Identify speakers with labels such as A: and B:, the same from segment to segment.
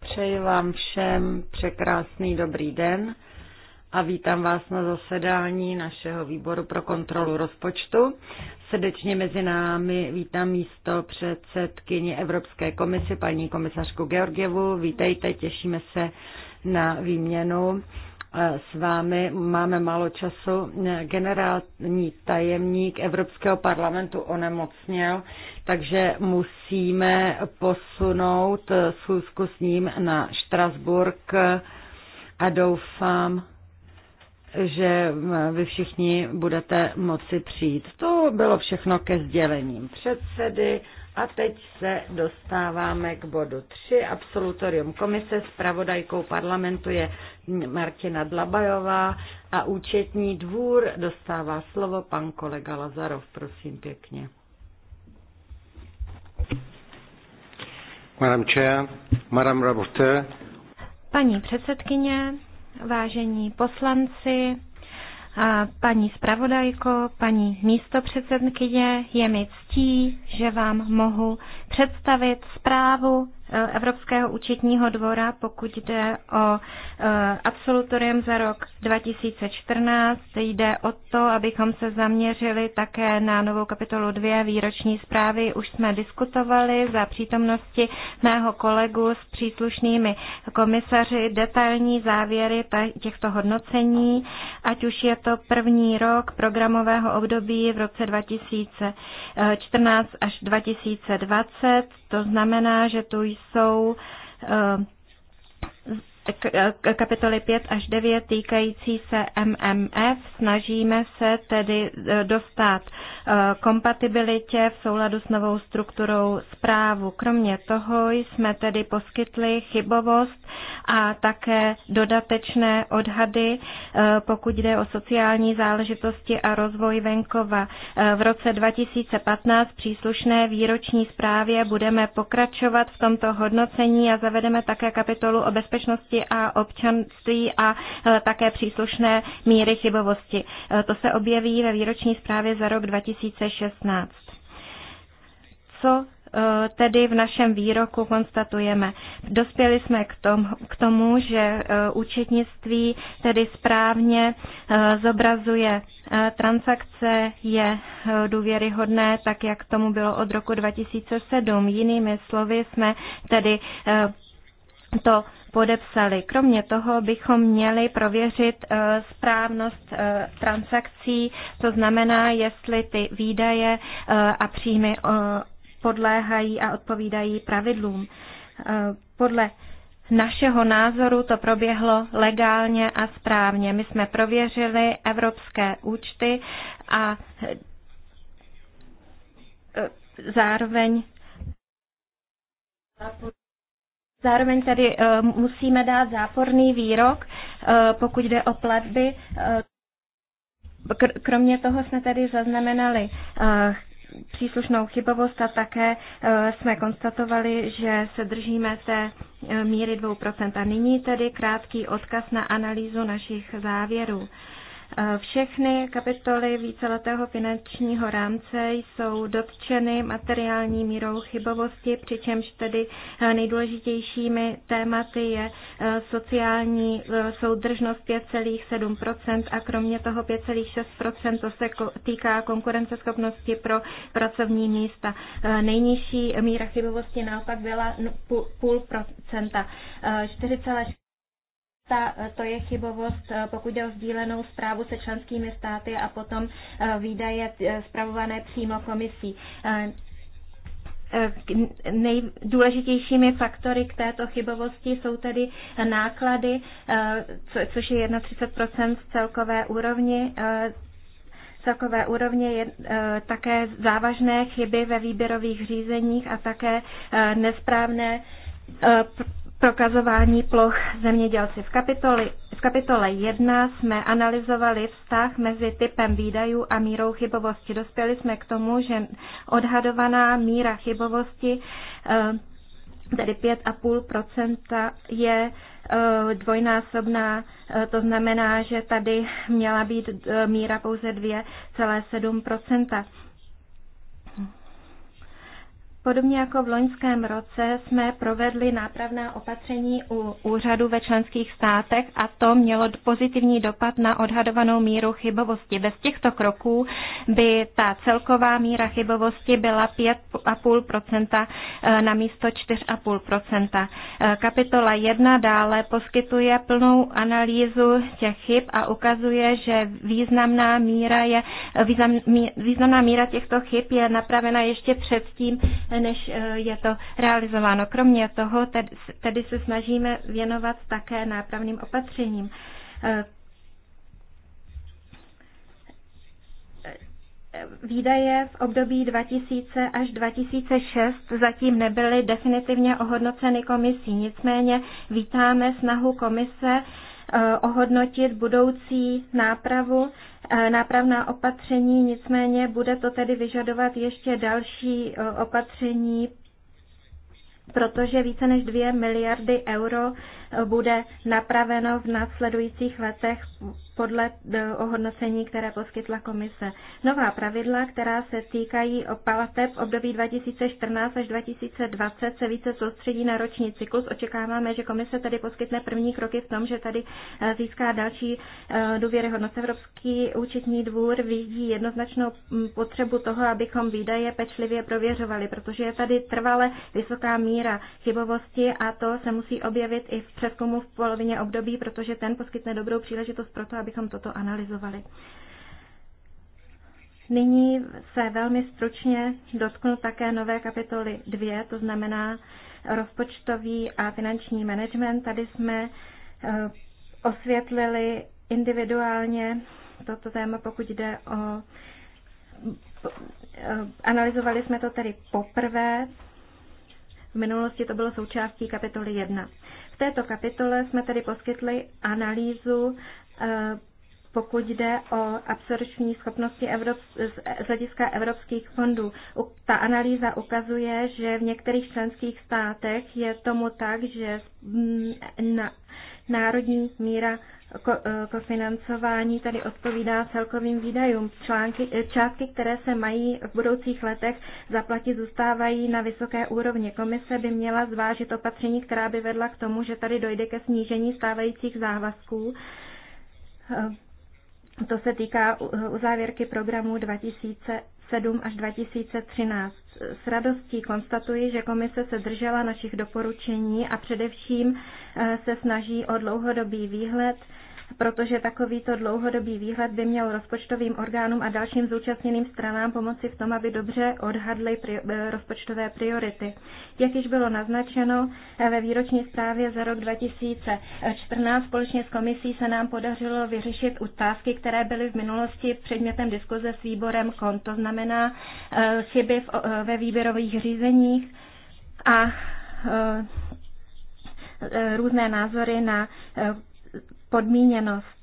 A: Přeji vám všem překrásný dobrý den a vítám vás na zasedání našeho výboru pro kontrolu rozpočtu. Srdečně mezi námi vítám místo předsedkyni Evropské komise, paní komisařku Georgievu. Vítejte, těšíme se na výměnu s vámi. Máme málo času. Generální tajemník Evropského parlamentu onemocněl, takže musíme posunout schůzku s ním na Štrasburg a doufám, že vy všichni budete moci přijít. To bylo všechno ke sdělením předsedy. A teď se dostáváme k bodu 3. Absolutorium komise s pravodajkou parlamentu je Martina Dlabajová a účetní dvůr dostává slovo pan kolega Lazarov. Prosím pěkně.
B: Madam Chair, Madam
C: Paní předsedkyně, vážení poslanci, a paní zpravodajko, paní místopředsedkyně, je mi ctí, že vám mohu představit zprávu e, Evropského účetního dvora, pokud jde o e, absolutorium za rok 2014. Jde o to, abychom se zaměřili také na novou kapitolu 2 výroční zprávy. Už jsme diskutovali za přítomnosti mého kolegu s příslušnými komisaři detailní závěry těchto hodnocení, ať už je to první rok programového období v roce 2014 e, až 2020 to znamená, že tu jsou eh, kapitoly 5 až 9 týkající se MMF. Snažíme se tedy e, dostat e, kompatibilitě v souladu s novou strukturou zprávu. Kromě toho jsme tedy poskytli chybovost a také dodatečné odhady, e, pokud jde o sociální záležitosti a rozvoj venkova. V roce 2015 příslušné výroční zprávě budeme pokračovat v tomto hodnocení a zavedeme také kapitolu o bezpečnosti zaměstnanosti a občanství a e, také příslušné míry chybovosti. E, to se objeví ve výroční zprávě za rok 2016. Co e, tedy v našem výroku konstatujeme. Dospěli jsme k tomu, k tomu že účetnictví tedy správně zobrazuje transakce, je důvěryhodné, tak jak tomu bylo od roku 2007. Jinými slovy jsme tedy to podepsali. Kromě toho bychom měli prověřit eh, správnost eh, transakcí, to znamená, jestli ty výdaje eh, a příjmy podléhají a odpovídají pravidlům. Podle našeho názoru to proběhlo legálně a správně. My jsme prověřili evropské účty a zároveň Zároveň tady eh, musíme dát záporný výrok, eh, pokud jde o platby. Eh, kromě toho jsme tady zaznamenali příslušnou chybovost a také jsme konstatovali, že se držíme té míry 2%. A nyní tedy krátký odkaz na analýzu našich závěrů. Všechny kapitoly víceletého finančního rámce jsou dotčeny materiální mírou chybovosti, přičemž tedy nejdůležitějšími tématy je eh, sociální eh, soudržnost 5,7% a kromě toho 5,6% to se týká konkurenceschopnosti pro pracovní místa. Eh, nejnižší míra chybovosti naopak byla procenta 4, ta, to je chybovost, eh, pokud jde o sdílenou zprávu se členskými státy a potom eh, výdaje zpravované eh, přímo komisí. Nejdůležitějšími faktory k této chybovosti jsou tedy náklady, což je 31 z celkové úrovni celkové úrovně je také závažné chyby ve výběrových řízeních a také nesprávné prokazování ploch zemědělci. V kapitole, v kapitole 1 jsme analyzovali vztah mezi typem výdajů a mírou chybovosti. Dospěli jsme k tomu, že odhadovaná míra chybovosti, eh, tedy 5,5 je eh, dvojnásobná, eh, to znamená, že tady měla být míra pouze 2,7 Podobně jako v loňském roce jsme provedli nápravná opatření u úřadu ve členských státech a to mělo pozitivní dopad na odhadovanou míru chybovosti. Bez těchto kroků by ta celková míra chybovosti byla 5,5% e, na místo 4,5%. E, kapitola 1 dále poskytuje plnou analýzu těch chyb a ukazuje, že významná míra, je, význam, významná míra těchto chyb je napravena ještě předtím, než eh, je to realizováno. Kromě toho tedy se snažíme věnovat také nápravným opatřením. Eh, výdaje v období 2000 až 2006 zatím nebyly definitivně ohodnoceny komisí, nicméně vítáme snahu komise Eh, ohodnotit budoucí nápravu, eh, nápravná opatření, nicméně bude to tedy vyžadovat ještě další eh, opatření, protože více než 2 miliardy euro bude napraveno v následujících letech podle eh, ohodnocení, které poskytla komise. Nová pravidla, která se týkají plateb období 2014 až 2020, se více soustředí na roční cyklus. Očekáváme, že komise tady poskytne první kroky v tom, že tady eh, získá další eh, důvěryhodnost. Evropský účetní dvůr vidí jednoznačnou mm, potřebu toho, abychom výdaje pečlivě prověřovali, protože je tady trvale vysoká míra chybovosti a to se musí objevit i v přeskumu v polovině období, protože ten poskytne dobrou příležitost pro to, abychom toto analyzovali. Nyní se velmi stručně dotknu také nové kapitoly 2, to znamená rozpočtový a finanční management. Tady jsme eh, osvětlili individuálně toto téma, pokud jde o. Eh, analyzovali jsme to tedy poprvé. V minulosti to bylo součástí kapitoly 1. V této kapitole jsme tedy poskytli analýzu eh, pokud jde o absorpční schopnosti Evrop, z hlediska evropských fondů. Ta analýza ukazuje, že v některých členských státech je tomu tak, že mm, národní míra Eh, kofinancování tady odpovídá celkovým výdajům. Články, eh, částky, které se mají v budoucích letech zaplatit, zůstávají na vysoké úrovni. Komise by měla zvážit opatření, která by vedla k tomu, že tady dojde ke snížení stávajících závazků. Eh, to se týká uzávěrky programu 2007 až 2013. S radostí konstatuji, že komise se držela našich doporučení a především se snaží o dlouhodobý výhled protože takovýto dlouhodobý výhled by měl rozpočtovým orgánům a dalším zúčastněným stranám pomoci v tom, aby dobře odhadly eh, rozpočtové priority. Jak již bylo naznačeno eh, ve výroční zprávě za rok 2014 společně s komisí se nám podařilo vyřešit otázky, které byly v minulosti předmětem diskuze s výborem KON, to znamená eh, chyby ve výběrových řízeních a různé názory na podmíněnost.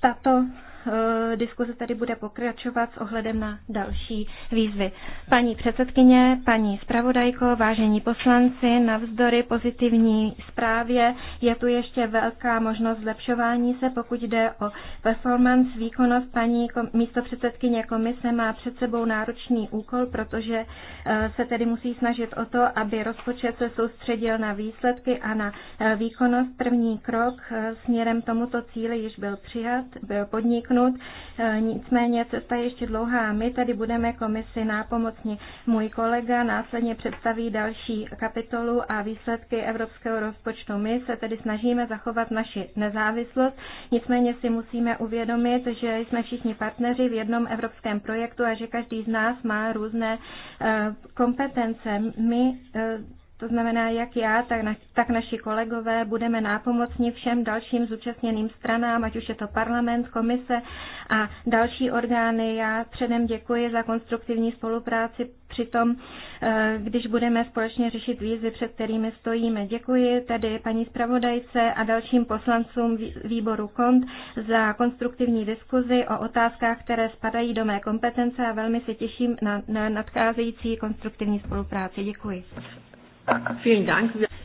C: Tato Eh, diskuze tady bude pokračovat s ohledem na další výzvy. Paní předsedkyně, paní zpravodajko, vážení poslanci, navzdory pozitivní zprávě je tu ještě velká možnost zlepšování se, pokud jde o performance, výkonnost. Paní místo předsedkyně komise má před sebou náročný úkol, protože eh, se tedy musí snažit o to, aby rozpočet se soustředil na výsledky a na eh, výkonnost. První krok směrem tomuto cíli již byl přijat, byl podniknut zamítnut. E, nicméně cesta je ještě dlouhá a my tady budeme komisi nápomocni. Můj kolega následně představí další kapitolu a výsledky evropského rozpočtu. My se tedy snažíme zachovat naši nezávislost, nicméně si musíme uvědomit, že jsme všichni partneři v jednom evropském projektu a že každý z nás má různé e, kompetence. My e, to znamená, jak já, tak, na, tak naši kolegové budeme nápomocni všem dalším zúčastněným stranám, ať už je to parlament, komise a další orgány. Já předem děkuji za konstruktivní spolupráci při tom, eh, když budeme společně řešit výzvy, před kterými stojíme. Děkuji tedy paní zpravodajce a dalším poslancům výboru KONT za konstruktivní diskuzi o otázkách, které spadají do mé kompetence a velmi se těším na, na nadcházející konstruktivní
A: spolupráci. Děkuji.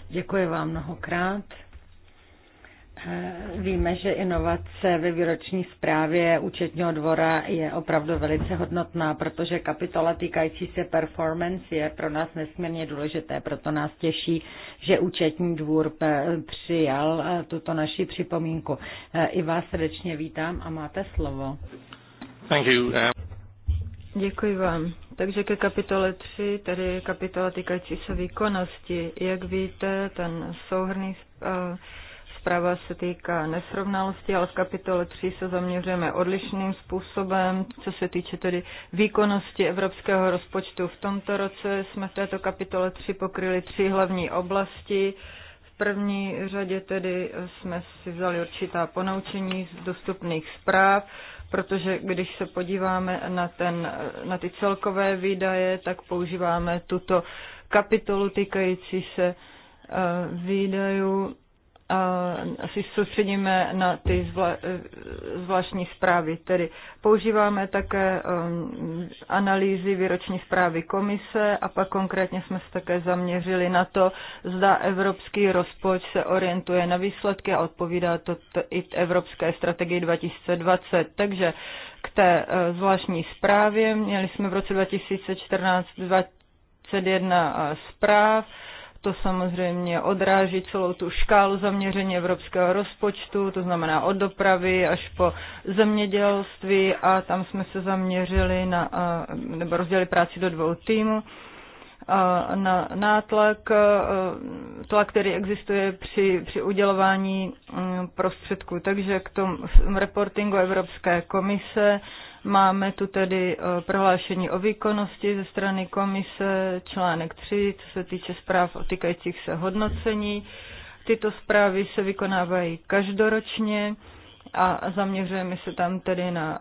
A: Děkuji vám mnohokrát. Víme, že inovace ve výroční zprávě účetního dvora je opravdu velice hodnotná, protože kapitola týkající se performance je pro nás nesmírně důležité, proto nás těší, že účetní dvůr přijal eh, tuto naši připomínku. Eh, I vás srdečně vítám a máte slovo.
B: Thank you. Eh.
D: Děkuji vám. Takže ke kapitole 3, tedy kapitola týkající se výkonnosti. Jak víte, ten souhrný eh, zpráva se týká nesrovnalosti, ale v kapitole 3 se zaměřujeme odlišným způsobem, co se týče tedy výkonnosti evropského rozpočtu. V tomto roce jsme v této kapitole 3 pokryli tři hlavní oblasti. V první řadě tedy jsme si vzali určitá ponaučení z dostupných zpráv protože když se podíváme na, ten, na ty celkové výdaje, tak používáme tuto kapitolu týkající se eh, výdajů asi soustředíme na ty zvla, zvláštní zprávy. Tedy používáme také um, analýzy výroční zprávy komise a pak konkrétně jsme se také zaměřili na to, zda evropský rozpočet se orientuje na výsledky a odpovídá to i Evropské strategii 2020. Takže k té eh, zvláštní zprávě měli jsme v roce 2014 21 eh, zpráv to samozřejmě odráží celou tu škálu zaměření evropského rozpočtu, to znamená od dopravy až po zemědělství a tam jsme se zaměřili na, nebo rozdělili práci do dvou týmů na nátlak, tlak, který existuje při, při udělování mm, prostředků. Takže k tomu reportingu Evropské komise Máme tu tedy eh, prohlášení o výkonnosti ze strany komise, článek 3, co se týče zpráv o týkajících se hodnocení. Tyto zprávy se vykonávají každoročně a zaměřujeme se tam tedy na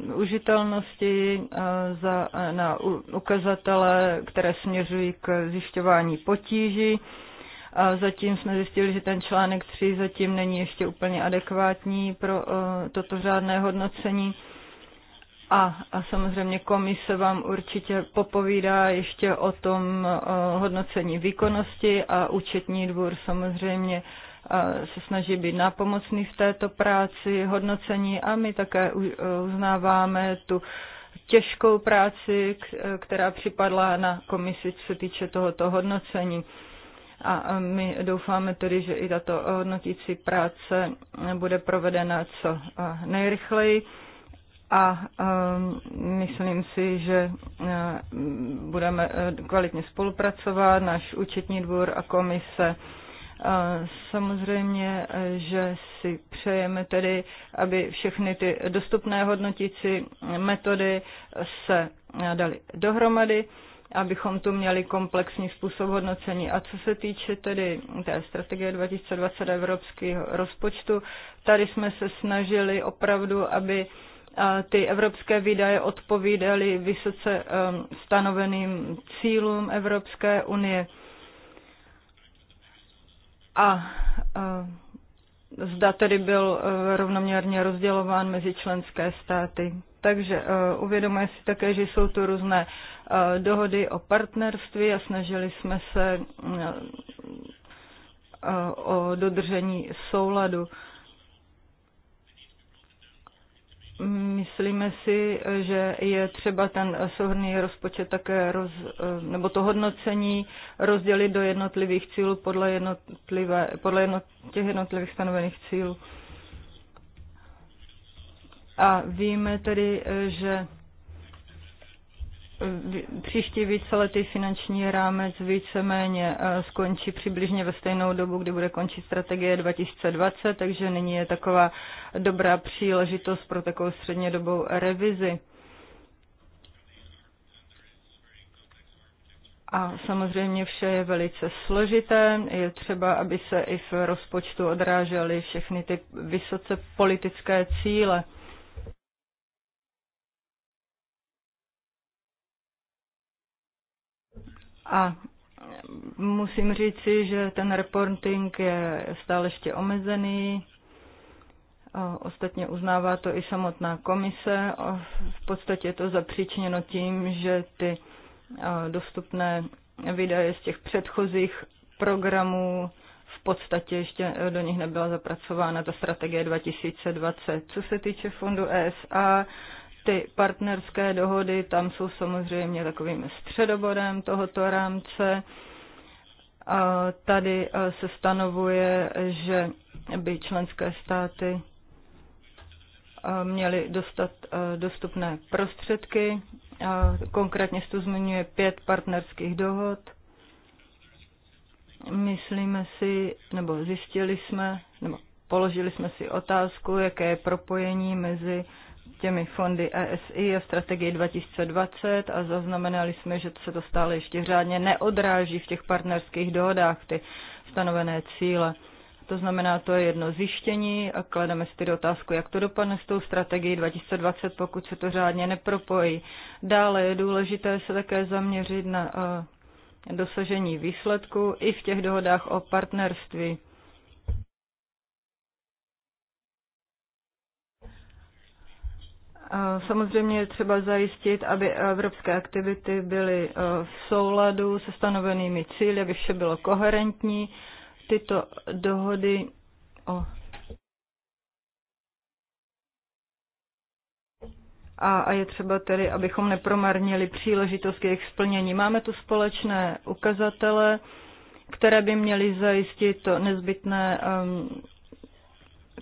D: uh, užitelnosti, uh, za, uh, na u, ukazatele, které směřují k zjišťování potíží. A zatím jsme zjistili, že ten článek 3 zatím není ještě úplně adekvátní pro uh, toto řádné hodnocení. Uh, a, a samozřejmě komise vám určitě popovídá ještě o tom uh, hodnocení výkonnosti a účetní dvůr samozřejmě se snaží být nápomocný v této práci, hodnocení a my také uznáváme tu těžkou práci, která připadla na komisi, co se týče tohoto hodnocení. A my doufáme tedy, že i tato hodnotící práce bude provedena co nejrychleji a ehm, myslím si, že ehm, budeme eh, kvalitně spolupracovat, náš účetní dvůr a komise. Eh, samozřejmě, eh, že si přejeme tedy, aby všechny ty dostupné hodnotící metody se daly dohromady, abychom tu měli komplexní způsob hodnocení. A co se týče tedy té strategie 2020 evropského rozpočtu, tady jsme se snažili opravdu, aby ty evropské výdaje odpovídaly vysoce um, stanoveným cílům Evropské unie. A uh, zda tedy byl uh, rovnoměrně rozdělován mezi členské státy. Takže uh, uvědomuje si také, že jsou tu různé dohody o partnerství a snažili jsme se o dodržení souladu. Myslíme si, že je třeba ten souhrný rozpočet také, roz, eh, nebo to hodnocení rozdělit do jednotlivých cílů podle, jednotlivé, podle jedno, těch jednotlivých stanovených cílů. A víme tedy, eh, že příští víceletý finanční rámec víceméně eh, skončí přibližně ve stejnou dobu, kdy bude končit strategie 2020, takže nyní je taková dobrá příležitost pro takovou střednědobou revizi. A samozřejmě vše je velice složité. Je třeba, aby se i v rozpočtu odrážely všechny ty vysoce politické cíle. A musím říci, že ten reporting je stále ještě omezený. Ostatně uznává to i samotná komise. V podstatě je to zapříčněno tím, že ty dostupné výdaje z těch předchozích programů v podstatě ještě e, do nich nebyla zapracována ta strategie 2020. Co se týče fondu ESA, ty partnerské dohody tam jsou samozřejmě takovým středobodem tohoto rámce. Tady eh, se stanovuje, že by členské státy eh, měly dostat eh, dostupné prostředky. Konkrétně se tu zmiňuje pět partnerských dohod. Myslíme si, nebo zjistili jsme, nebo položili jsme si otázku, jaké je propojení mezi těmi fondy ESI a strategii 2020 a zaznamenali jsme, že se to stále ještě řádně neodráží v těch partnerských dohodách, ty stanovené cíle. To znamená, to je jedno zjištění a klademe si tedy otázku, jak to dopadne s tou strategií 2020, pokud se to řádně nepropojí. Dále je důležité se také zaměřit na eh, dosažení výsledku i v těch dohodách o partnerství. Samozřejmě je třeba zajistit, aby evropské aktivity byly e, v souladu se stanovenými cíly, aby vše bylo koherentní. Tyto dohody o a, je třeba tedy, abychom nepromarnili příležitost k jejich splnění. Máme tu společné ukazatele, které by měly zajistit to nezbytné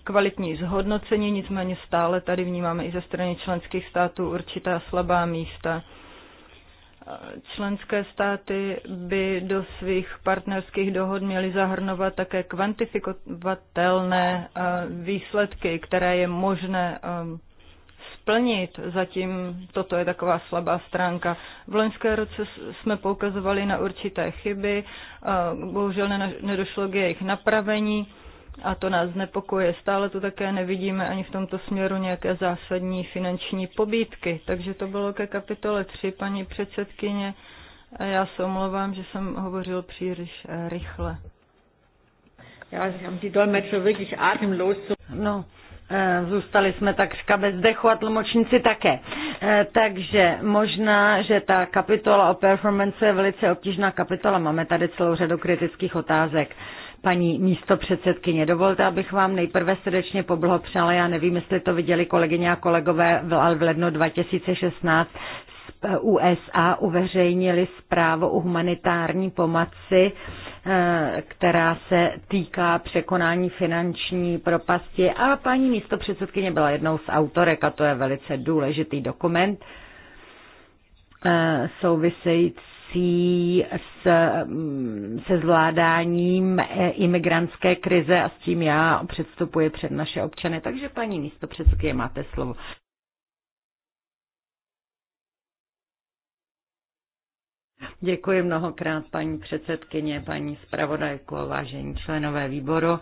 D: kvalitní zhodnocení, nicméně stále tady vnímáme i ze strany členských států určitá slabá místa. Členské státy by do svých partnerských dohod měly zahrnovat také kvantifikovatelné eh, výsledky, které je možné eh, splnit. Zatím toto je taková slabá stránka. V loňské roce jsme poukazovali na určité chyby, eh, bohužel nedošlo k jejich napravení a to nás znepokoje. Stále tu také nevidíme ani v tomto směru nějaké zásadní finanční pobídky. Takže to bylo ke kapitole 3, paní předsedkyně. Já se omlouvám, že jsem hovořil příliš eh, rychle. Já jsem ty dolmetscher
A: wirklich atemlos. No, eh, Zůstali jsme takřka bez dechu a tlumočníci také. Eh, takže možná, že ta kapitola o performance je velice obtížná kapitola. Máme tady celou řadu kritických otázek. Paní místo předsedkyně, dovolte, abych vám nejprve srdečně poblahopřála. Já nevím, jestli to viděli kolegyně a kolegové, ale v lednu 2016 USA uveřejnili zprávu o humanitární pomoci, eh, která se týká překonání finanční propasti. A paní místo předsedkyně byla jednou z autorek, a to je velice důležitý dokument eh, související souvisí s, se zvládáním imigrantské krize a s tím já předstupuji před naše občany. Takže paní místo předsedkyně máte slovo. Děkuji mnohokrát paní předsedkyně, paní zpravodajko, vážení členové výboru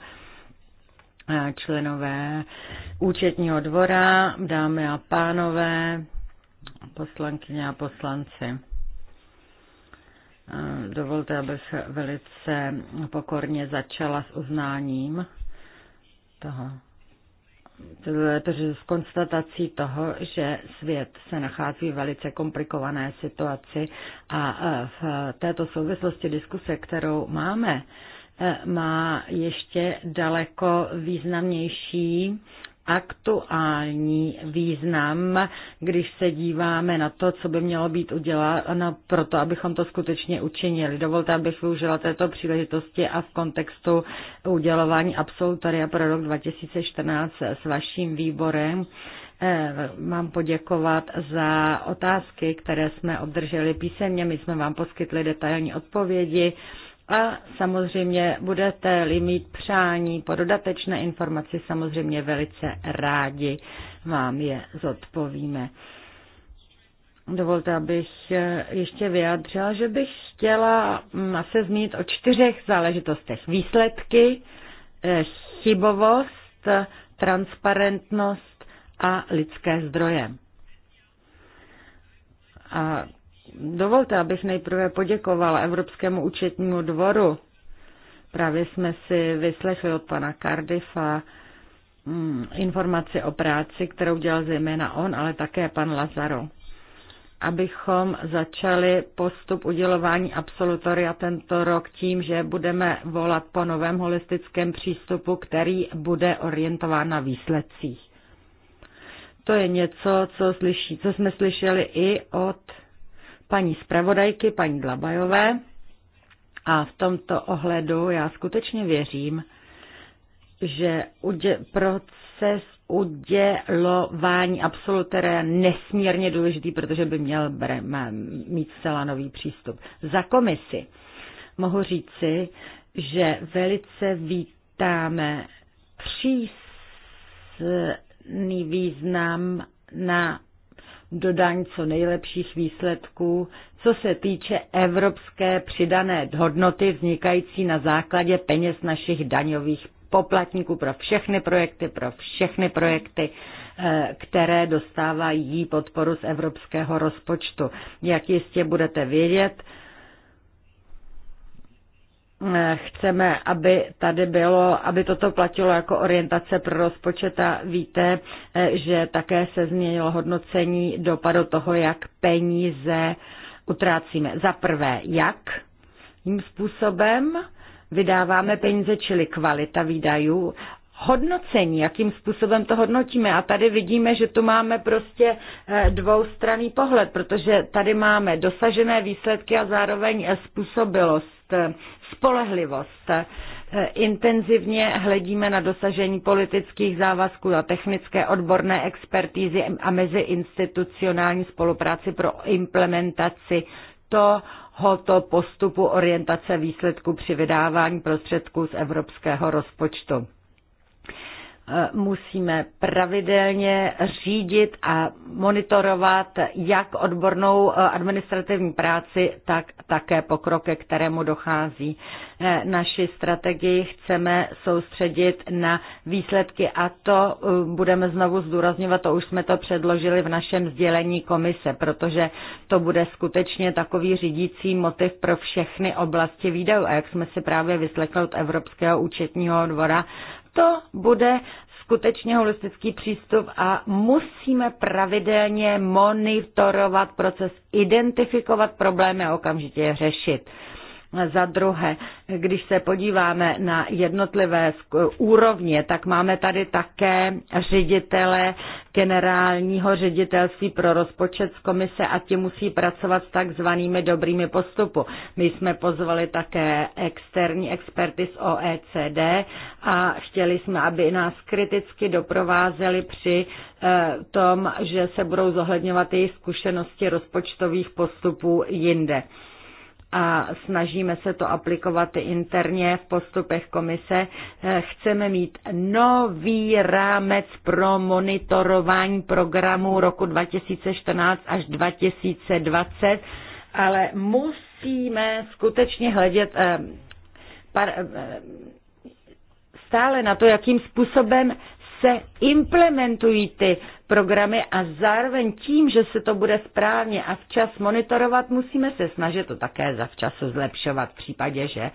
A: členové účetního dvora, dámy a pánové, poslankyně a poslanci. Eh, dovolte, abych velice pokorně začala s uznáním toho, že s konstatací toho, že svět se nachází v velice komplikované situaci a eh, v této souvislosti diskuse, kterou máme, eh, má ještě daleko významnější aktuální význam, když se díváme na to, co by mělo být uděláno pro to, abychom to skutečně učinili. Dovolte, abych využila této příležitosti a v kontextu udělování absolutoria pro rok 2014 s vaším výborem mám eh, poděkovat za otázky, které jsme obdrželi písemně. My jsme vám poskytli detailní odpovědi a samozřejmě budete-li mít přání po dodatečné informaci, samozřejmě velice rádi vám je zodpovíme. Dovolte, abych eh, ještě vyjádřila, že bych chtěla mm, se zmínit o čtyřech záležitostech. Výsledky, eh, chybovost, transparentnost a lidské zdroje. A Dovolte, abych nejprve poděkovala Evropskému účetnímu dvoru. Právě jsme si vyslechli od pana Cardiffa mm, informaci o práci, kterou dělal zejména on, ale také pan Lazaro. Abychom začali postup udělování absolutoria tento rok tím, že budeme volat po novém holistickém přístupu, který bude orientován na výsledcích. To je něco, co, slyší, co jsme slyšeli i od paní zpravodajky, paní Dlabajové. A v tomto ohledu já skutečně věřím, že proces udělování absolutéra je nesmírně důležitý, protože by měl mít zcela nový přístup. Za komisi mohu říci, že velice vítáme přísný význam na dodání co nejlepších výsledků, co se týče evropské přidané hodnoty vznikající na základě peněz našich daňových poplatníků pro všechny projekty, pro všechny projekty, eh, které dostávají podporu z evropského rozpočtu. Jak jistě budete vědět, chceme, aby tady bylo, aby toto platilo jako orientace pro rozpočet a víte, že také se změnilo hodnocení dopadu toho, jak peníze utrácíme. Za prvé, jak, tím způsobem vydáváme peníze, čili kvalita výdajů, hodnocení, jakým způsobem to hodnotíme. A tady vidíme, že tu máme prostě eh, dvoustranný pohled, protože tady máme dosažené výsledky a zároveň eh, způsobilost spolehlivost. Eh, intenzivně hledíme na dosažení politických závazků a technické odborné expertízy a meziinstitucionální spolupráci pro implementaci tohoto postupu orientace výsledků při vydávání prostředků z evropského rozpočtu musíme pravidelně řídit a monitorovat jak odbornou eh, administrativní práci, tak také pokroky, kterému dochází. Eh, naši strategii chceme soustředit na výsledky a to eh, budeme znovu zdůrazňovat, to už jsme to předložili v našem sdělení komise, protože to bude skutečně takový řídící motiv pro všechny oblasti výdajů. A jak jsme si právě vyslechli od Evropského účetního dvora, to bude skutečně holistický přístup a musíme pravidelně monitorovat proces, identifikovat problémy a okamžitě je řešit. Za druhé, když se podíváme na jednotlivé úrovně, tak máme tady také ředitele generálního ředitelství pro rozpočet z komise a ti musí pracovat s takzvanými dobrými postupy. My jsme pozvali také externí experty z OECD a chtěli jsme, aby nás kriticky doprovázeli při e, tom, že se budou zohledňovat jejich zkušenosti rozpočtových postupů jinde a snažíme se to aplikovat interně v postupech komise. Eh, chceme mít nový rámec pro monitorování programů roku 2014 až 2020, ale musíme skutečně hledět eh, eh, stále na to, jakým způsobem se implementují ty programy a zároveň tím, že se to bude správně a včas monitorovat, musíme se snažit to také zavčas zlepšovat v případě, že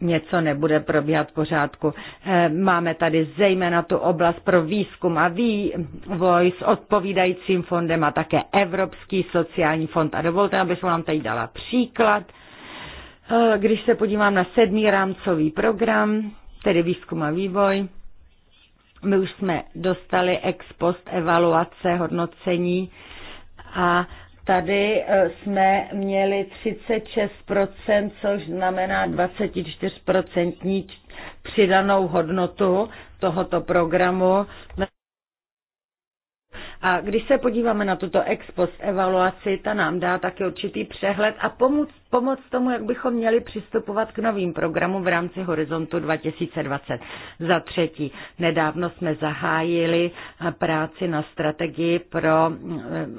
A: něco nebude probíhat v pořádku. Eh, máme tady zejména tu oblast pro výzkum a vývoj s odpovídajícím fondem a také Evropský sociální fond. A dovolte, abych vám tady dala příklad. Eh, když se podívám na sedmý rámcový program, tedy výzkum a vývoj, my už jsme dostali ex post evaluace, hodnocení a tady e, jsme měli 36%, což znamená 24% přidanou hodnotu tohoto programu. A když se podíváme na tuto ex post evaluaci, ta nám dá taky určitý přehled a pomoc, pomoc tomu, jak bychom měli přistupovat k novým programům v rámci Horizontu 2020. Za třetí, nedávno jsme zahájili práci na strategii pro eh,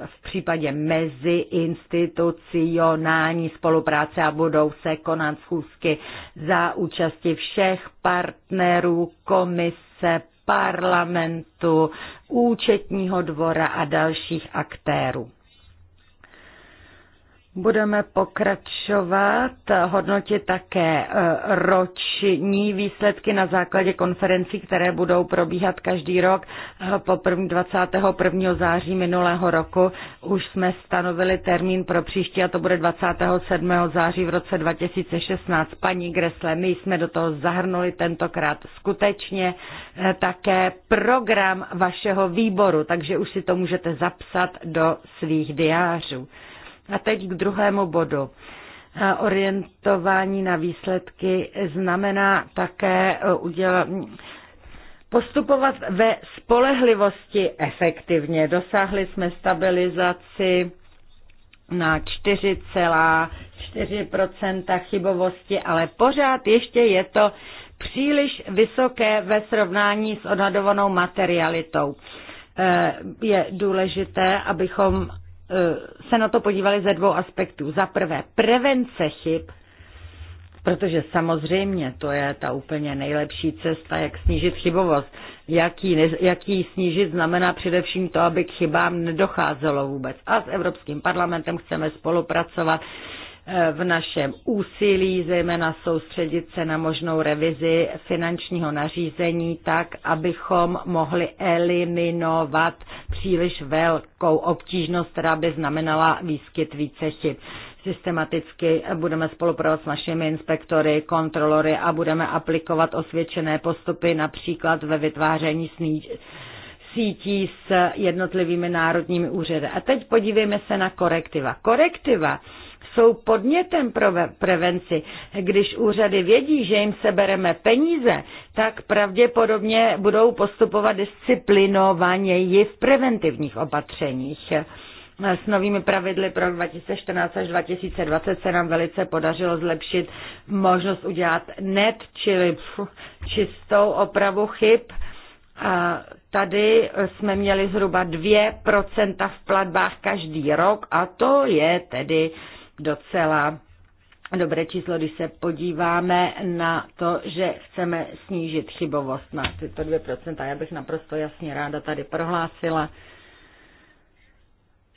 A: v případě meziinstitucionální spolupráce a budou se konat schůzky za účasti všech partnerů komise parlamentu, účetního dvora a dalších aktérů. Budeme pokračovat, hodnotit také eh, roční výsledky na základě konferencí, které budou probíhat každý rok. Eh, po 21. září minulého roku už jsme stanovili termín pro příští a to bude 27. září v roce 2016. Paní Gresle, my jsme do toho zahrnuli tentokrát skutečně eh, také program vašeho výboru, takže už si to můžete zapsat do svých diářů. A teď k druhému bodu. Eh, orientování na výsledky znamená také eh, udělat, postupovat ve spolehlivosti efektivně. Dosáhli jsme stabilizaci na 4,4 chybovosti, ale pořád ještě je to příliš vysoké ve srovnání s odhadovanou materialitou. Eh, je důležité, abychom Eh, se na to podívali ze dvou aspektů. Za prvé, prevence chyb, protože samozřejmě to je ta úplně nejlepší cesta, jak snížit chybovost. jaký jak snížit znamená především to, aby k chybám nedocházelo vůbec. A s Evropským parlamentem chceme spolupracovat Eh, v našem úsilí, zejména soustředit se na možnou revizi finančního nařízení tak, abychom mohli eliminovat příliš velkou obtížnost, která by znamenala výskyt více chyb systematicky budeme spolupracovat s našimi inspektory, kontrolory a budeme aplikovat osvědčené postupy například ve vytváření sníž sítí s jednotlivými národními úřady. A teď podívejme se na korektiva. Korektiva jsou podnětem pro prevenci. Když úřady vědí, že jim sebereme peníze, tak pravděpodobně budou postupovat disciplinovaněji v preventivních opatřeních s novými pravidly pro 2014 až 2020 se nám velice podařilo zlepšit možnost udělat net, čili čistou opravu chyb. A tady jsme měli zhruba 2% v platbách každý rok a to je tedy docela dobré číslo, když se podíváme na to, že chceme snížit chybovost na tyto 2%. Já bych naprosto jasně ráda tady prohlásila,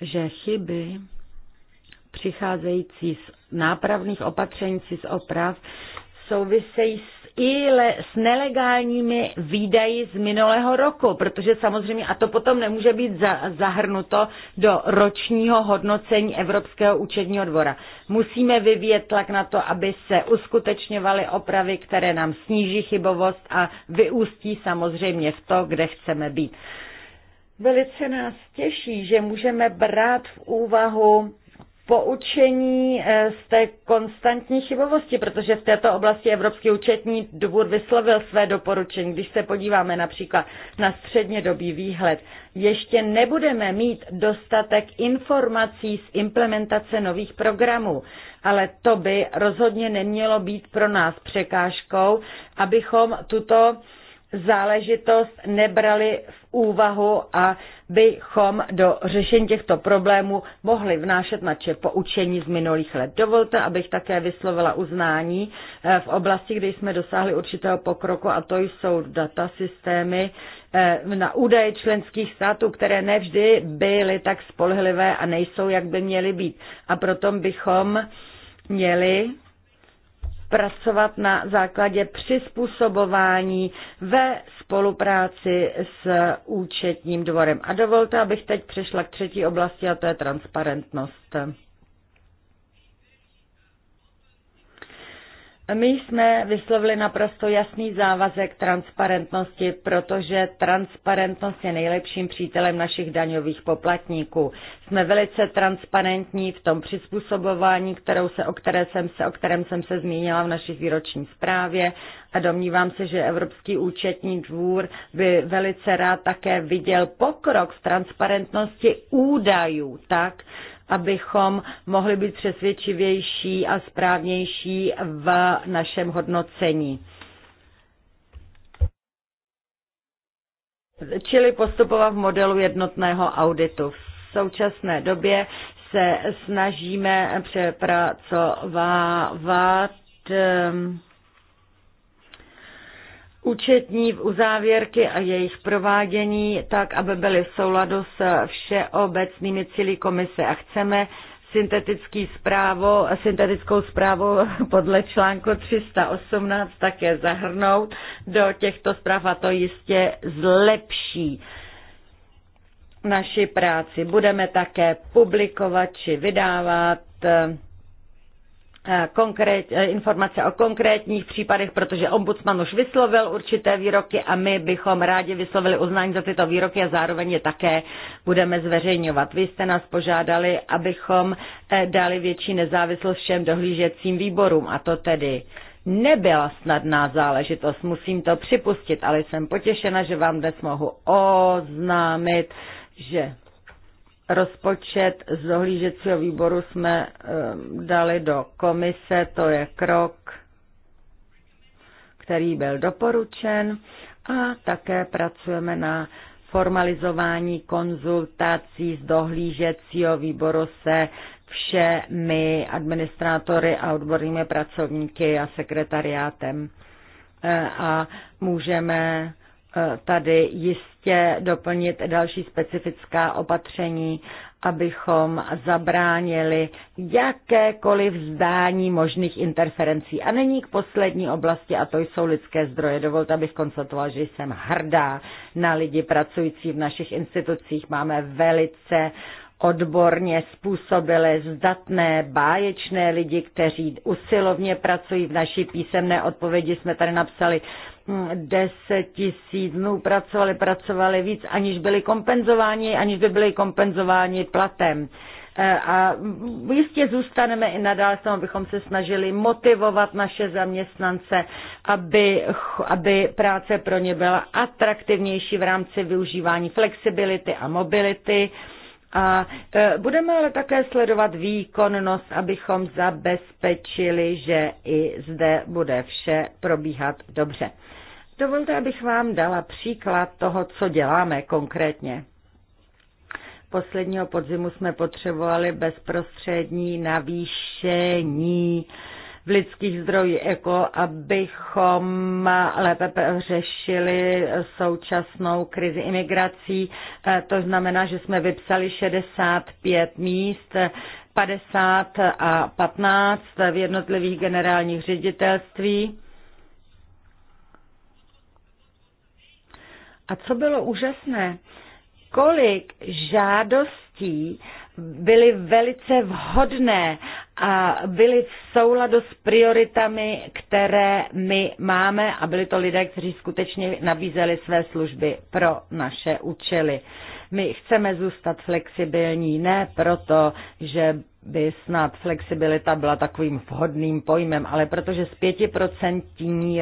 A: že chyby přicházející z nápravných opatření, z oprav, souvisejí i le, s nelegálními výdaji z minulého roku, protože samozřejmě, a to potom nemůže být za, zahrnuto do ročního hodnocení Evropského účetního dvora. Musíme vyvíjet tlak na to, aby se uskutečňovaly opravy, které nám sníží chybovost a vyústí samozřejmě v to, kde chceme být. Velice nás těší, že můžeme brát v úvahu poučení eh, z té konstantní chybovosti, protože v této oblasti Evropský účetní dvůr vyslovil své doporučení. Když se podíváme například na střednědobý výhled, ještě nebudeme mít dostatek informací z implementace nových programů, ale to by rozhodně nemělo být pro nás překážkou, abychom tuto záležitost nebrali v úvahu a bychom do řešení těchto problémů mohli vnášet naše poučení z minulých let. Dovolte, abych také vyslovila uznání eh, v oblasti, kde jsme dosáhli určitého pokroku a to jsou data systémy eh, na údaje členských států, které nevždy byly tak spolehlivé a nejsou, jak by měly být. A proto bychom měli pracovat na základě přizpůsobování ve spolupráci s účetním dvorem. A dovolte, abych teď přešla k třetí oblasti, a to je transparentnost. My jsme vyslovili naprosto jasný závazek transparentnosti, protože transparentnost je nejlepším přítelem našich daňových poplatníků. Jsme velice transparentní v tom přizpůsobování, kterou se, o, které jsem se, o kterém jsem se zmínila v naší výroční zprávě a domnívám se, že Evropský účetní dvůr by velice rád také viděl pokrok v transparentnosti údajů tak, abychom mohli být přesvědčivější a správnější v našem hodnocení. Čili postupovat v modelu jednotného auditu. V současné době se snažíme přepracovávat ehm, účetní v uzávěrky a jejich provádění tak, aby byly v souladu s všeobecnými cíly komise. A chceme syntetický zprávo, syntetickou zprávu podle článku 318 také zahrnout do těchto zpráv a to jistě zlepší naši práci. Budeme také publikovat či vydávat eh, Eh, konkrét, eh, informace o konkrétních případech, protože ombudsman už vyslovil určité výroky a my bychom rádi vyslovili uznání za tyto výroky a zároveň je také budeme zveřejňovat. Vy jste nás požádali, abychom eh, dali větší nezávislost všem dohlížecím výborům a to tedy nebyla snadná záležitost, musím to připustit, ale jsem potěšena, že vám dnes mohu oznámit, že Rozpočet z dohlížecího výboru jsme eh, dali do komise, to je krok, který byl doporučen a také pracujeme na formalizování konzultací z dohlížecího výboru se všemi administrátory a odbornými pracovníky a sekretariátem. Eh, a můžeme tady jistě doplnit další specifická opatření, abychom zabránili jakékoliv vzdání možných interferencí. A není k poslední oblasti, a to jsou lidské zdroje. Dovolte, abych konstatoval, že jsem hrdá na lidi pracující v našich institucích. Máme velice odborně způsobili zdatné, báječné lidi, kteří usilovně pracují. V naší písemné odpovědi jsme tady napsali, deset tisíc dnů pracovali, pracovali víc, aniž byli kompenzováni, aniž by byli kompenzováni platem. E, a jistě zůstaneme i nadále s tom, abychom se snažili motivovat naše zaměstnance, aby, aby práce pro ně byla atraktivnější v rámci využívání flexibility a mobility. A e, budeme ale také sledovat výkonnost, abychom zabezpečili, že i zde bude vše probíhat dobře. Dovolte, abych vám dala příklad toho, co děláme konkrétně. Posledního podzimu jsme potřebovali bezprostřední navýšení v lidských zdrojích jako abychom lépe řešili současnou krizi imigrací. E, to znamená, že jsme vypsali 65 míst, 50 a 15 v jednotlivých generálních ředitelství A co bylo úžasné, kolik žádostí byly velice vhodné a byly v souladu s prioritami, které my máme a byli to lidé, kteří skutečně nabízeli své služby pro naše účely. My chceme zůstat flexibilní ne proto, že by snad flexibilita byla takovým vhodným pojmem, ale protože s pětiprocentní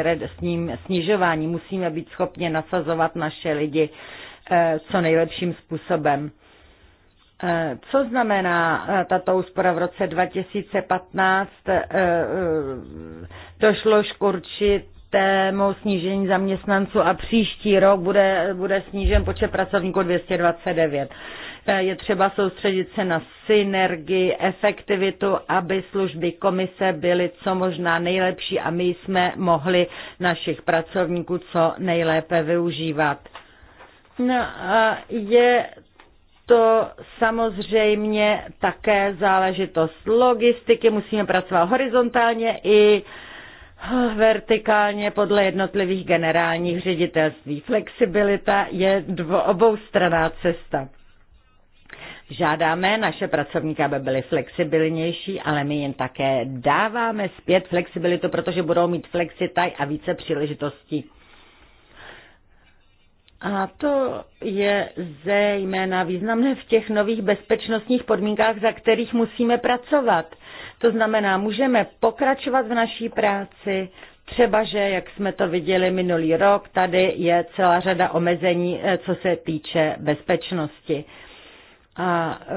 A: snižování musíme být schopni nasazovat naše lidi eh, co nejlepším způsobem. Eh, co znamená eh, tato úspora v roce 2015? Došlo k určit systému snížení zaměstnanců a příští rok bude, bude snížen počet pracovníků 229. Eh, je třeba soustředit se na synergii, efektivitu, aby služby komise byly co možná nejlepší a my jsme mohli našich pracovníků co nejlépe využívat. No a je to samozřejmě také záležitost logistiky, musíme pracovat horizontálně i vertikálně podle jednotlivých generálních ředitelství. Flexibilita je dvo, oboustraná cesta. Žádáme naše pracovníky, aby byli flexibilnější, ale my jim také dáváme zpět flexibilitu, protože budou mít flexitaj a více příležitostí. A to je zejména významné v těch nových bezpečnostních podmínkách, za kterých musíme pracovat. To znamená, můžeme pokračovat v naší práci, Třeba, že, jak jsme to viděli minulý rok, tady je celá řada omezení, eh, co se týče bezpečnosti. A eh,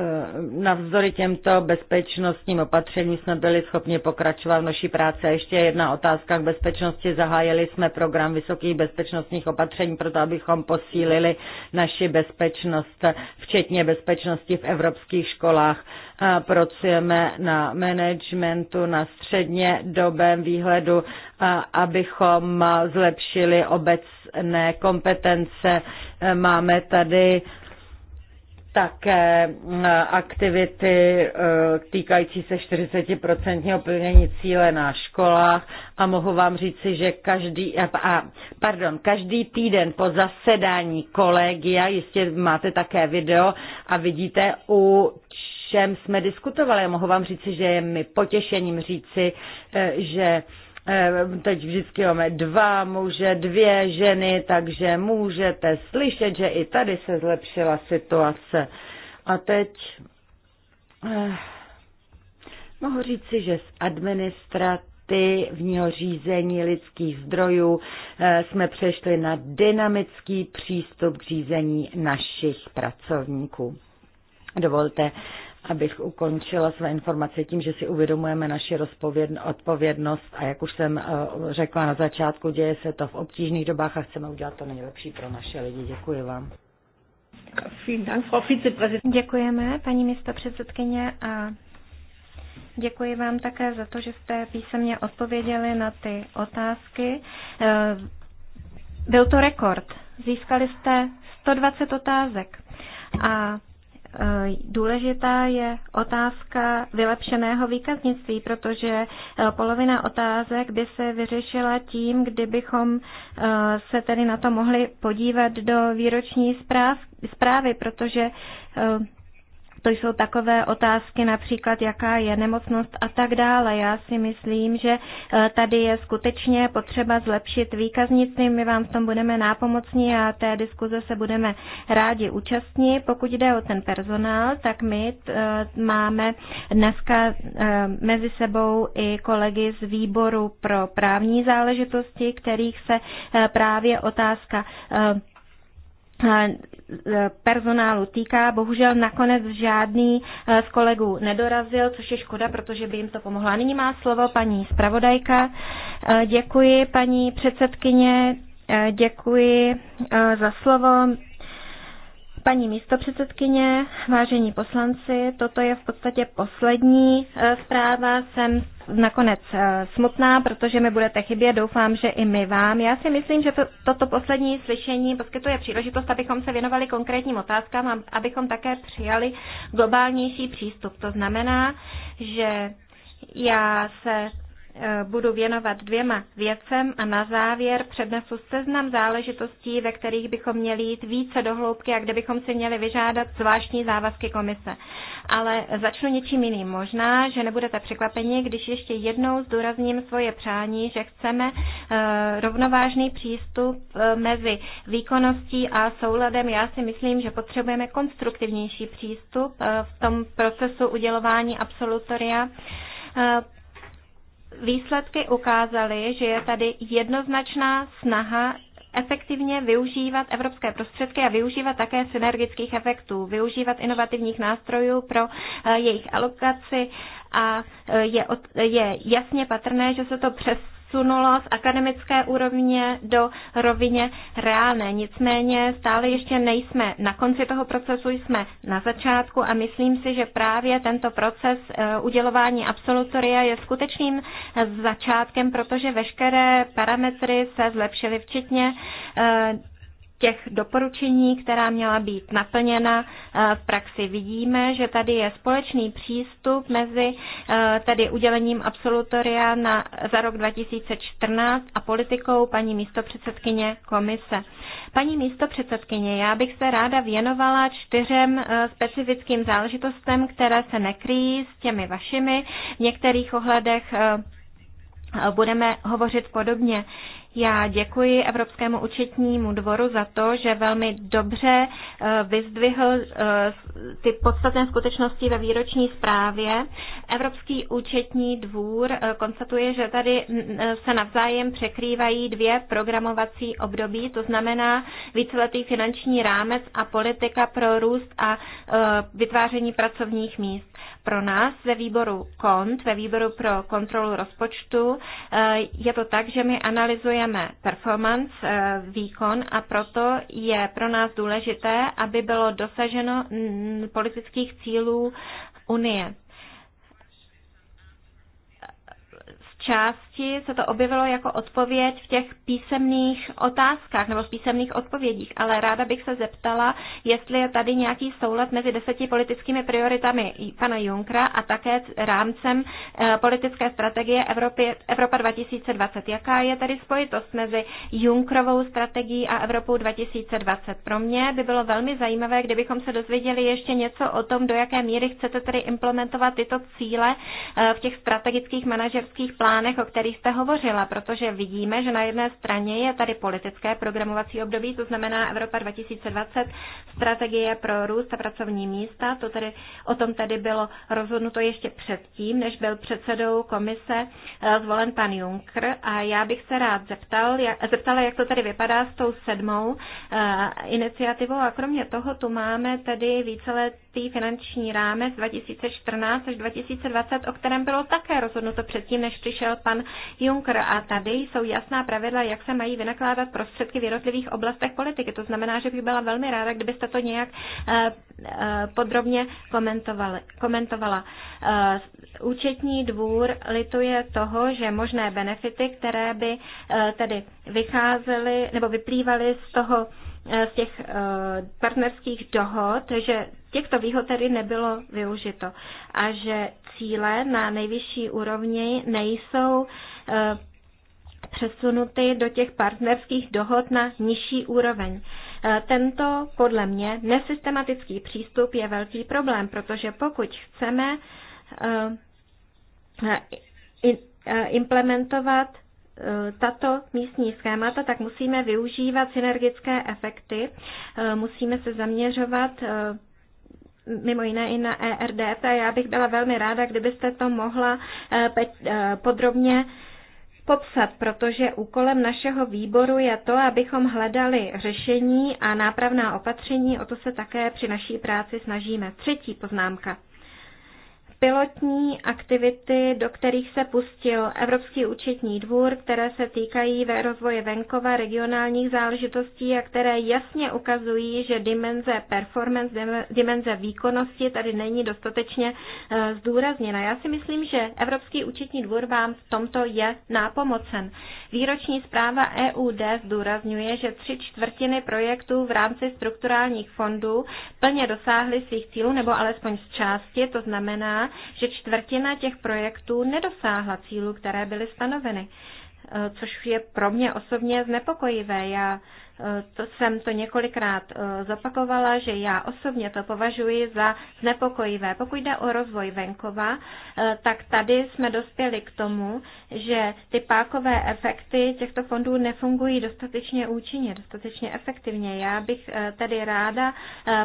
A: navzdory těmto bezpečnostním opatřením jsme byli schopni pokračovat v naší práci. A ještě jedna otázka k bezpečnosti. Zahájili jsme program vysokých bezpečnostních opatření, proto abychom posílili naši bezpečnost, včetně bezpečnosti v evropských školách pracujeme na managementu, na středně dobém výhledu, abychom zlepšili obecné kompetence. Máme tady také e, aktivity e, týkající se 40% plnění cíle na školách a mohu vám říci, že každý, e, a, pardon, každý týden po zasedání kolegia, jistě máte také video a vidíte u všem jsme diskutovali. Já mohu vám říci, že je mi potěšením říci, eh, že eh, teď vždycky máme dva muže, dvě ženy, takže můžete slyšet, že i tady se zlepšila situace. A teď eh, mohu říci, že z něho řízení lidských zdrojů eh, jsme přešli na dynamický přístup k řízení našich pracovníků. Dovolte, abych ukončila své informace tím, že si uvědomujeme naši odpovědnost a jak už jsem eh, řekla na začátku, děje se to v obtížných dobách a chceme udělat to nejlepší pro naše lidi. Děkuji vám.
C: Děkujeme, paní místo předsedkyně, a děkuji vám také za to, že jste písemně odpověděli na ty otázky. Eh, byl to rekord. Získali jste 120 otázek a Eh, důležitá je otázka vylepšeného výkaznictví, protože eh, polovina otázek by se vyřešila tím, kdybychom eh, se tedy na to mohli podívat do výroční zpráv, zprávy, protože to jsou takové otázky například, jaká je nemocnost a tak dále. Já si myslím, že eh, tady je skutečně potřeba zlepšit výkaznictví. My vám v tom budeme nápomocní a té diskuze se budeme rádi účastnit, Pokud jde o ten personál, tak my eh, máme dneska eh, mezi sebou i kolegy z výboru pro právní záležitosti, kterých se právě otázka E, personálu týká. Bohužel nakonec žádný e, z kolegů nedorazil, což je škoda, protože by jim to pomohlo. A nyní má slovo paní zpravodajka. E, děkuji, paní předsedkyně, děkuji za slovo. Paní místopředsedkyně, vážení poslanci, toto je v podstatě poslední e, zpráva. Jsem nakonec e, smutná, protože mi budete chybět, doufám, že i my vám. Já si myslím, že to, toto poslední slyšení poskytuje příležitost, abychom se věnovali konkrétním otázkám a abychom také přijali globálnější přístup. To znamená, že já se Eh, budu věnovat dvěma věcem a na závěr přednesu seznam záležitostí, ve kterých bychom měli jít více do hloubky a kde bychom si měli vyžádat zvláštní závazky komise. Ale začnu něčím jiným. Možná, že nebudete překvapeni, když ještě jednou zdůrazním svoje přání, že chceme eh, rovnovážný přístup eh, mezi výkonností a souladem. Já si myslím, že potřebujeme konstruktivnější přístup v tom procesu udělování absolutoria výsledky ukázaly, že je tady jednoznačná snaha efektivně využívat evropské prostředky a využívat také synergických efektů, využívat inovativních nástrojů pro eh, jejich alokaci a eh, je, je jasně patrné, že se to přes přesunula z akademické úrovně do rovině reálné. Nicméně stále ještě nejsme na konci toho procesu, jsme na začátku a myslím si, že právě tento proces eh, udělování absolutoria je skutečným eh, začátkem, protože veškeré parametry se zlepšily, včetně eh, těch doporučení, která měla být naplněna eh, v praxi. Vidíme, že tady je společný přístup mezi eh, tedy udělením absolutoria na, za rok 2014 a politikou paní místopředsedkyně komise. Paní místopředsedkyně, já bych se ráda věnovala čtyřem eh, specifickým záležitostem, které se nekryjí s těmi vašimi. V některých ohledech budeme hovořit podobně. Já děkuji Evropskému účetnímu dvoru za to, že velmi dobře eh, vyzdvihl eh, ty podstatné skutečnosti ve výroční zprávě. Evropský účetní dvůr eh, konstatuje, že tady mm, se navzájem překrývají dvě programovací období, to znamená víceletý finanční rámec a politika pro růst a vytváření pracovních míst pro nás ve výboru KONT, ve výboru pro kontrolu rozpočtu, eh, je to tak, že my analyzujeme performance, eh, výkon a proto je pro nás důležité, aby bylo dosaženo politických cílů Unie. Z část minulosti se to objevilo jako odpověď v těch písemných otázkách nebo v písemných odpovědích, ale ráda bych se zeptala, jestli je tady nějaký soulad mezi deseti politickými prioritami pana Junkra a také rámcem eh, politické strategie Evropy, Evropa 2020. Jaká je tady spojitost mezi Junkrovou strategií a Evropou 2020? Pro mě by bylo velmi zajímavé, kdybychom se dozvěděli ještě něco o tom, do jaké míry chcete tedy implementovat tyto cíle eh, v těch strategických manažerských plánech, o kterých kterých jste hovořila, protože vidíme, že na jedné straně je tady politické programovací období, to znamená Evropa 2020, strategie pro růst a pracovní místa. To tedy, o tom tedy bylo rozhodnuto ještě předtím, než byl předsedou komise eh, zvolen pan Juncker. A já bych se rád zeptal, jak, zeptala, jak to tady vypadá s tou sedmou eh, iniciativou. A kromě toho tu máme tedy víceletý finanční rámec 2014 až 2020, o kterém bylo také rozhodnuto předtím, než přišel pan Juncker. A tady jsou jasná pravidla, jak se mají vynakládat prostředky v jednotlivých oblastech politiky. To znamená, že bych byla velmi ráda, kdybyste to nějak eh, eh, podrobně komentovala. Eh, účetní dvůr lituje toho, že možné benefity, které by tedy vycházely nebo vyplývaly z toho, z těch partnerských dohod, že těchto výhod tedy nebylo využito a že cíle na nejvyšší úrovni nejsou eh, přesunuty do těch partnerských dohod na nižší úroveň. Eh, tento podle mě nesystematický přístup je velký problém, protože pokud chceme eh, implementovat tato místní schémata, tak musíme využívat synergické efekty, musíme se zaměřovat mimo jiné i na ERDP. Já bych byla velmi ráda, kdybyste to mohla eh, eh, podrobně popsat, protože úkolem našeho výboru je to, abychom hledali řešení a nápravná opatření, o to se také při naší práci snažíme. Třetí poznámka pilotní aktivity, do kterých se pustil Evropský účetní dvůr, které se týkají ve rozvoje venkova, regionálních záležitostí a které jasně ukazují, že dimenze performance, dimenze výkonnosti tady není dostatečně eh, zdůrazněna. Já si myslím, že Evropský účetní dvůr vám v tomto je nápomocen. Výroční zpráva EUD zdůrazňuje, že tři čtvrtiny projektů v rámci strukturálních fondů plně dosáhly svých cílů, nebo alespoň z části, to znamená, že čtvrtina těch projektů nedosáhla cílů, které byly stanoveny, eh, což je pro mě osobně znepokojivé. Já to jsem to několikrát eh, zopakovala, že já osobně to považuji za znepokojivé. Pokud jde o rozvoj venkova, eh, tak tady jsme dospěli k tomu, že ty pákové efekty těchto fondů nefungují dostatečně účinně, dostatečně efektivně. Já bych eh, tedy ráda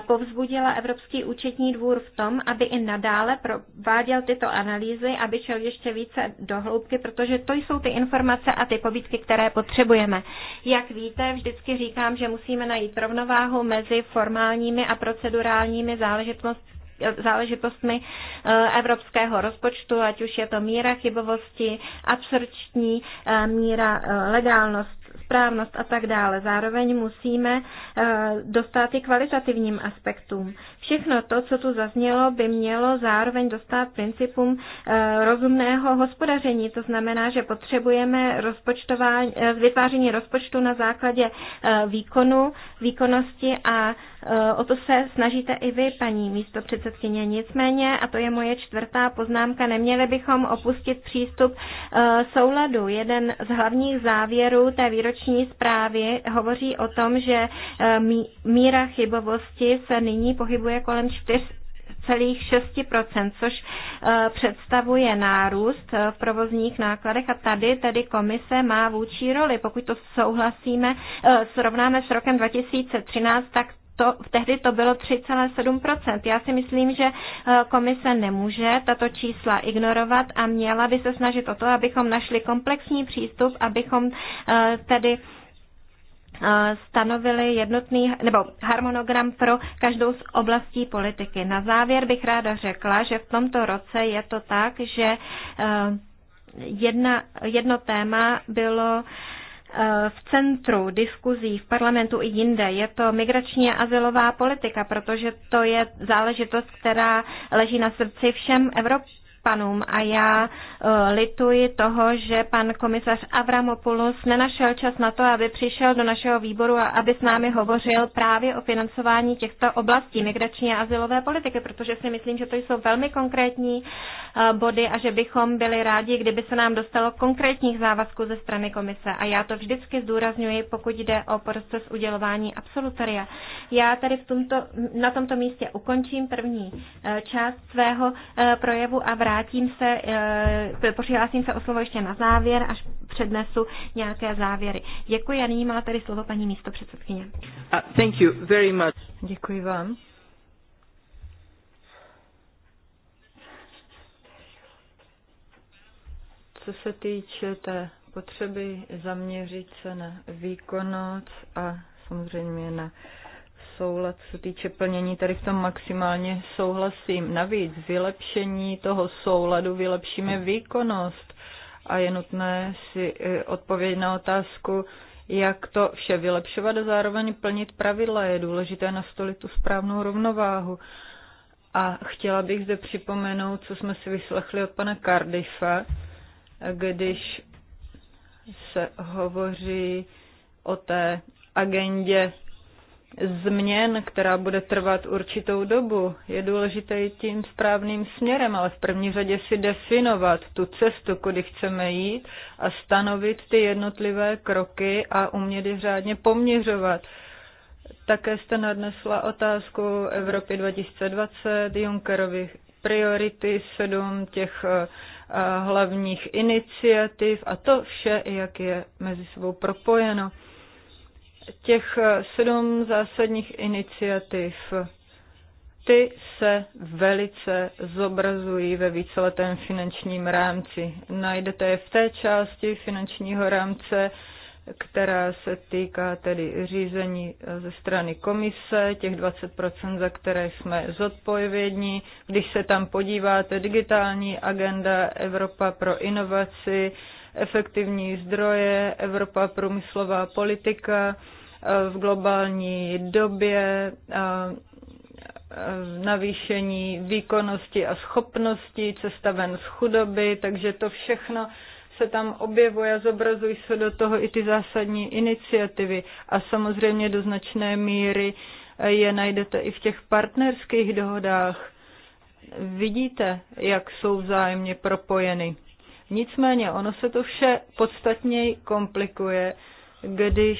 C: povzbudila Evropský účetní dvůr v tom, aby i nadále prováděl tyto analýzy, aby šel ještě více do hloubky, protože to jsou ty informace a ty povídky, které potřebujeme. Jak víte, vždycky říkám, že musíme najít rovnováhu mezi formálními a procedurálními záležitostmi záležitostmi eh, evropského rozpočtu, ať už je to míra chybovosti, absurdní eh, míra eh, legálnost, správnost a tak dále. Zároveň musíme dostat i kvalitativním aspektům. Všechno to, co tu zaznělo, by mělo zároveň dostat principům eh, rozumného hospodaření. To znamená, že potřebujeme eh, vytváření rozpočtu na základě eh, výkonu, výkonnosti a Eh, o to se snažíte i vy, paní místo předsedkyně. Nicméně, a to je moje čtvrtá poznámka, neměli bychom opustit přístup eh, souladu. Jeden z hlavních závěrů té výroční zprávy hovoří o tom, že eh, míra chybovosti se nyní pohybuje kolem 4, celých 6%, což představuje nárůst v provozních nákladech a tady tedy komise má vůči roli. Pokud to souhlasíme, srovnáme s rokem 2013, tak to, tehdy to bylo 3,7%. Já si myslím, že eh, komise nemůže tato čísla ignorovat a měla by se snažit o to, abychom našli komplexní přístup, abychom eh, tedy eh, stanovili jednotný nebo harmonogram pro každou z oblastí politiky. Na závěr bych ráda řekla, že v tomto roce je to tak, že jedna, jedno téma bylo Eh, v centru diskuzí v parlamentu i jinde. Je to migrační a azylová politika, protože to je záležitost, která leží na srdci všem Evropě panům a já eh, lituji toho, že pan komisař Avramopoulos nenašel čas na to, aby přišel do našeho výboru a aby s námi hovořil právě o financování těchto oblastí migrační a asilové politiky, protože si myslím, že to jsou velmi konkrétní eh, body a že bychom byli rádi, kdyby se nám dostalo konkrétních závazků ze strany komise. A já to vždycky zdůrazňuji, pokud jde o proces udělování absolutoria. Já tady v tomto, na tomto místě ukončím první eh, část svého projevu a vrátím vrátím se, eh, přihlásím se o slovo ještě na závěr, až přednesu nějaké závěry. Děkuji a nyní má tady slovo paní předsedkyně.
D: Uh, thank you very much. Děkuji vám. Co se týče té potřeby zaměřit se na výkonnost a samozřejmě na uh, soulad, co týče plnění, tady v tom maximálně souhlasím. Navíc vylepšení toho souladu vylepšíme výkonnost a je nutné si eh, odpovědět na otázku, jak to vše vylepšovat a zároveň plnit pravidla. Je důležité nastolit tu správnou rovnováhu. A chtěla bych zde připomenout, co jsme si vyslechli od pana Cardiffa, když se hovoří o té agendě změn, která bude trvat určitou dobu. Je důležité jít tím správným směrem, ale v první řadě si definovat tu cestu, kudy chceme jít a stanovit ty jednotlivé kroky a umět je řádně poměřovat. Také jste nadnesla otázku Evropy 2020, Junckerových priority, sedm těch eh, eh, hlavních iniciativ a to vše, jak je mezi sebou propojeno těch eh, sedm zásadních iniciativ, ty se velice zobrazují ve víceletém finančním rámci. Najdete je v té části finančního rámce, která se týká tedy řízení eh, ze strany komise, těch 20%, za které jsme zodpovědní. Když se tam podíváte, digitální agenda Evropa pro inovaci, efektivní zdroje, Evropa průmyslová politika eh, v globální době, navýšení výkonnosti a schopnosti, cesta ven z chudoby, takže to všechno se tam objevuje a zobrazují se do toho i ty zásadní iniciativy. A samozřejmě do značné míry eh, je najdete i v těch partnerských dohodách. Vidíte, jak jsou vzájemně propojeny. Nicméně ono se to vše podstatněji komplikuje, když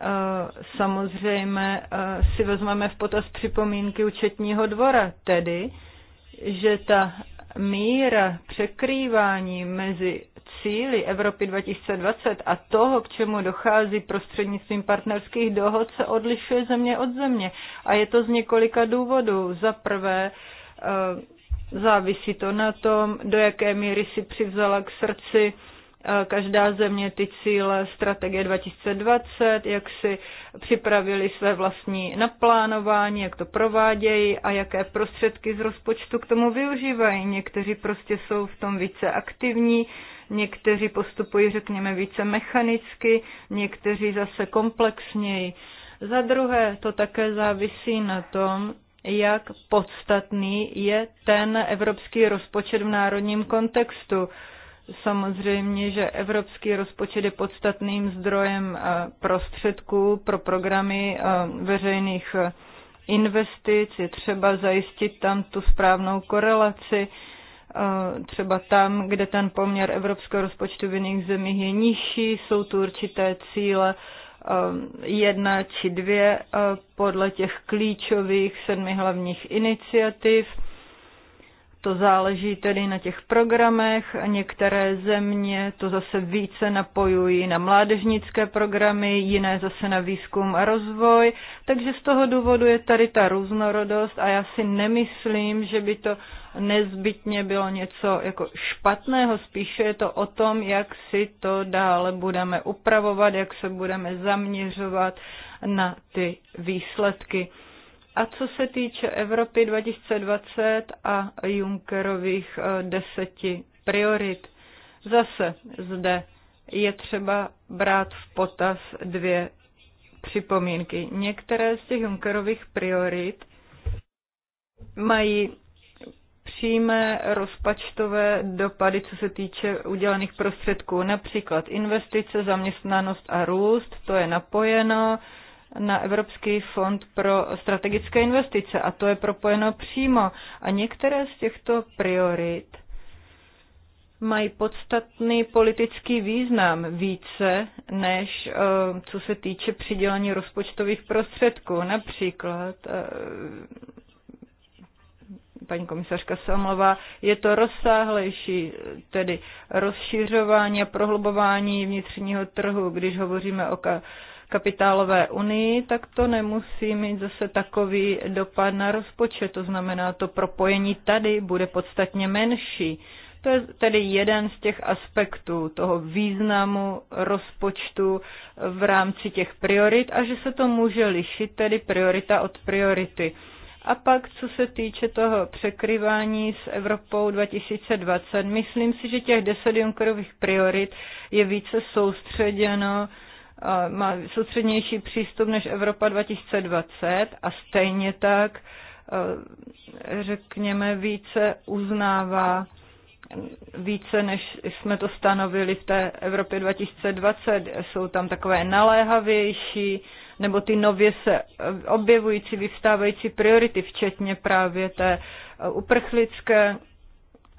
D: eh, samozřejmě eh, si vezmeme v potaz připomínky účetního dvora, tedy, že ta míra překrývání mezi cíly Evropy 2020 a toho, k čemu dochází prostřednictvím partnerských dohod, se odlišuje země od země. A je to z několika důvodů. Za prvé, eh, Závisí to na tom, do jaké míry si přivzala k srdci eh, každá země ty cíle strategie 2020, jak si připravili své vlastní naplánování, jak to provádějí a jaké prostředky z rozpočtu k tomu využívají. Někteří prostě jsou v tom více aktivní, někteří postupují, řekněme, více mechanicky, někteří zase komplexněji. Za druhé, to také závisí na tom, jak podstatný je ten evropský rozpočet v národním kontextu. Samozřejmě, že evropský rozpočet je podstatným zdrojem eh, prostředků pro programy eh, veřejných eh, investic. Je třeba zajistit tam tu správnou korelaci, třeba tam, kde ten poměr evropského rozpočtu v jiných zemích je nižší, jsou tu určité cíle, Um, jedna či dvě uh, podle těch klíčových sedmi hlavních iniciativ – to záleží tedy na těch programech. Některé země to zase více napojují na mládežnické programy, jiné zase na výzkum a rozvoj. Takže z toho důvodu je tady ta různorodost a já si nemyslím, že by to nezbytně bylo něco jako špatného, spíše je to o tom, jak si to dále budeme upravovat, jak se budeme zaměřovat na ty výsledky. A co se týče Evropy 2020 a Junckerových eh, deseti priorit, zase zde je třeba brát v potaz dvě připomínky. Některé z těch Junckerových priorit mají přímé rozpačtové dopady, co se týče udělaných prostředků, například investice, zaměstnanost a růst, to je napojeno, na Evropský fond pro strategické investice a to je propojeno přímo. A některé z těchto priorit mají podstatný politický význam více, než eh, co se týče přidělení rozpočtových prostředků. Například eh, paní komisařka se omlouvá, je to rozsáhlejší, tedy rozšířování a prohlubování vnitřního trhu, když hovoříme o kapitálové unii, tak to nemusí mít zase takový dopad na rozpočet. To znamená, to propojení tady bude podstatně menší. To je tedy jeden z těch aspektů toho významu rozpočtu v rámci těch priorit a že se to může lišit, tedy priorita od priority. A pak, co se týče toho překrývání s Evropou 2020, myslím si, že těch deset junkerových priorit je více soustředěno Eh, má soustřednější přístup než Evropa 2020 a stejně tak, eh, řekněme, více uznává více, než jsme to stanovili v té Evropě 2020. Jsou tam takové naléhavější, nebo ty nově se eh, objevující, vyvstávající priority, včetně právě té uprchlické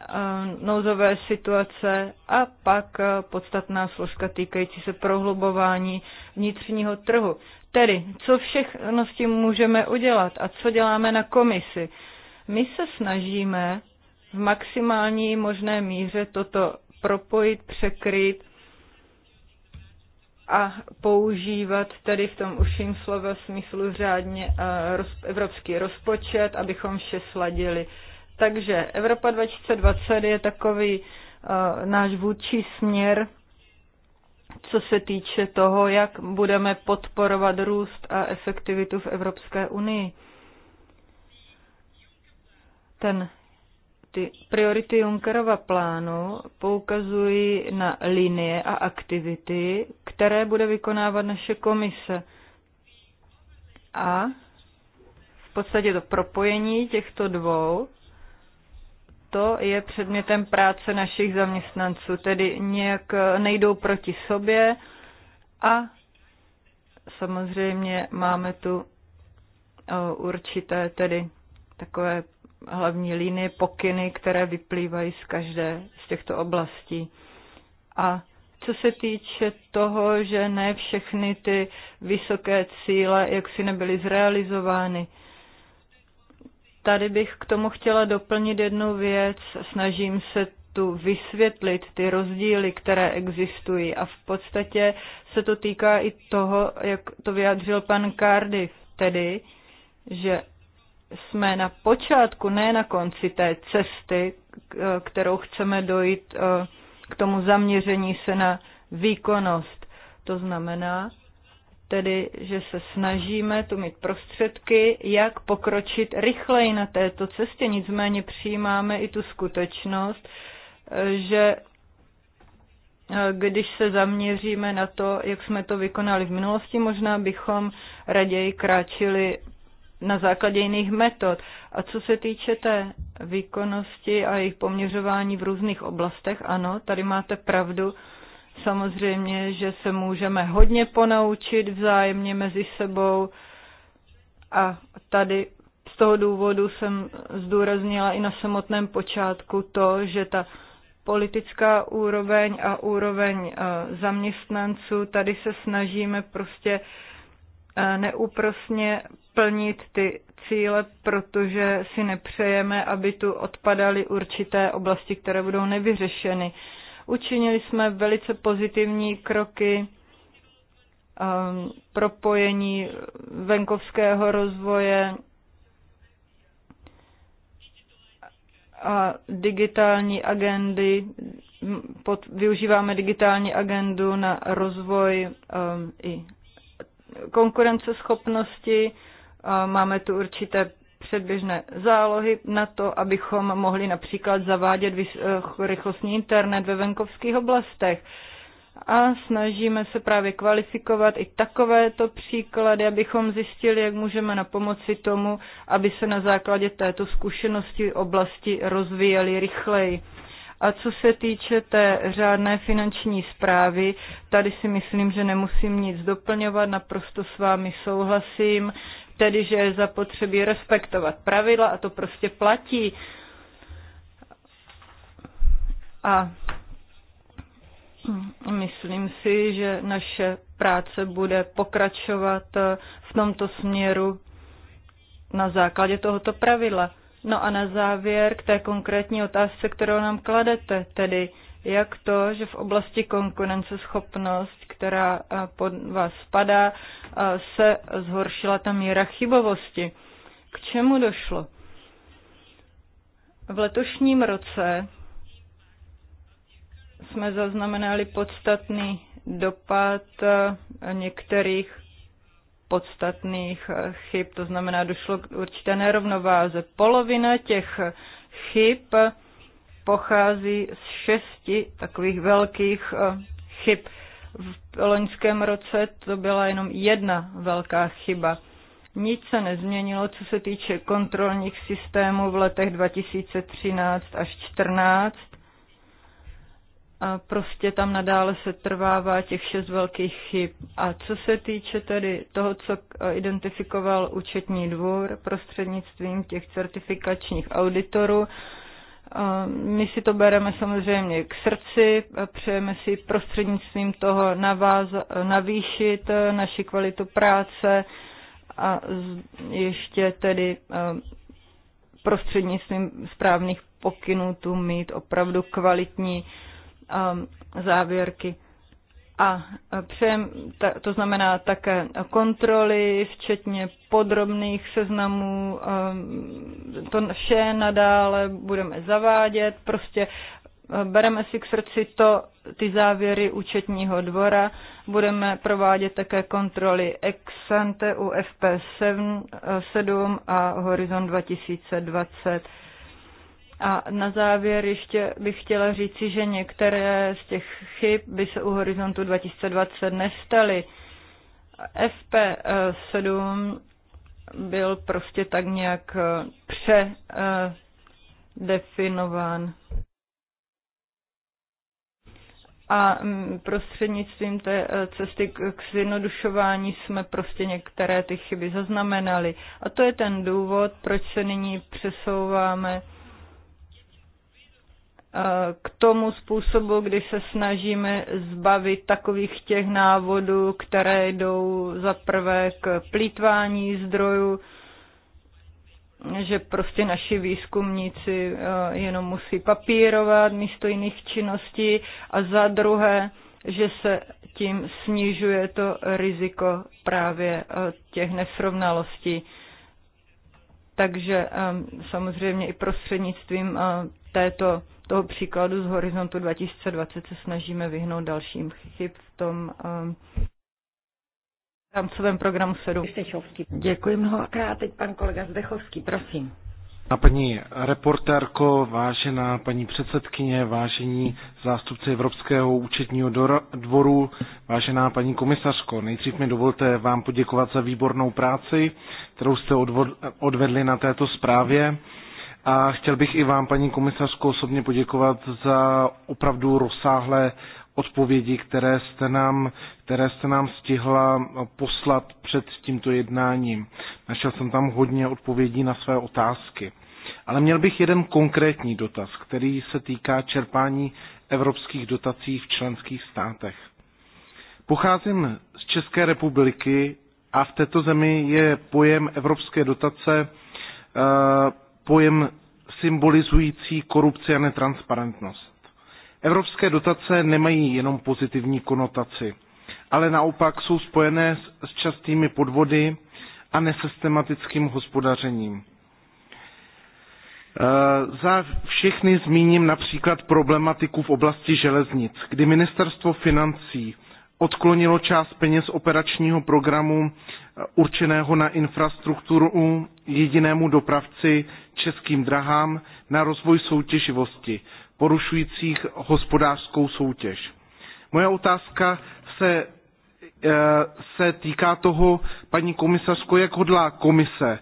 D: Eh, nouzové situace a pak eh, podstatná složka týkající se prohlubování vnitřního trhu. Tedy, co všechno s tím můžeme udělat a co děláme na komisi? My se snažíme v maximální možné míře toto propojit, překryt a používat tedy v tom uším slova smyslu řádně eh, evropský rozpočet, abychom vše sladili. Takže Evropa 2020 je takový uh, náš vůdčí směr, co se týče toho, jak budeme podporovat růst a efektivitu v Evropské unii. Ten, ty priority Junckerova plánu poukazují na linie a aktivity, které bude vykonávat naše komise. A v podstatě to propojení těchto dvou to je předmětem práce našich zaměstnanců, tedy nějak nejdou proti sobě a samozřejmě máme tu určité tedy takové hlavní linie, pokyny, které vyplývají z každé z těchto oblastí. A co se týče toho, že ne všechny ty vysoké cíle, jaksi nebyly zrealizovány, Tady bych k tomu chtěla doplnit jednu věc. Snažím se tu vysvětlit ty rozdíly, které existují. A v podstatě se to týká i toho, jak to vyjádřil pan Cardiff, tedy, že jsme na počátku, ne na konci té cesty, kterou chceme dojít eh, k tomu zaměření se na výkonnost. To znamená, tedy, že se snažíme tu mít prostředky, jak pokročit rychleji na této cestě. Nicméně přijímáme i tu skutečnost, že e, když se zaměříme na to, jak jsme to vykonali v minulosti, možná bychom raději kráčili na základě jiných metod. A co se týče té výkonnosti a jejich poměřování v různých oblastech, ano, tady máte pravdu, Samozřejmě, že se můžeme hodně ponaučit vzájemně mezi sebou a tady z toho důvodu jsem zdůraznila i na samotném počátku to, že ta politická úroveň a úroveň eh, zaměstnanců, tady se snažíme prostě eh, neúprosně plnit ty cíle, protože si nepřejeme, aby tu odpadaly určité oblasti, které budou nevyřešeny. Učinili jsme velice pozitivní kroky um, propojení venkovského rozvoje a digitální agendy. Pod, využíváme digitální agendu na rozvoj um, i konkurenceschopnosti. Máme tu určité předběžné zálohy na to, abychom mohli například zavádět eh, rychlostní internet ve venkovských oblastech. A snažíme se právě kvalifikovat i takovéto příklady, abychom zjistili, jak můžeme na pomoci tomu, aby se na základě této zkušenosti oblasti rozvíjely rychleji. A co se týče té řádné finanční zprávy, tady si myslím, že nemusím nic doplňovat, naprosto s vámi souhlasím tedy že je zapotřebí respektovat pravidla a to prostě platí. A myslím si, že naše práce bude pokračovat v tomto směru na základě tohoto pravidla. No a na závěr k té konkrétní otázce, kterou nám kladete, tedy jak to, že v oblasti konkurenceschopnost, která eh, pod vás spadá, eh, se zhoršila ta míra chybovosti. K čemu došlo? V letošním roce jsme zaznamenali podstatný dopad eh, některých podstatných chyb, to znamená, došlo k určité nerovnováze. Polovina těch chyb pochází z šesti takových velkých eh, chyb. V loňském roce to byla jenom jedna velká chyba. Nic se nezměnilo, co se týče kontrolních systémů v letech 2013 až 2014. A prostě tam nadále se trvává těch šest velkých chyb. A co se týče tedy toho, co eh, identifikoval účetní dvůr prostřednictvím těch certifikačních auditorů, my si to bereme samozřejmě k srdci, přejeme si prostřednictvím toho naváz, navýšit eh, naši kvalitu práce a ještě tedy eh, prostřednictvím správných pokynů tu mít opravdu kvalitní eh, závěrky a přejem, to znamená také kontroly, včetně podrobných seznamů. Ehm, to vše nadále budeme zavádět. Prostě eh, bereme si k srdci to, ty závěry účetního dvora. Budeme provádět také kontroly ex ante u FP7 eh, a Horizon 2020 a na závěr ještě bych chtěla říci, že některé z těch chyb by se u horizontu 2020 nestaly. FP7 eh, byl prostě tak nějak eh, předefinován. A mm, prostřednictvím té eh, cesty k zjednodušování jsme prostě některé ty chyby zaznamenali. A to je ten důvod, proč se nyní přesouváme k tomu způsobu, kdy se snažíme zbavit takových těch návodů, které jdou za prvé k plítvání zdrojů, že prostě naši výzkumníci eh, jenom musí papírovat místo jiných činností a za druhé, že se tím snižuje to riziko právě eh, těch nesrovnalostí. Takže eh, samozřejmě i prostřednictvím této toho příkladu z horizontu 2020 se snažíme vyhnout dalším chyb v tom um, rámcovém programu 7. Děkuji
A: mnohokrát. Teď pan kolega Zdechovský, prosím.
B: A paní reportérko, vážená paní předsedkyně, vážení zástupci Evropského účetního dvoru, vážená paní komisařko, nejdřív mi dovolte vám poděkovat za výbornou práci, kterou jste odvedli na této zprávě a chtěl bych i vám, paní komisařko, osobně poděkovat za opravdu rozsáhlé odpovědi, které jste nám, které jste nám stihla poslat před tímto jednáním. Našel jsem tam hodně odpovědí na své otázky. Ale měl bych jeden konkrétní dotaz, který se týká čerpání evropských dotací v členských státech. Pocházím z České republiky a v této zemi je pojem evropské dotace eh, pojem symbolizující korupci a netransparentnost. Evropské dotace nemají jenom pozitivní konotaci, ale naopak jsou spojené s častými podvody a nesystematickým hospodařením. E, za všechny zmíním například problematiku v oblasti železnic, kdy ministerstvo financí odklonilo část peněz operačního programu určeného na infrastrukturu jedinému dopravci českým drahám na rozvoj soutěživosti, porušujících hospodářskou soutěž. Moje otázka se, eh, se týká toho, paní komisařko, jak hodlá komise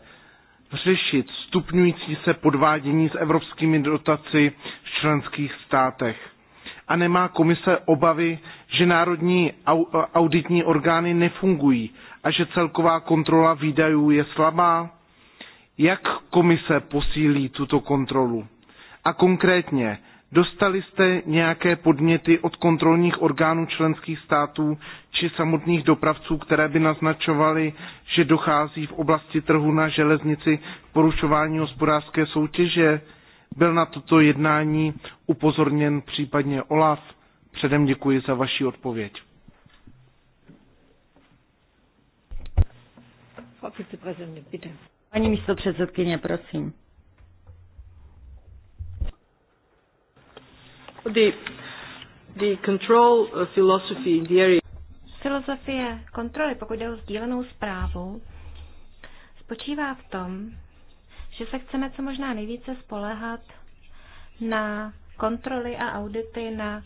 B: řešit stupňující se podvádění s evropskými dotaci v členských státech. A nemá komise obavy, že národní auditní orgány nefungují a že celková kontrola výdajů je slabá? Jak komise posílí tuto kontrolu? A konkrétně, dostali jste nějaké podněty od kontrolních orgánů členských států či samotných dopravců, které by naznačovaly, že dochází v oblasti trhu na železnici k porušování hospodářské soutěže? Byl na toto jednání upozorněn případně OLAF? Předem děkuji za vaši odpověď.
A: Paní místo předsedkyně, prosím.
D: The, the control uh, philosophy in the area.
C: Filozofie kontroly, pokud jde o sdílenou zprávu, spočívá v tom, že se chceme co možná nejvíce spolehat na kontroly a audity, na,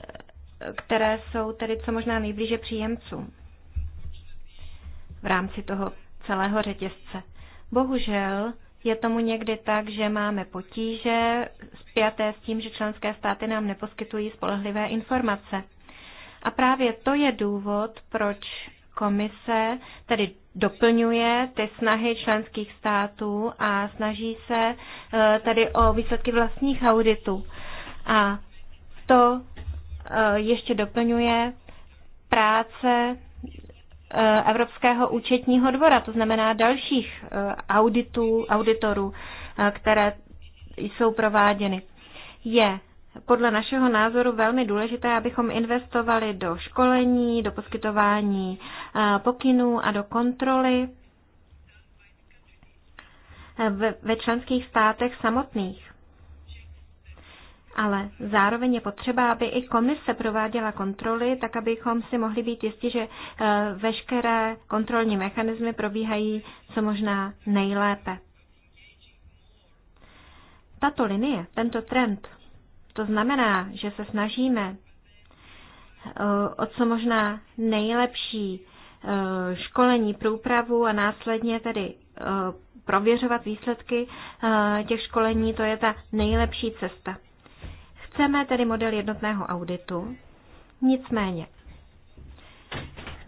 C: eh, které jsou tedy co možná nejblíže příjemcům v rámci toho celého řetězce. Bohužel je tomu někdy tak, že máme potíže spjaté s tím, že členské státy nám neposkytují spolehlivé informace. A právě to je důvod, proč komise tedy doplňuje ty snahy členských států a snaží se eh, tady o výsledky vlastních auditů. A to eh, ještě doplňuje práce Eh, Evropského účetního dvora, to znamená dalších eh, auditů, auditorů, eh, které jsou prováděny. Je podle našeho názoru velmi důležité, abychom investovali do školení, do poskytování pokynů a do kontroly ve členských státech samotných ale zároveň je potřeba, aby i komise prováděla kontroly, tak abychom si mohli být jistí, že eh, veškeré kontrolní mechanismy probíhají co možná nejlépe. Tato linie, tento trend, to znamená, že se snažíme eh, o co možná nejlepší eh, školení, průpravu a následně tedy prověřovat výsledky těch školení, to je ta nejlepší cesta. Chceme tedy model jednotného auditu, nicméně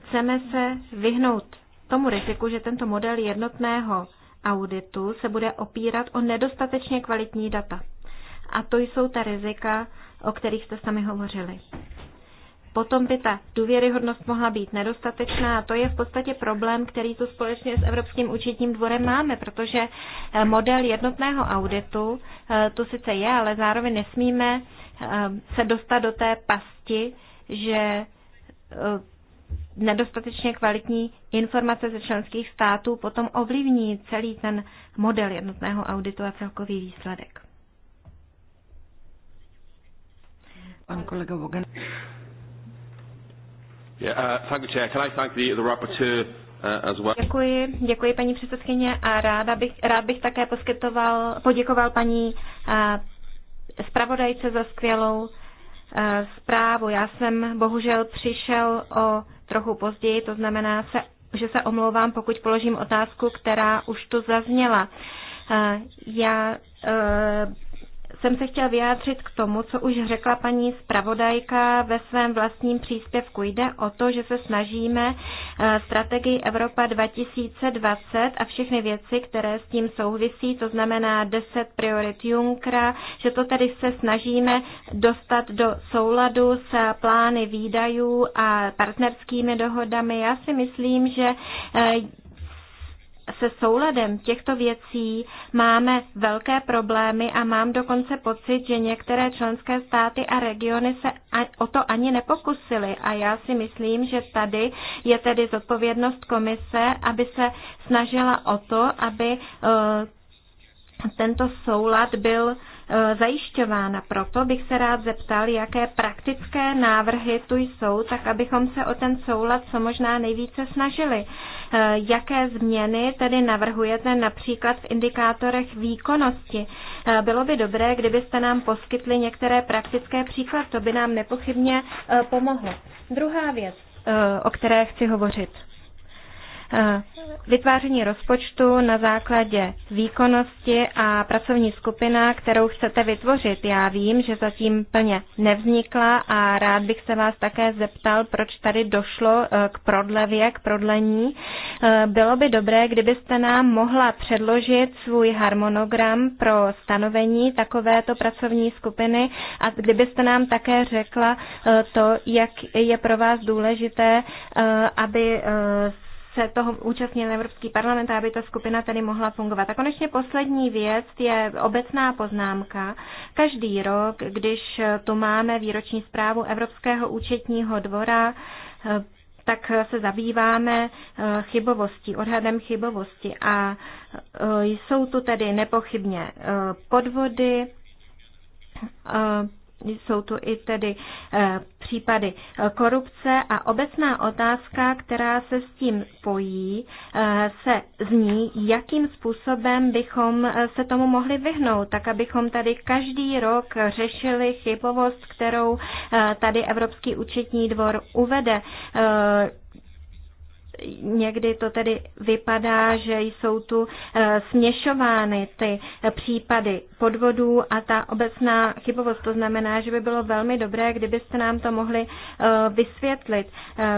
C: chceme se vyhnout tomu riziku, že tento model jednotného auditu se bude opírat o nedostatečně kvalitní data. A to jsou ta rizika, o kterých jste sami hovořili potom by ta důvěryhodnost mohla být nedostatečná a to je v podstatě problém, který tu společně s Evropským účetním dvorem máme, protože eh, model jednotného auditu eh, tu sice je, ale zároveň nesmíme eh, se dostat do té pasti, že nedostatečně kvalitní informace ze členských států potom ovlivní celý ten model jednotného auditu a celkový výsledek. Pan kolega Vogan. Děkuji, děkuji paní předsedkyně a ráda bych, rád bych také poskytoval, poděkoval paní uh, zpravodajce za skvělou uh, zprávu. Já jsem bohužel přišel o trochu později, to znamená, se, že se omlouvám, pokud položím otázku, která už tu zazněla. Uh, já jsem se chtěl vyjádřit k tomu, co už řekla paní zpravodajka ve svém vlastním příspěvku. Jde o to, že se snažíme eh, strategii Evropa 2020 a všechny věci, které s tím souvisí, to znamená 10 priorit Junkra, že to tady se snažíme dostat do souladu s plány výdajů a partnerskými dohodami. Já si myslím, že eh, se souladem těchto věcí máme velké problémy a mám dokonce pocit, že některé členské státy a regiony se o to ani nepokusily. A já si myslím, že tady je tedy zodpovědnost komise, aby se snažila o to, aby eh, tento soulad byl eh, zajišťována. Proto bych se rád zeptal, jaké praktické návrhy tu jsou, tak abychom se o ten soulad co možná nejvíce snažili. Eh, jaké změny tedy navrhujete například v indikátorech výkonnosti? Eh, bylo by dobré, kdybyste nám poskytli některé praktické příklady, to by nám nepochybně eh, pomohlo. Druhá věc, o které chci hovořit. Eh, vytváření rozpočtu na základě výkonnosti a pracovní skupina, kterou chcete vytvořit. Já vím, že zatím plně nevznikla a rád bych se vás také zeptal, proč tady došlo eh, k prodlevě, k prodlení. Eh, bylo by dobré, kdybyste nám mohla předložit svůj harmonogram pro stanovení takovéto pracovní skupiny a kdybyste nám také řekla to, jak je pro vás důležité, aby se toho účastnil Evropský parlament a aby ta skupina tady mohla fungovat. A konečně poslední věc je obecná poznámka. Každý rok, když tu máme výroční zprávu Evropského účetního dvora, eh, tak se zabýváme eh, chybovostí, odhadem chybovosti. A eh, jsou tu tedy nepochybně podvody, jsou tu i tedy eh, případy eh, korupce a obecná otázka, která se s tím pojí, eh, se zní, jakým způsobem bychom se tomu mohli vyhnout, tak abychom tady každý rok řešili chybovost, kterou tady Evropský účetní dvor uvede někdy to tedy vypadá, že jsou tu eh, směšovány ty eh, případy podvodů a ta obecná chybovost. To znamená, že by bylo velmi dobré, kdybyste nám to mohli eh, vysvětlit.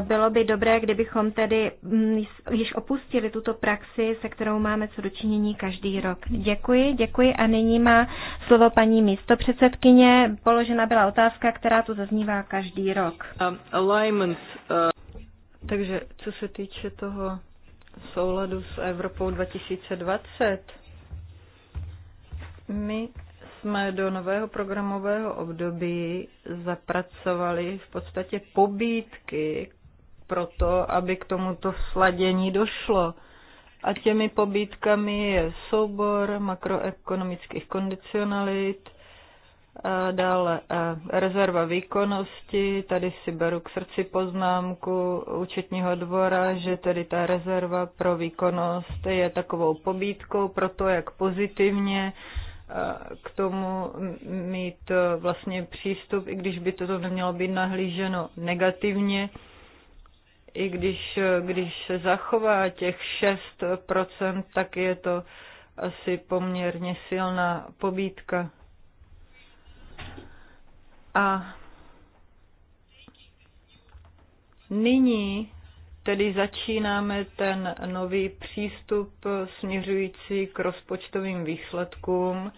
C: Bylo by dobré, kdybychom tedy mm, již opustili tuto praxi, se kterou máme co dočinění každý rok. Děkuji, děkuji a nyní má slovo paní místopředsedkyně. Položena byla otázka, která tu zaznívá každý rok.
D: Um, alignment, uh... Takže co se týče toho souladu s Evropou 2020, my jsme do nového programového období zapracovali v podstatě pobídky pro to, aby k tomuto sladění došlo. A těmi pobídkami je soubor makroekonomických kondicionalit, Dále rezerva výkonnosti, tady si beru k srdci poznámku účetního dvora, že tedy ta rezerva pro výkonnost je takovou pobídkou pro to, jak pozitivně k tomu mít vlastně přístup, i když by toto nemělo být nahlíženo negativně, i když, když se zachová těch 6%, tak je to asi poměrně silná pobídka. A nyní tedy začínáme ten nový přístup směřující k rozpočtovým výsledkům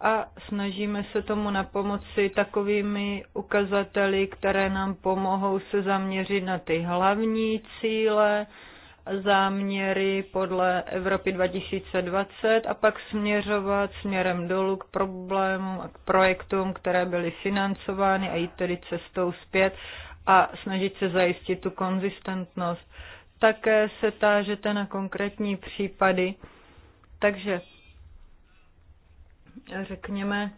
D: a snažíme se tomu na pomoci takovými ukazateli, které nám pomohou se zaměřit na ty hlavní cíle, záměry podle Evropy 2020 a pak směřovat směrem dolů k problémům a k projektům, které byly financovány a jít tedy cestou zpět a snažit se zajistit tu konzistentnost. Také se tážete na konkrétní případy, takže řekněme,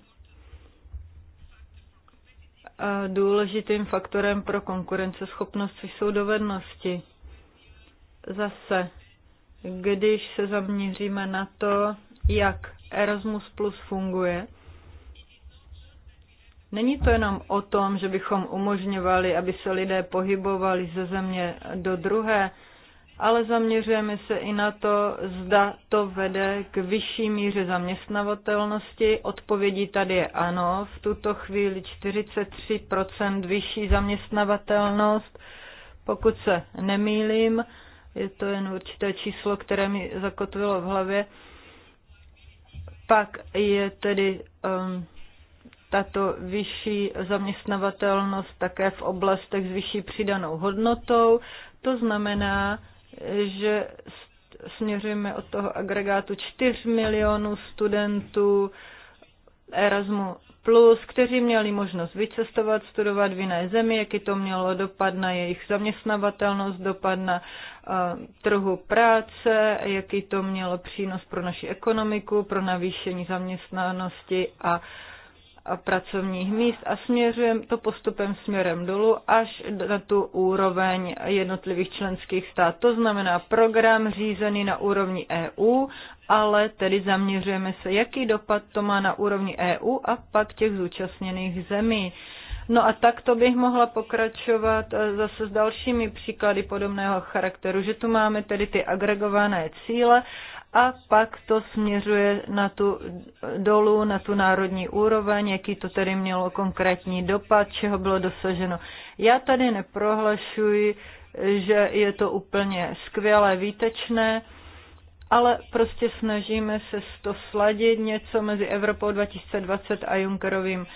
D: eh, důležitým faktorem pro konkurenceschopnost, což jsou dovednosti. Zase, když se zaměříme na to, jak Erasmus Plus funguje, Není to jenom o tom, že bychom umožňovali, aby se lidé pohybovali ze země do druhé, ale zaměřujeme se i na to, zda to vede k vyšší míře zaměstnavatelnosti. Odpovědí tady je ano, v tuto chvíli 43% vyšší zaměstnavatelnost, pokud se nemýlím, je to jen určité číslo, které mi zakotvilo v hlavě. Pak je tedy um, tato vyšší zaměstnavatelnost také v oblastech s vyšší přidanou hodnotou. To znamená, že směřujeme od toho agregátu 4 milionů studentů Erasmu plus, kteří měli možnost vycestovat, studovat v jiné zemi, jaký to mělo dopad na jejich zaměstnavatelnost, dopad na uh, trhu práce, jaký to mělo přínos pro naši ekonomiku, pro navýšení zaměstnanosti a uh, pracovních míst a směřujeme to postupem směrem dolů až na tu úroveň jednotlivých členských států. To znamená program řízený na úrovni EU, ale tedy zaměřujeme se, jaký dopad to má na úrovni EU a pak těch zúčastněných zemí. No a tak to bych mohla pokračovat eh, zase s dalšími příklady podobného charakteru, že tu máme tedy ty agregované cíle a pak to směřuje na tu dolů, na tu národní úroveň, jaký to tedy mělo konkrétní dopad, čeho bylo dosaženo. Já tady neprohlašuji, že je to úplně skvělé, výtečné, ale prostě snažíme se to sladit něco mezi Evropou 2020 a Junckerovým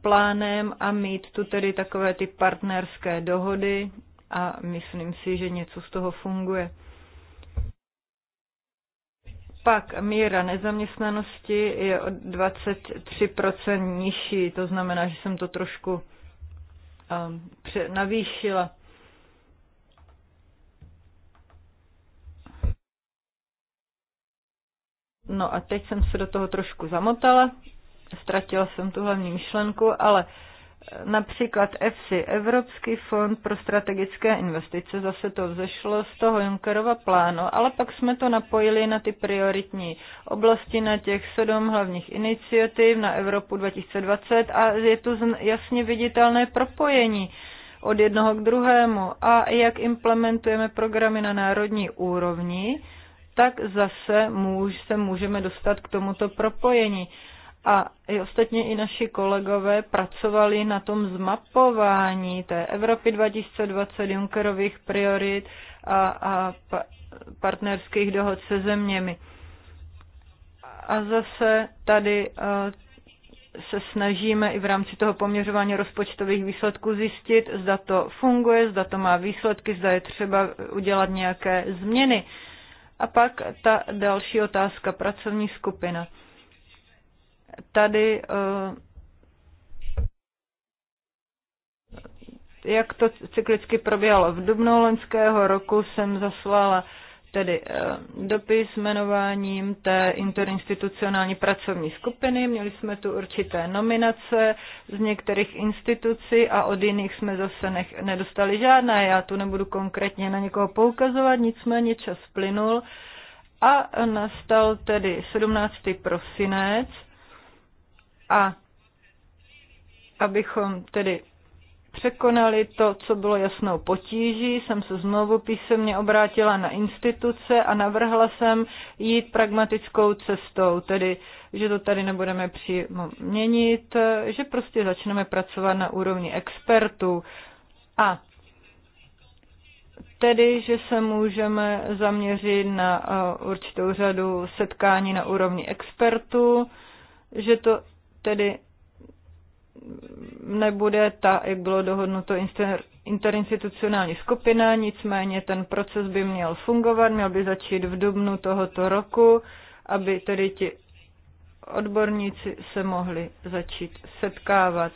D: plánem a mít tu tedy takové ty partnerské dohody a myslím si, že něco z toho funguje. Naopak míra nezaměstnanosti je o 23% nižší, to znamená, že jsem to trošku um, navýšila. No a teď jsem se do toho trošku zamotala, ztratila jsem tu hlavní myšlenku, ale uh, například EFSI, Evropský fond pro strategické investice, zase to vzešlo z toho Junckerova plánu, ale pak jsme to napojili na ty prioritní oblasti, na těch sedm hlavních iniciativ, na Evropu 2020 a je tu jasně viditelné propojení od jednoho k druhému a jak implementujeme programy na národní úrovni, tak zase se můžeme dostat k tomuto propojení a i ostatně i naši kolegové pracovali na tom zmapování té Evropy 2020, Junckerových priorit a, a pa, partnerských dohod se zeměmi. A zase tady eh, se snažíme i v rámci toho poměřování rozpočtových výsledků zjistit, zda to funguje, zda to má výsledky, zda je třeba udělat nějaké změny. A pak ta další otázka, pracovní skupina tady eh, jak to cyklicky probíhalo. V dubnu loňského roku jsem zaslala tedy eh, dopis jmenováním té interinstitucionální pracovní skupiny. Měli jsme tu určité nominace z některých institucí a od jiných jsme zase nech, nedostali žádné. Já tu nebudu konkrétně na někoho poukazovat, nicméně čas plynul. A nastal tedy 17. prosinec a abychom tedy překonali to, co bylo jasnou potíží, jsem se znovu písemně obrátila na instituce a navrhla jsem jít pragmatickou cestou, tedy že to tady nebudeme přímo měnit, že prostě začneme pracovat na úrovni expertů a tedy, že se můžeme zaměřit na eh, určitou řadu setkání na úrovni expertů, že to tedy nebude ta, jak bylo dohodnuto, inter, interinstitucionální skupina, nicméně ten proces by měl fungovat, měl by začít v dubnu tohoto roku, aby tedy ti odborníci se mohli začít setkávat.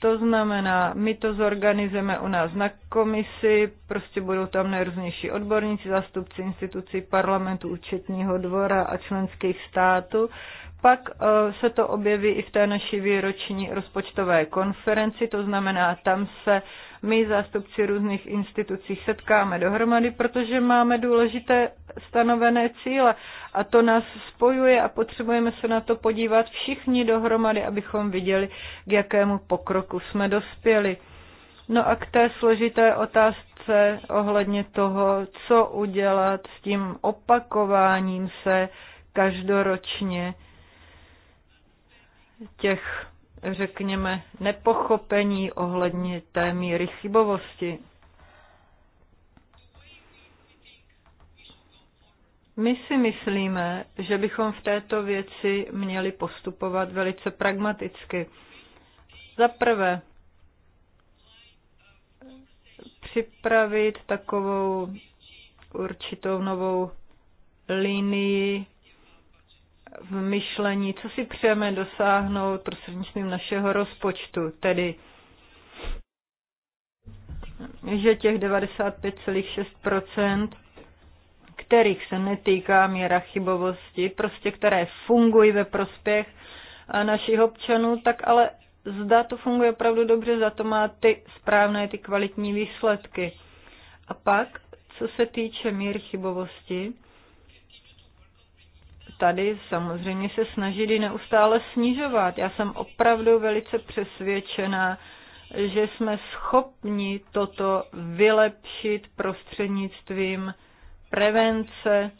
D: To znamená, my to zorganizujeme u nás na komisi, prostě budou tam nejrůznější odborníci, zástupci institucí parlamentu, účetního dvora a členských států pak eh, se to objeví i v té naší výroční rozpočtové konferenci, to znamená, tam se my, zástupci různých institucí, setkáme dohromady, protože máme důležité stanovené cíle a to nás spojuje a potřebujeme se na to podívat všichni dohromady, abychom viděli, k jakému pokroku jsme dospěli. No a k té složité otázce ohledně toho, co udělat s tím opakováním se každoročně těch, řekněme, nepochopení ohledně té míry chybovosti. My si myslíme, že bychom v této věci měli postupovat velice pragmaticky. Za prvé, připravit takovou určitou novou linii v myšlení, co si přejeme dosáhnout prostřednictvím našeho rozpočtu, tedy že těch 95,6%, kterých se netýká míra chybovosti, prostě které fungují ve prospěch našich občanů, tak ale zda to funguje opravdu dobře, za to má ty správné, ty kvalitní výsledky. A pak, co se týče míry chybovosti, tady samozřejmě se snažili neustále snižovat. Já jsem opravdu velice přesvědčená, že jsme schopni toto vylepšit prostřednictvím prevence,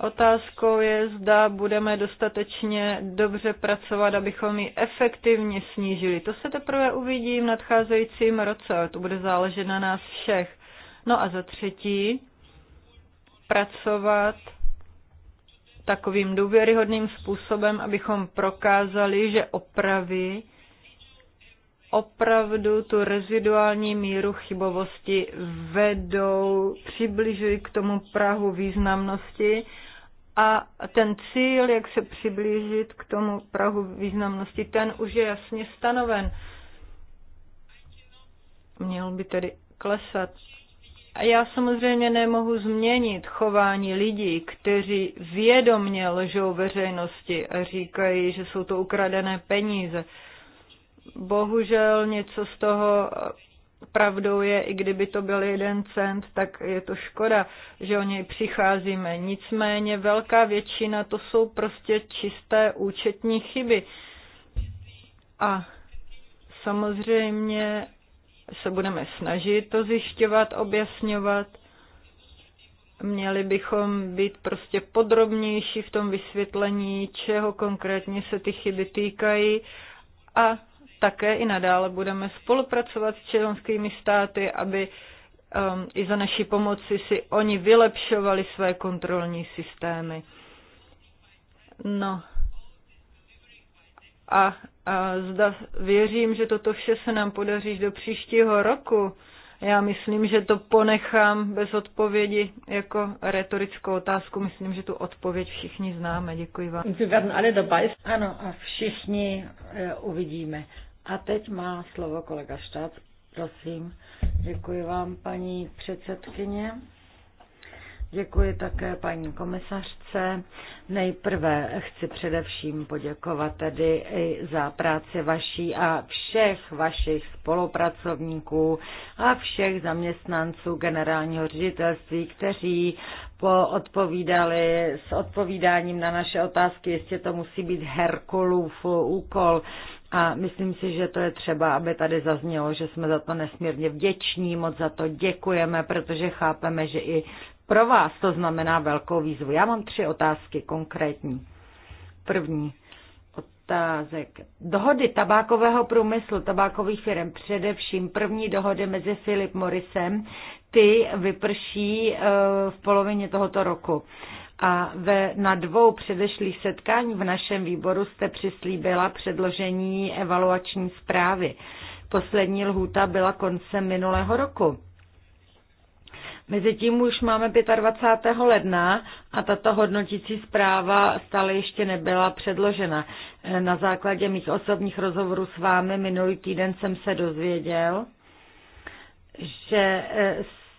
D: Otázkou je, zda budeme dostatečně dobře pracovat, abychom ji efektivně snížili. To se teprve uvidí v nadcházejícím roce, to bude záležet na nás všech. No a za třetí, pracovat takovým důvěryhodným způsobem, abychom prokázali, že opravy opravdu tu reziduální míru chybovosti vedou, přibližují k tomu Prahu významnosti a ten cíl, jak se přiblížit k tomu Prahu významnosti, ten už je jasně stanoven. Měl by tedy klesat. A Já samozřejmě nemohu změnit chování lidí, kteří vědomně lžou veřejnosti a říkají, že jsou to ukradené peníze. Bohužel něco z toho pravdou je, i kdyby to byl jeden cent, tak je to škoda, že o něj přicházíme. Nicméně velká většina to jsou prostě čisté účetní chyby. A samozřejmě se budeme snažit to zjišťovat, objasňovat. Měli bychom být prostě podrobnější v tom vysvětlení, čeho konkrétně se ty chyby týkají a také i nadále budeme spolupracovat s členskými státy, aby um, i za naší pomoci si oni vylepšovali své kontrolní systémy. No. A a zda věřím, že toto vše se nám podaří do příštího roku. Já myslím, že to ponechám bez odpovědi jako retorickou otázku. Myslím, že tu odpověď všichni známe. Děkuji vám. Wir Ano,
A: a všichni e, uvidíme. A teď má slovo kolega Štát. Prosím. Děkuji vám, paní předsedkyně. Děkuji také paní komisařce. Nejprve chci především poděkovat tedy i za práci vaší a všech vašich spolupracovníků a všech zaměstnanců generálního ředitelství, kteří po odpovídali s odpovídáním na naše otázky. Jestli to musí být Herkulův úkol. A myslím si, že to je třeba, aby tady zaznělo, že jsme za to nesmírně vděční, moc za to děkujeme, protože chápeme, že i pro vás to znamená velkou výzvu. Já mám tři otázky konkrétní. První otázek. Dohody tabákového průmyslu, tabákových firm, především první dohody mezi Philip Morrisem, ty vyprší eh, v polovině tohoto roku. A ve, na dvou předešlých setkání v našem výboru jste přislíbila předložení evaluační zprávy. Poslední lhůta byla koncem minulého roku. Mezitím už máme 25. ledna a tato hodnotící zpráva stále ještě nebyla předložena. Na základě mých osobních rozhovorů s vámi minulý týden jsem se dozvěděl, že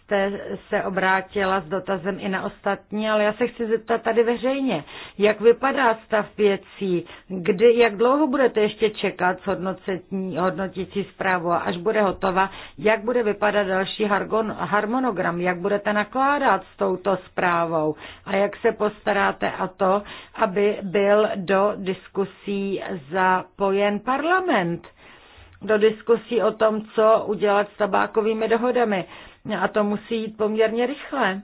A: jste se obrátila s dotazem i na ostatní, ale já se chci zeptat tady veřejně, jak vypadá stav věcí, kdy, jak dlouho budete ještě čekat s hodnotící zprávu a až bude hotova, jak bude vypadat další harmonogram, jak budete nakládat s touto zprávou a jak se postaráte a to, aby byl do diskusí zapojen parlament do diskusí o tom, co udělat s tabákovými dohodami. A to musí jít poměrně rychle,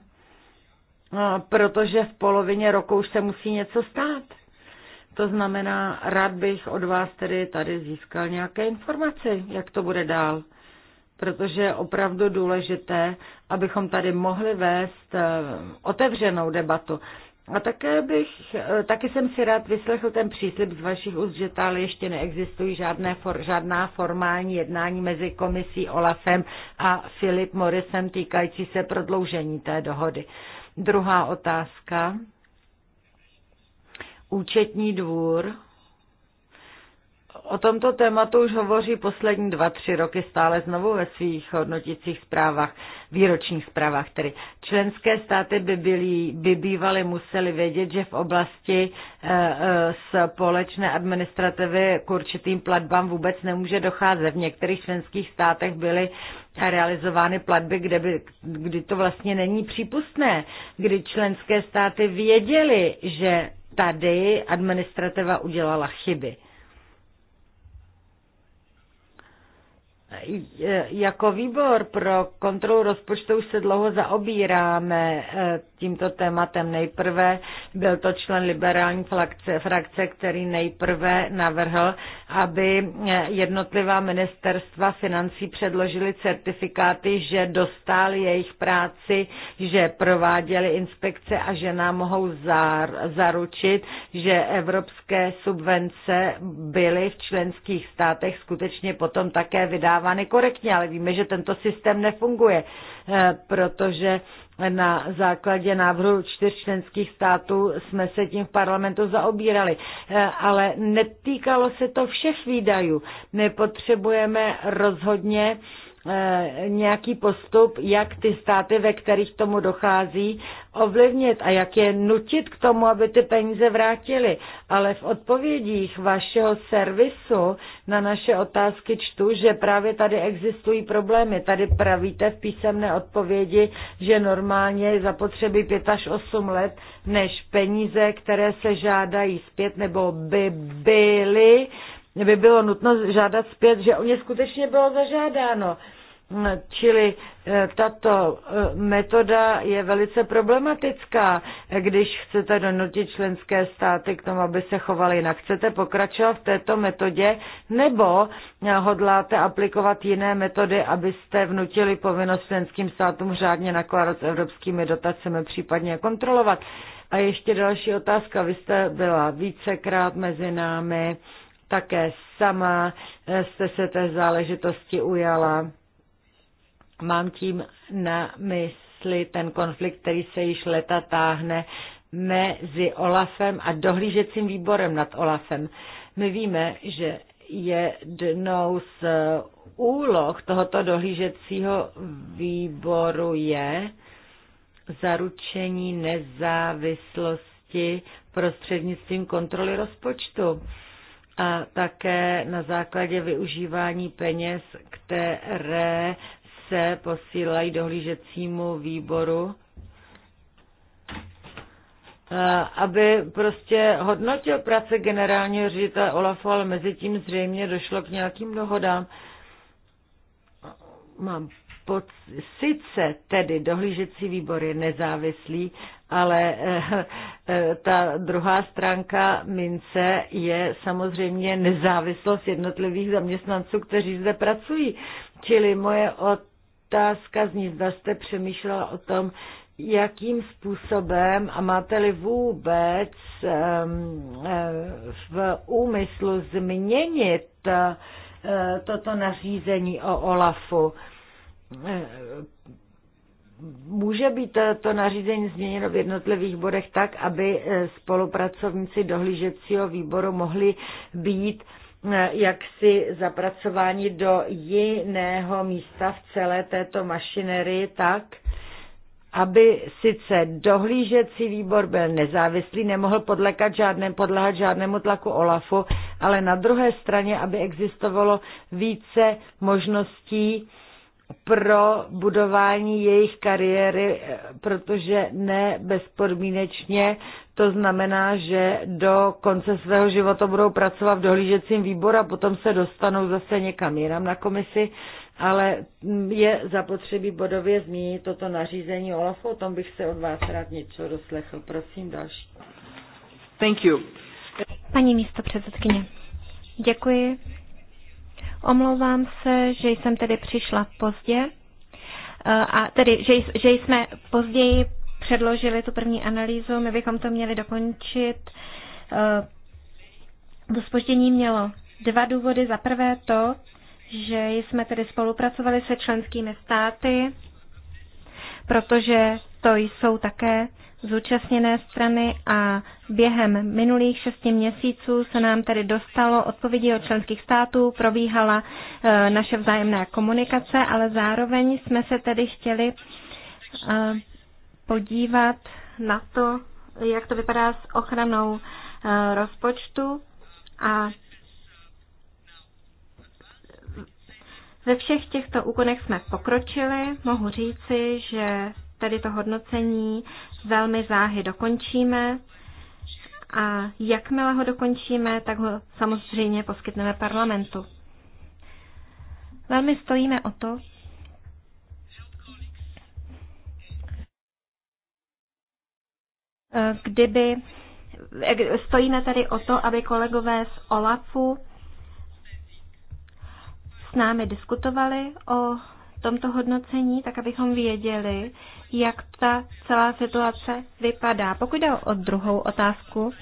A: protože v polovině roku už se musí něco stát. To znamená, rád bych od vás tedy tady získal nějaké informace, jak to bude dál. Protože je opravdu důležité, abychom tady mohli vést e, otevřenou debatu. A také bych, eh, taky jsem si rád vyslechl ten příslip z vašich úst, že ale ještě neexistují žádné for, žádná formální jednání mezi komisí Olafem a Filip Morisem týkající se prodloužení té dohody. Druhá otázka. Účetní dvůr O tomto tématu už hovoří poslední dva, tři roky stále znovu ve svých hodnotících zprávách, výročních zprávách, tedy členské státy by, byly, by bývaly museli vědět, že v oblasti eh, eh, společné administrativy k určitým platbám vůbec nemůže docházet. V některých členských státech byly realizovány platby, kde by, kdy to vlastně není přípustné, kdy členské státy věděly, že tady administrativa udělala chyby. E, jako výbor pro kontrolu rozpočtu už se dlouho zaobíráme e, tímto tématem. Nejprve byl to člen liberální frakce, frakce, který nejprve navrhl, aby e, jednotlivá ministerstva financí předložili certifikáty, že dostali jejich práci, že prováděli inspekce a že nám mohou zaručit, že evropské subvence byly v členských státech skutečně potom také vydávány vydávány korektně, ale víme, že tento systém nefunguje, eh, protože na základě návrhu čtyř členských států jsme se tím v parlamentu zaobírali. Eh, ale netýkalo se to všech výdajů. My potřebujeme rozhodně Eh, nějaký postup, jak ty státy, ve kterých tomu dochází, ovlivnit a jak je nutit k tomu, aby ty peníze vrátili. Ale v odpovědích vašeho servisu na naše otázky čtu, že právě tady existují problémy. Tady pravíte v písemné odpovědi, že normálně je zapotřebí 5 až 8 let, než peníze, které se žádají zpět nebo by byly, by bylo nutno žádat zpět, že o ně skutečně bylo zažádáno. Čili eh, tato eh, metoda je velice problematická, když chcete donutit členské státy k tomu, aby se chovaly jinak. Chcete pokračovat v této metodě nebo eh, hodláte aplikovat jiné metody, abyste vnutili povinnost členským státům řádně nakládat s evropskými dotacemi, případně kontrolovat? A ještě další otázka. Vy jste byla vícekrát mezi námi, také sama jste se té záležitosti ujala Mám tím na mysli ten konflikt, který se již leta táhne mezi Olafem a dohlížecím výborem nad Olafem. My víme, že jednou z úloh tohoto dohlížecího výboru je zaručení nezávislosti prostřednictvím kontroly rozpočtu a také na základě využívání peněz, které se posílají dohlížecímu výboru, eh, aby prostě hodnotil práce generálního ředitele Olafu, ale mezi tím zřejmě došlo k nějakým dohodám. Mám pod, sice tedy dohlížecí výbor je nezávislý, ale eh, eh, ta druhá stránka mince je samozřejmě nezávislost jednotlivých zaměstnanců, kteří zde pracují. Čili moje od otázka zní, zda jste přemýšlela o tom, jakým způsobem a máte-li vůbec v úmyslu změnit eh, toto nařízení o OLAFu. Eh, může být to nařízení změněno v jednotlivých bodech tak, aby eh, spolupracovníci dohlížecího výboru mohli být Eh, jaksi zapracování do jiného místa v celé této mašinerii tak, aby sice dohlížecí výbor byl nezávislý, nemohl podlekat žádném, podlehat žádnému tlaku OLAFu, ale na druhé straně, aby existovalo více možností pro budování jejich kariéry, eh, protože ne bezpodmínečně to znamená, že do konce svého života budou pracovat v dohlížecím výboru a potom se dostanou zase někam jinam na komisi, ale mm, je zapotřebí bodově zmínit toto nařízení Olafu, o tom bych se od vás rád něco doslechl. Prosím další.
D: Thank
C: you. Paní místo předsedkyně, děkuji. Omlouvám se, že jsem tedy přišla pozdě, eh, a tedy, že, že jsme později předložili tu první analýzu, my bychom to měli dokončit. Eh, to spoždění mělo dva důvody. Za prvé to, že jsme tedy spolupracovali se členskými státy, protože to jsou také zúčastněné strany a během minulých šesti měsíců se nám tedy dostalo odpovědi od členských států, probíhala e, naše vzájemná komunikace, ale zároveň jsme se tedy chtěli e, podívat na to, jak to vypadá s ochranou e, rozpočtu a ve všech těchto úkonech jsme pokročili. Mohu říci, že tady to hodnocení velmi záhy dokončíme a jakmile ho dokončíme, tak ho samozřejmě poskytneme parlamentu. Velmi stojíme o to, kdyby stojíme tady o to, aby kolegové z OLAFu s námi diskutovali o tomto hodnocení, tak abychom věděli, jak ta celá situace vypadá. Pokud jde o druhou otázku,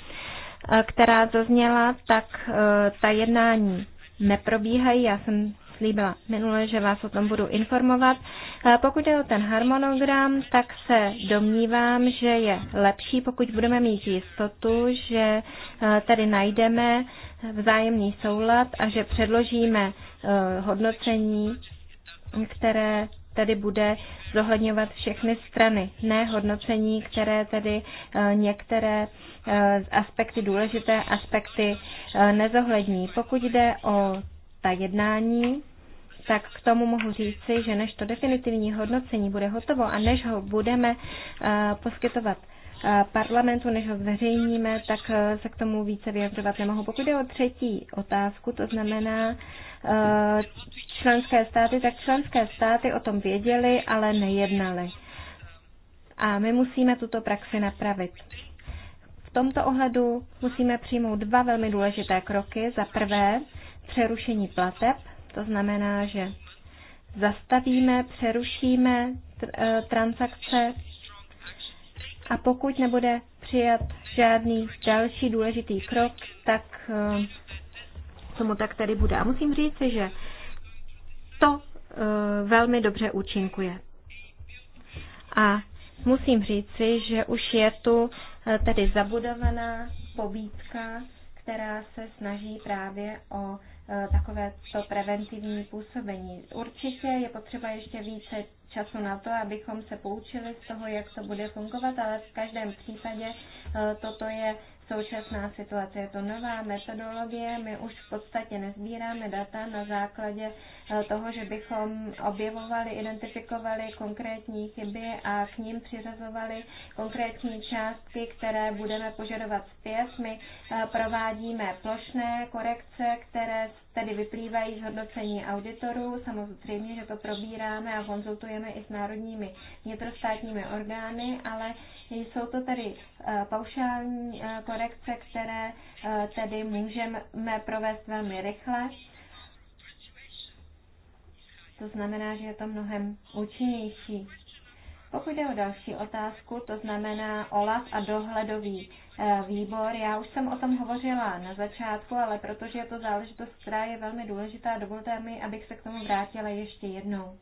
C: eh, která zazněla, tak eh, ta jednání neprobíhají. Já jsem slíbila minule, že vás o tom budu informovat. Eh, pokud jde o ten harmonogram, tak se domnívám, že je lepší, pokud budeme mít jistotu, že tady najdeme vzájemný soulad a že předložíme hodnocení které tedy bude zohledňovat všechny strany, ne hodnocení, které tedy eh, některé eh, aspekty, důležité aspekty eh, nezohlední. Pokud jde o ta jednání, tak k tomu mohu říci, že než to definitivní hodnocení bude hotovo a než ho budeme poskytovat Eh, parlamentu, než ho zveřejníme, tak eh, se k tomu více vyjadřovat nemohu. Pokud je o třetí otázku, to znamená eh, členské státy, tak členské státy o tom věděli, ale nejednali. A my musíme tuto praxi napravit. V tomto ohledu musíme přijmout dva velmi důležité kroky. Za prvé, přerušení plateb, to znamená, že zastavíme, přerušíme transakce a pokud nebude přijat žádný další důležitý krok, tak eh, tomu tak tady bude. A musím říct, že to eh, velmi dobře účinkuje. A musím říci, že už je tu eh, tedy zabudovaná pobídka která se snaží právě o e, takovéto preventivní působení. Určitě je potřeba ještě více času na to, abychom se poučili z toho, jak to bude fungovat, ale v každém případě e, toto je současná situace. Je to nová metodologie, my už v podstatě nezbíráme data na základě Eh, toho, že bychom objevovali, identifikovali konkrétní chyby a k ním přiřazovali konkrétní částky, které budeme požadovat zpět. My eh, provádíme plošné korekce, které tedy vyplývají z hodnocení auditorů. Samozřejmě, že to probíráme a konzultujeme i s národními vnitrostátními orgány, ale jsou to tedy eh, paušální korekce, které tedy můžeme provést velmi rychle to znamená, že je to mnohem účinnější. Pokud jde o další otázku, to znamená OLAF a dohledový eh, výbor. Já už jsem o tom hovořila na začátku, ale protože je to záležitost, která je velmi důležitá, dovolte mi, abych se k tomu vrátila ještě jednou.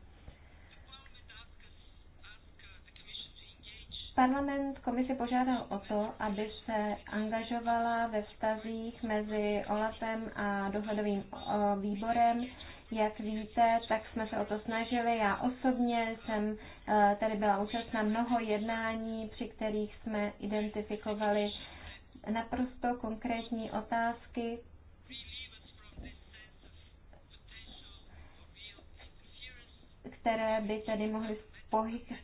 C: Parlament komisi požádal o to, aby se angažovala ve vztazích mezi OLAFem a dohledovým eh, výborem jak víte, tak jsme se o to snažili. Já osobně jsem eh, tady byla účastna mnoho jednání, při kterých jsme identifikovali naprosto konkrétní otázky, které by tedy mohly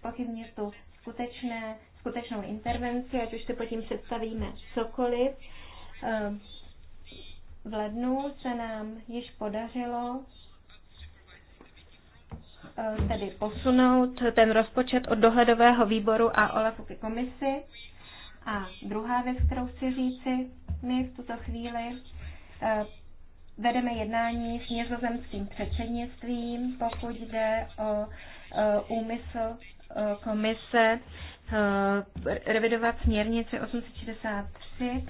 C: spochybnit tu skutečné, skutečnou intervenci, ať už si pod tím představíme cokoliv. Eh, v lednu se nám již podařilo Eh, tedy posunout ten rozpočet od dohledového výboru a OLAFu ke komisi. A druhá věc, kterou chci říci, my v tuto chvíli eh, vedeme jednání s nizozemským předsednictvím, pokud jde o eh, úmysl komise revidovat směrnici 863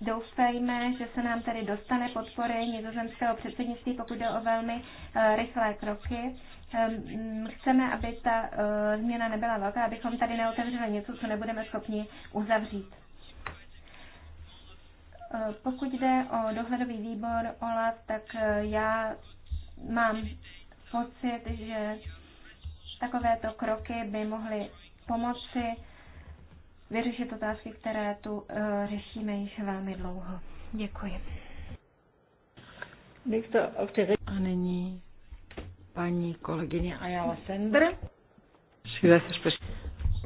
C: Doufejme, že se nám tady dostane podpory nizozemského předsednictví, pokud jde o velmi eh, rychlé kroky. Ehm, chceme, aby ta eh, změna nebyla velká, abychom tady neotevřeli něco, co nebudeme schopni uzavřít. Eh, pokud jde o dohledový výbor OLAF, tak já mám pocit, že takovéto kroky by mohly pomoci vyřešit otázky, které tu uh, řešíme již velmi dlouho. Děkuji.
A: A nyní
D: paní kolegyně Ayala Sender.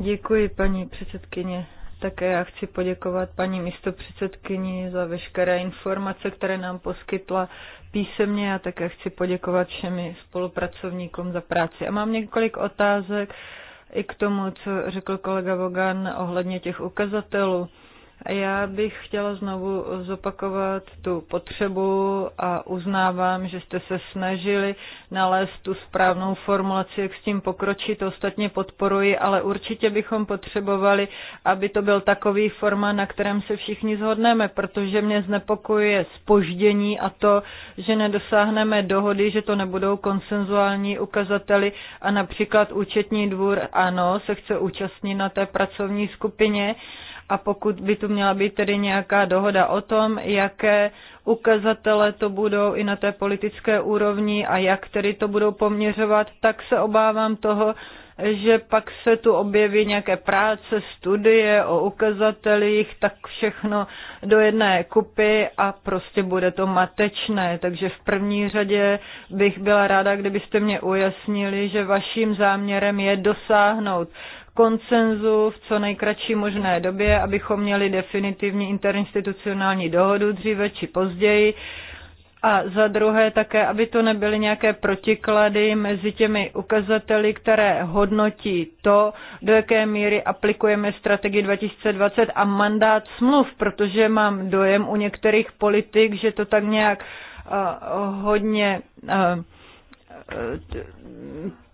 D: Děkuji, paní předsedkyně. Také já chci poděkovat paní místopředsedkyni za veškeré informace, které nám poskytla písemně a také chci poděkovat všemi spolupracovníkům za práci. A mám několik otázek i k tomu, co řekl kolega Vogan ohledně těch ukazatelů. Já bych chtěla znovu zopakovat tu potřebu a uznávám, že jste se snažili nalézt tu správnou formulaci, jak s tím pokročit, ostatně podporuji, ale určitě bychom potřebovali, aby to byl takový forma, na kterém se všichni zhodneme, protože mě znepokojuje spoždění a to, že nedosáhneme dohody, že to nebudou konsenzuální ukazateli a například účetní dvůr, ano, se chce účastnit na té pracovní skupině, a pokud by tu měla být tedy nějaká dohoda o tom, jaké ukazatele to budou i na té politické úrovni a jak tedy to budou poměřovat, tak se obávám toho, že pak se tu objeví nějaké práce, studie o ukazatelích, tak všechno do jedné kupy a prostě bude to matečné. Takže v první řadě bych byla ráda, kdybyste mě ujasnili, že vaším záměrem je dosáhnout koncenzu v co nejkratší možné době, abychom měli definitivní interinstitucionální dohodu dříve či později. A za druhé také, aby to nebyly nějaké protiklady mezi těmi ukazateli, které hodnotí to, do jaké míry aplikujeme strategii 2020 a mandát smluv, protože mám dojem u některých politik, že to tak nějak uh, hodně uh,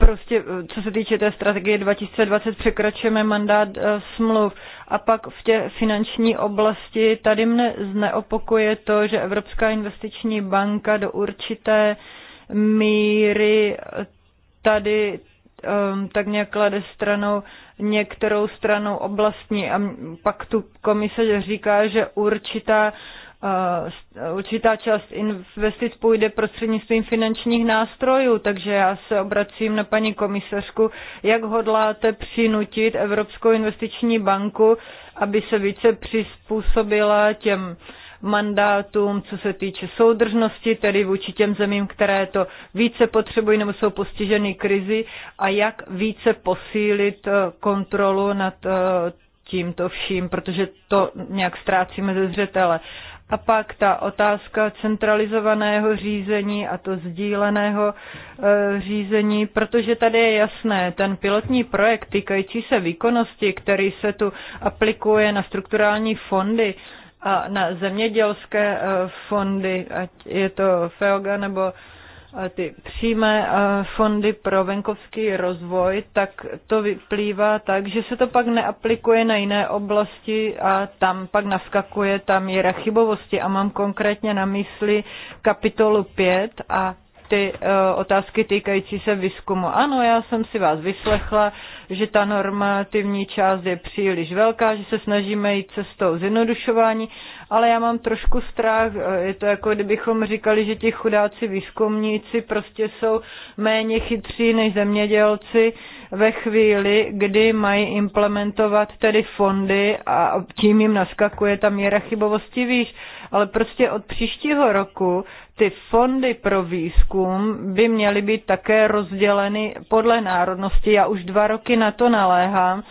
D: prostě, eh, co se týče té strategie 2020, překračujeme mandát eh, smluv. A pak v té finanční oblasti tady mne zneopokuje to, že Evropská investiční banka do určité míry eh, tady um, tak nějak klade stranou některou stranou oblastní a pak tu komise říká, že určitá Eh, určitá část investic půjde prostřednictvím finančních nástrojů, takže já se obracím na paní komisařku, jak hodláte přinutit Evropskou investiční banku, aby se více přizpůsobila těm mandátům, co se týče soudržnosti, tedy vůči těm zemím, které to více potřebují nebo jsou postiženy krizi a jak více posílit eh, kontrolu nad eh, tímto vším, protože to nějak ztrácíme ze zřetele. A pak ta otázka centralizovaného řízení a to sdíleného e, řízení, protože tady je jasné, ten pilotní projekt týkající se výkonnosti, který se tu aplikuje na strukturální fondy, a na zemědělské e, fondy, ať je to FEOGA nebo ty přímé fondy pro venkovský rozvoj, tak to vyplývá tak, že se to pak neaplikuje na jiné oblasti a tam pak naskakuje ta míra chybovosti. A mám konkrétně na mysli kapitolu 5 a ty eh, otázky týkající se výzkumu. Ano, já jsem si vás vyslechla, že ta normativní část je příliš velká, že se snažíme jít cestou zjednodušování, ale já mám trošku strach. Eh, je to jako kdybychom říkali, že ti chudáci výzkumníci prostě jsou méně chytří než zemědělci ve chvíli, kdy mají implementovat tedy fondy a tím jim naskakuje ta míra chybovosti výš ale prostě od příštího roku ty fondy pro výzkum by měly být také rozděleny podle národnosti. Já už dva roky na to naléhám,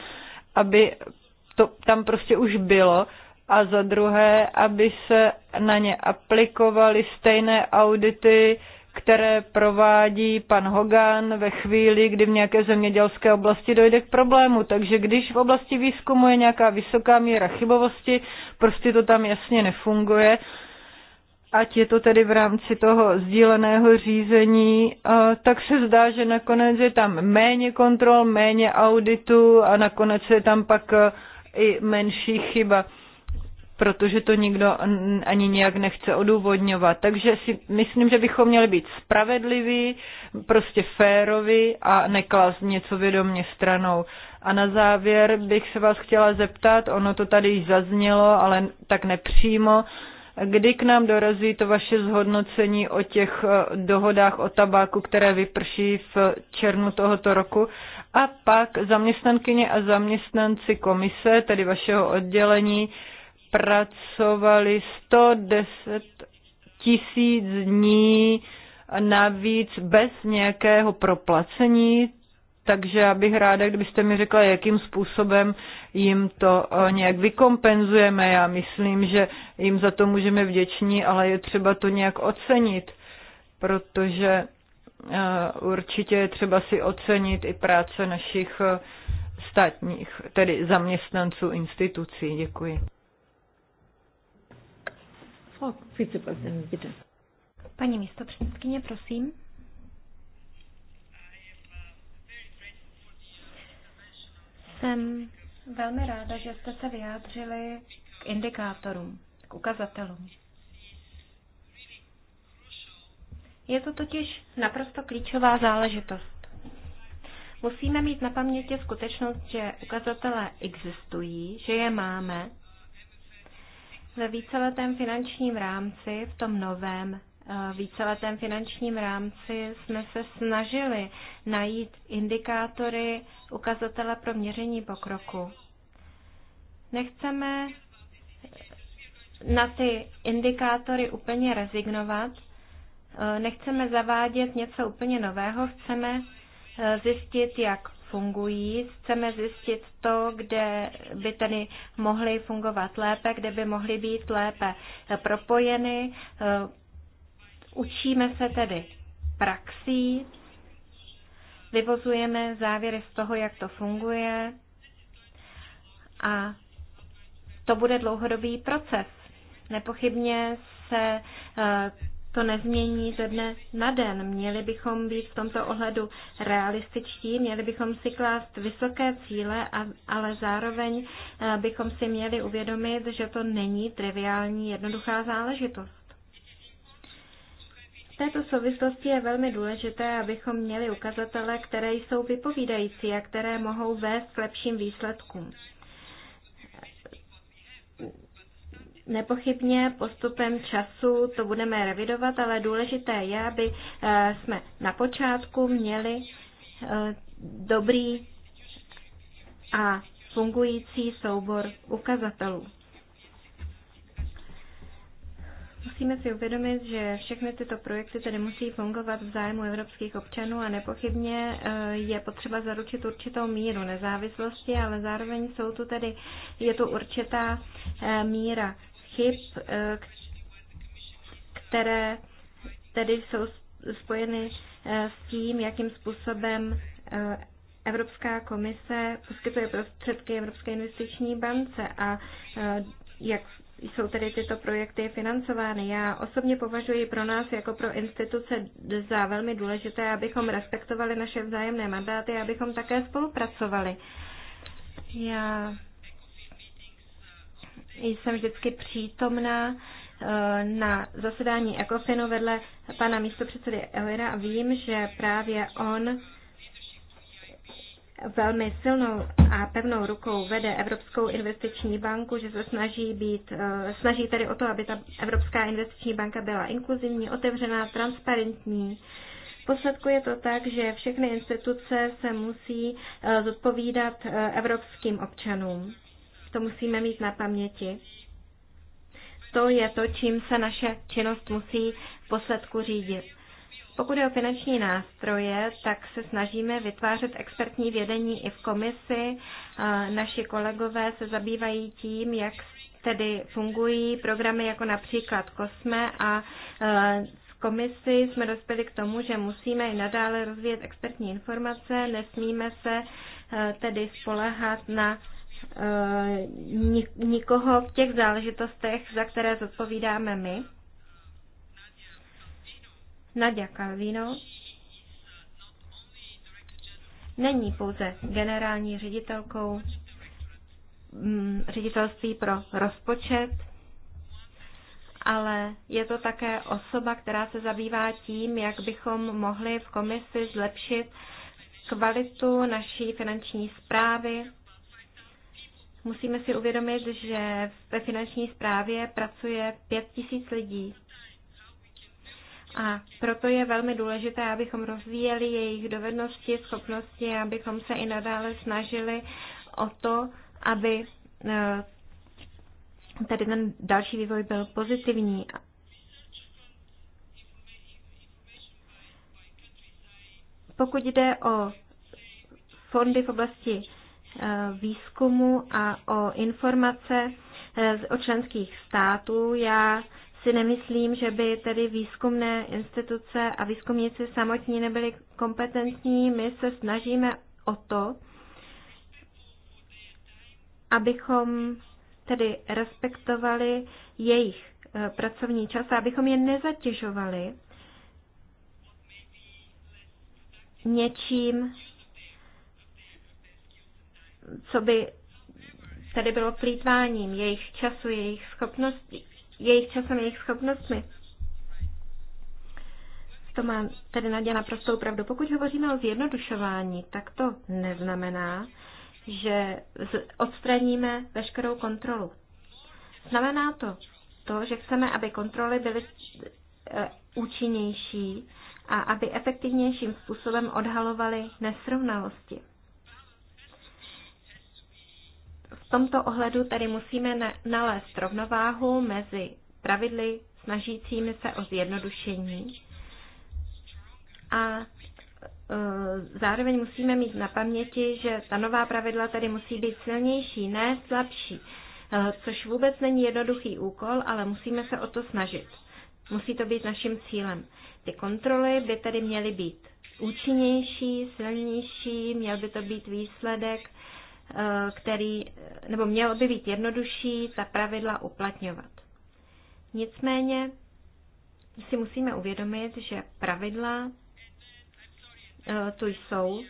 D: aby to tam prostě už bylo, a za druhé, aby se na ně aplikovaly stejné audity které provádí pan Hogan ve chvíli, kdy v nějaké zemědělské oblasti dojde k problému. Takže když v oblasti výzkumu je nějaká vysoká míra chybovosti, prostě to tam jasně nefunguje, ať je to tedy v rámci toho sdíleného řízení, tak se zdá, že nakonec je tam méně kontrol, méně auditu a nakonec je tam pak i menší chyba protože to nikdo ani nějak nechce odůvodňovat. Takže si myslím, že bychom měli být spravedliví, prostě férovi a neklas něco vědomě stranou. A na závěr bych se vás chtěla zeptat, ono to tady již zaznělo, ale tak nepřímo, kdy k nám dorazí to vaše zhodnocení o těch eh, dohodách o tabáku, které vyprší v černu tohoto roku. A pak zaměstnankyně a zaměstnanci komise, tedy vašeho oddělení, pracovali 110 tisíc dní navíc bez nějakého proplacení, takže já bych ráda, kdybyste mi řekla, jakým způsobem jim to eh, nějak vykompenzujeme. Já myslím, že jim za to můžeme vděční, ale je třeba to nějak ocenit, protože eh, určitě je třeba si ocenit i práce našich eh, státních, tedy zaměstnanců institucí. Děkuji. Frau Vizepräsidentin, bitte.
C: místopředsedkyně, prosím. Jsem velmi ráda, že jste se vyjádřili k indikátorům, k ukazatelům. Je to totiž naprosto klíčová záležitost. Musíme mít na paměti skutečnost, že ukazatele existují, že je máme ve víceletém finančním rámci, v tom novém eh, víceletém finančním rámci jsme se snažili najít indikátory, ukazatele pro měření pokroku. Nechceme eh, na ty indikátory úplně rezignovat, eh, nechceme zavádět něco úplně nového, chceme zjistit, jak fungují. Chceme zjistit to, kde by tedy mohly fungovat lépe, kde by mohly být lépe propojeny. Eh, učíme se tedy praxí, vyvozujeme závěry z toho, jak to funguje a to bude dlouhodobý proces. Nepochybně se eh, to nezmění ze dne na den. Měli bychom být v tomto ohledu realističtí, měli bychom si klást vysoké cíle, ale zároveň eh, bychom si měli uvědomit, že to není triviální, jednoduchá záležitost. V této souvislosti je velmi důležité, abychom měli ukazatele, které jsou vypovídající a které mohou vést k lepším výsledkům. Nepochybně postupem času to budeme revidovat, ale důležité je, aby eh, jsme na počátku měli eh, dobrý a fungující soubor ukazatelů. Musíme si uvědomit, že všechny tyto projekty tedy musí fungovat v zájmu evropských občanů a nepochybně eh, je potřeba zaručit určitou míru nezávislosti, ale zároveň jsou tu tedy, je tu určitá míra chyb, eh, které tedy jsou spojeny eh, s tím, jakým způsobem eh, Evropská komise poskytuje prostředky Evropské investiční bance a jak jsou tedy tyto projekty financovány. Já osobně považuji pro nás jako pro instituce za velmi důležité, abychom respektovali naše vzájemné mandáty a abychom také spolupracovali. Já jsem vždycky přítomná eh, na zasedání Ekofinu vedle pana místopředsedy Elira a vím, že právě on velmi silnou a pevnou rukou vede Evropskou investiční banku, že se snaží být, eh, snaží tedy o to, aby ta Evropská investiční banka byla inkluzivní, otevřená, transparentní. V posledku je to tak, že všechny instituce se musí eh, zodpovídat evropským občanům. To musíme mít na paměti. To je to, čím se naše činnost musí v posledku řídit. Pokud je o finanční nástroje, tak se snažíme vytvářet expertní vědení i v komisi. Naši kolegové se zabývají tím, jak tedy fungují programy jako například COSME a e, v komisi jsme dospěli k tomu, že musíme i nadále rozvíjet expertní informace, nesmíme se e, tedy spolehat na Eh, nikoho v těch záležitostech, za které zodpovídáme my. Nadia Calvino není pouze generální ředitelkou mm, ředitelství pro rozpočet, ale je to také osoba, která se zabývá tím, jak bychom mohli v komisi zlepšit kvalitu naší finanční zprávy, Musíme si uvědomit, že ve finanční správě pracuje 5 tisíc lidí. A proto je velmi důležité, abychom rozvíjeli jejich dovednosti, schopnosti, abychom se i nadále snažili o to, aby eh, tady ten další vývoj byl pozitivní. Pokud jde o fondy v oblasti Eh, výzkumu a o informace eh, o členských států. Já si nemyslím, že by tedy výzkumné instituce a výzkumníci samotní nebyli kompetentní. My se snažíme o to, abychom tedy respektovali jejich eh, pracovní čas a abychom je nezatěžovali něčím, co by tady bylo plítváním jejich času, jejich schopností, jejich časem, jejich schopnostmi. To má tedy Nadě naprostou pravdu. Pokud hovoříme o zjednodušování, tak to neznamená, že odstraníme veškerou kontrolu. Znamená to to, že chceme, aby kontroly byly eh, účinnější a aby efektivnějším způsobem odhalovaly nesrovnalosti. tomto ohledu tedy musíme nalézt rovnováhu mezi pravidly snažícími se o zjednodušení a e, zároveň musíme mít na paměti, že ta nová pravidla tedy musí být silnější, ne slabší, e, což vůbec není jednoduchý úkol, ale musíme se o to snažit. Musí to být naším cílem. Ty kontroly by tedy měly být účinnější, silnější, měl by to být výsledek, Eh, který, nebo měl by být jednodušší ta pravidla uplatňovat. Nicméně si musíme uvědomit, že pravidla eh, tu jsou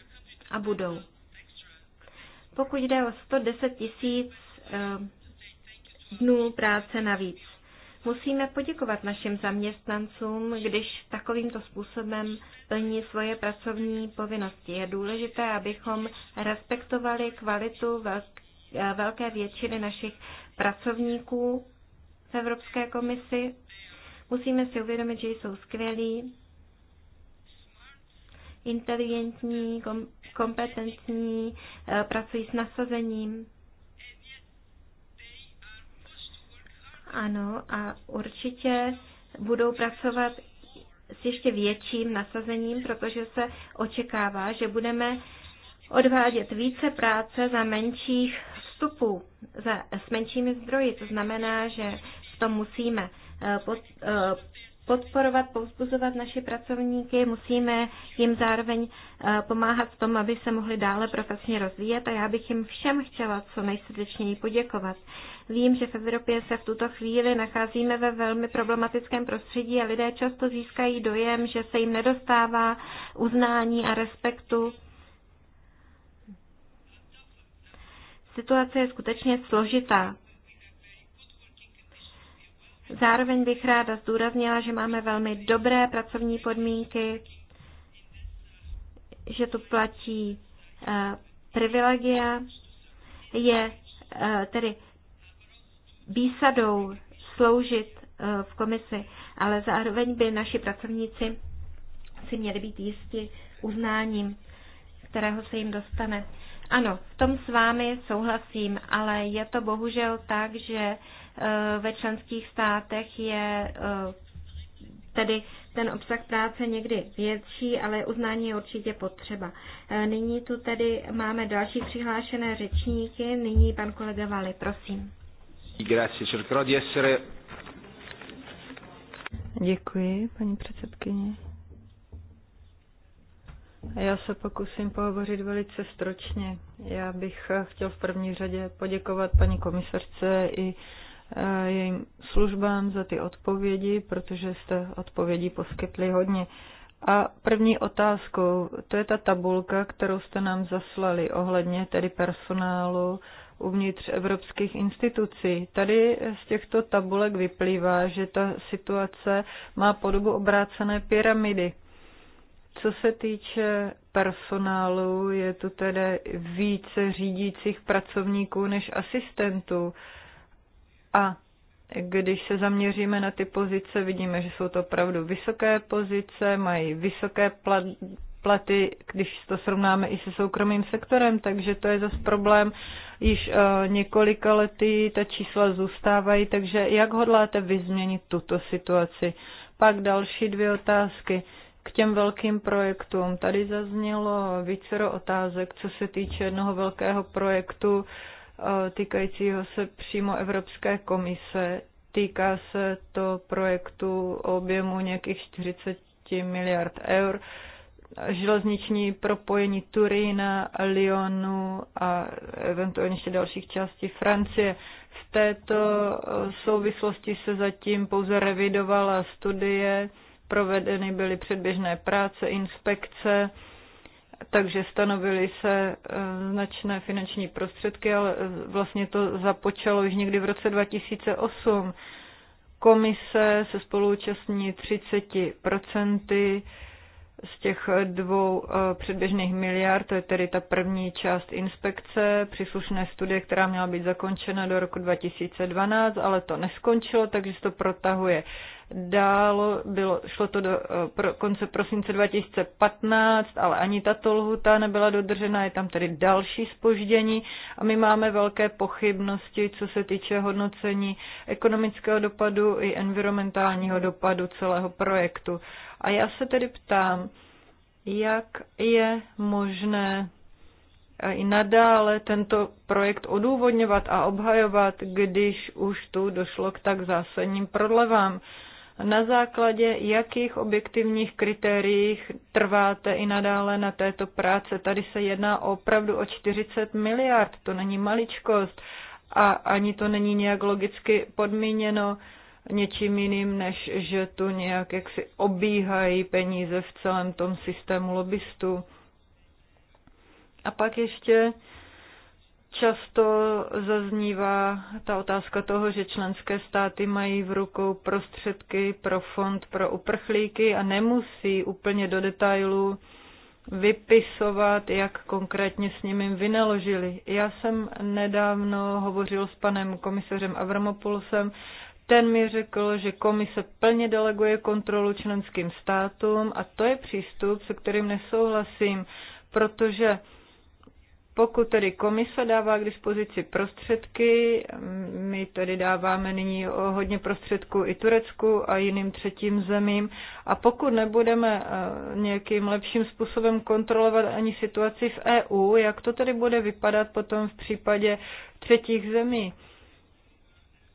C: a budou. Pokud jde o 110 tisíc eh, dnů práce navíc, Musíme poděkovat našim zaměstnancům, když takovýmto způsobem plní svoje pracovní povinnosti. Je důležité, abychom respektovali kvalitu velké většiny našich pracovníků v Evropské komisi. Musíme si uvědomit, že jsou skvělí, inteligentní, kompetentní, eh, pracují s nasazením. Ano, a určitě budou pracovat s ještě větším nasazením, protože se očekává, že budeme odvádět více práce za menších vstupů, za, s menšími zdroji. To znamená, že v tom musíme eh, pod, eh, podporovat, pouzbuzovat naše pracovníky, musíme jim zároveň eh, pomáhat v tom, aby se mohli dále profesně rozvíjet a já bych jim všem chtěla co nejsrdečněji poděkovat. Vím, že v Evropě se v tuto chvíli nacházíme ve velmi problematickém prostředí a lidé často získají dojem, že se jim nedostává uznání a respektu. Situace je skutečně složitá. Zároveň bych ráda zdůraznila, že máme velmi dobré pracovní podmínky, že tu platí eh, privilegia, je eh, tedy výsadou sloužit eh, v komisi, ale zároveň by naši pracovníci si měli být jisti uznáním, kterého se jim dostane. Ano, v tom s vámi souhlasím, ale je to bohužel tak, že Eh, ve členských státech je eh, tedy ten obsah práce někdy větší, ale uznání je určitě potřeba. Eh, nyní tu tedy máme další přihlášené řečníky. Nyní pan kolega Vali, prosím.
D: Děkuji, paní předsedkyně. Já se pokusím pohovořit velice stročně. Já bych chtěl v první řadě poděkovat paní komisařce i Eh, jejím službám za ty odpovědi, protože jste odpovědi poskytli hodně. A první otázkou, to je ta tabulka, kterou jste nám zaslali ohledně tedy personálu uvnitř evropských institucí. Tady z těchto tabulek vyplývá, že ta situace má podobu obrácené pyramidy. Co se týče personálu, je tu tedy více řídících pracovníků než asistentů. A když se zaměříme na ty pozice, vidíme, že jsou to opravdu vysoké pozice, mají vysoké platy, když to srovnáme i se soukromým sektorem, takže to je zase problém. Již eh, několika lety ta čísla zůstávají, takže jak hodláte vyzměnit tuto situaci? Pak další dvě otázky. K těm velkým projektům. Tady zaznělo vícero otázek, co se týče jednoho velkého projektu, Eh, týkajícího se přímo Evropské komise. Týká se to projektu objemu nějakých 40 miliard eur. Železniční propojení Turína, Lyonu a eventuálně ještě dalších částí Francie. V této eh, souvislosti se zatím pouze revidovala studie, provedeny byly předběžné práce, inspekce, takže stanovily se eh, značné finanční prostředky, ale eh, vlastně to započalo už někdy v roce 2008. Komise se spoluúčastní 30 z těch dvou eh, předběžných miliard, to je tedy ta první část inspekce, příslušné studie, která měla být zakončena do roku 2012, ale to neskončilo, takže se to protahuje dál. Bylo, šlo to do eh, pro, konce prosince 2015, ale ani tato lhuta nebyla dodržena, je tam tedy další spoždění a my máme velké pochybnosti, co se týče hodnocení ekonomického dopadu i environmentálního dopadu celého projektu. A já se tedy ptám, jak je možné eh, i nadále tento projekt odůvodňovat a obhajovat, když už tu došlo k tak zásadním prodlevám. Na základě jakých objektivních kritériích trváte i nadále na této práce? Tady se jedná opravdu o 40 miliard, to není maličkost a ani to není nějak logicky podmíněno něčím jiným, než že tu nějak jaksi obíhají peníze v celém tom systému lobbystů. A pak ještě často zaznívá ta otázka toho, že členské státy mají v rukou prostředky pro fond pro uprchlíky a nemusí úplně do detailu vypisovat, jak konkrétně s nimi vynaložili. Já jsem nedávno hovořil s panem komisařem Avramopoulosem ten mi řekl, že komise plně deleguje kontrolu členským státům a to je přístup, se kterým nesouhlasím, protože pokud tedy komise dává k dispozici prostředky, my tedy dáváme nyní hodně prostředků i Turecku a jiným třetím zemím, a pokud nebudeme eh, nějakým lepším způsobem kontrolovat ani situaci v EU, jak to tedy bude vypadat potom v případě třetích zemí?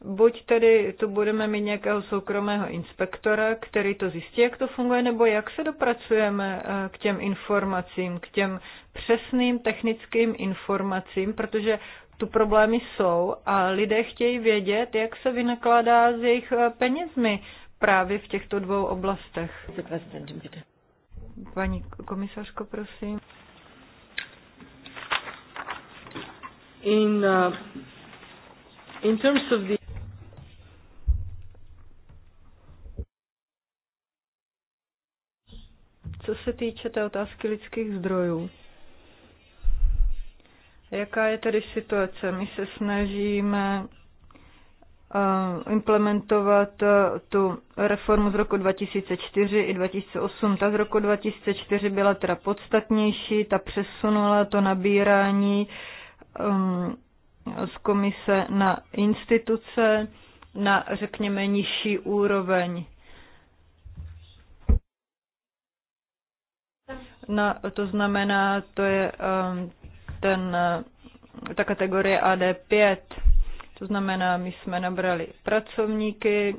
D: Buď tedy tu budeme mít nějakého soukromého inspektora, který to zjistí, jak to funguje, nebo jak se dopracujeme eh, k těm informacím, k těm přesným technickým informacím, protože tu problémy jsou a lidé chtějí vědět, jak se vynakládá s jejich eh, penězmi právě v těchto dvou oblastech. Paní komisařko, prosím. In, uh, in terms of the Co se týče té otázky lidských zdrojů, jaká je tedy situace? My se snažíme eh, implementovat eh, tu reformu z roku 2004 i 2008. Ta z roku 2004 byla teda podstatnější, ta přesunula to nabírání ehm, z komise na instituce na, řekněme, nižší úroveň. Na, to znamená, to je um, ten, eh, ta kategorie AD5. To znamená, my jsme nabrali pracovníky,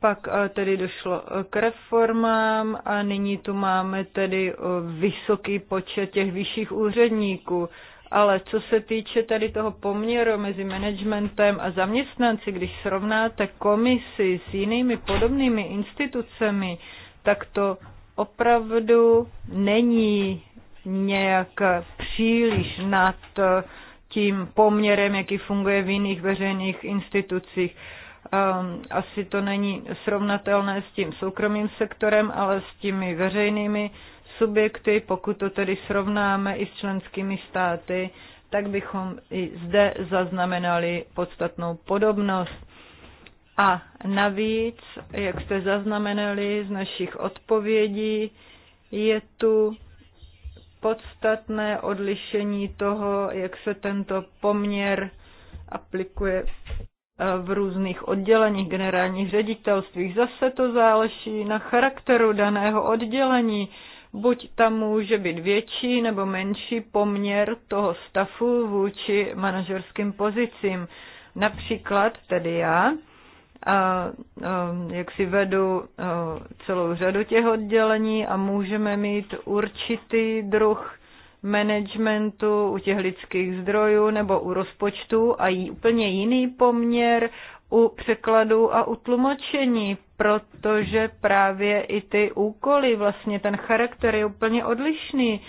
D: pak eh, tedy došlo eh, k reformám a nyní tu máme tedy vysoký počet těch vyšších úředníků. Ale co se týče tady toho poměru mezi managementem a zaměstnanci, když srovnáte komisi s jinými podobnými institucemi, tak to opravdu není nějak příliš nad tím poměrem, jaký funguje v jiných veřejných institucích. Ehm, asi to není srovnatelné s tím soukromým sektorem, ale s těmi veřejnými subjekty, pokud to tedy srovnáme i s členskými státy, tak bychom i zde zaznamenali podstatnou podobnost. A navíc, jak jste zaznamenali z našich odpovědí, je tu podstatné odlišení toho, jak se tento poměr aplikuje eh, v různých odděleních generálních ředitelstvích. Zase to záleží na charakteru daného oddělení Buď tam může být větší nebo menší poměr toho stafu vůči manažerským pozicím. Například tedy já, a, jak si vedu celou řadu těch oddělení a můžeme mít určitý druh managementu, u těch lidských zdrojů nebo u rozpočtu a jí úplně jiný poměr u překladů a u tlumočení, protože právě i ty úkoly, vlastně ten charakter je úplně odlišný.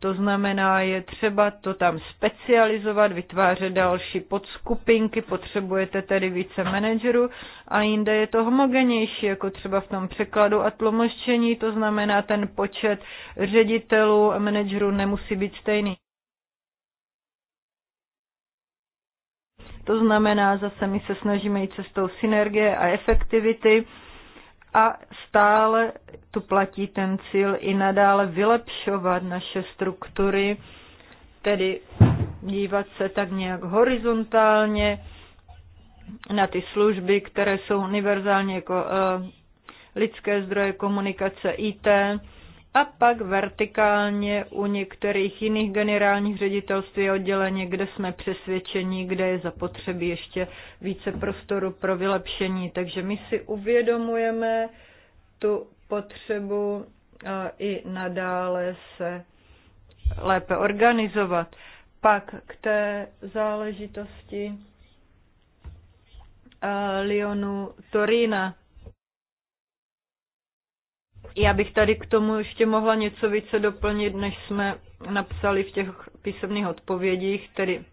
D: To znamená, je třeba to tam specializovat, vytvářet další podskupinky, potřebujete tedy více manažerů a jinde je to homogenější, jako třeba v tom překladu a tlumočení, to znamená, ten počet ředitelů a manažerů nemusí být stejný. To znamená, zase my se snažíme jít cestou synergie a efektivity a stále tu platí ten cíl i nadále vylepšovat naše struktury, tedy dívat se tak nějak horizontálně na ty služby, které jsou univerzálně jako eh, lidské zdroje komunikace IT, a pak vertikálně u některých jiných generálních ředitelství odděleně, kde jsme přesvědčeni, kde je zapotřebí ještě více prostoru pro vylepšení. Takže my si uvědomujeme tu potřebu i nadále se lépe organizovat. Pak k té záležitosti Lionu Torina já bych tady k tomu ještě mohla něco více doplnit, než jsme napsali v těch písemných odpovědích, tedy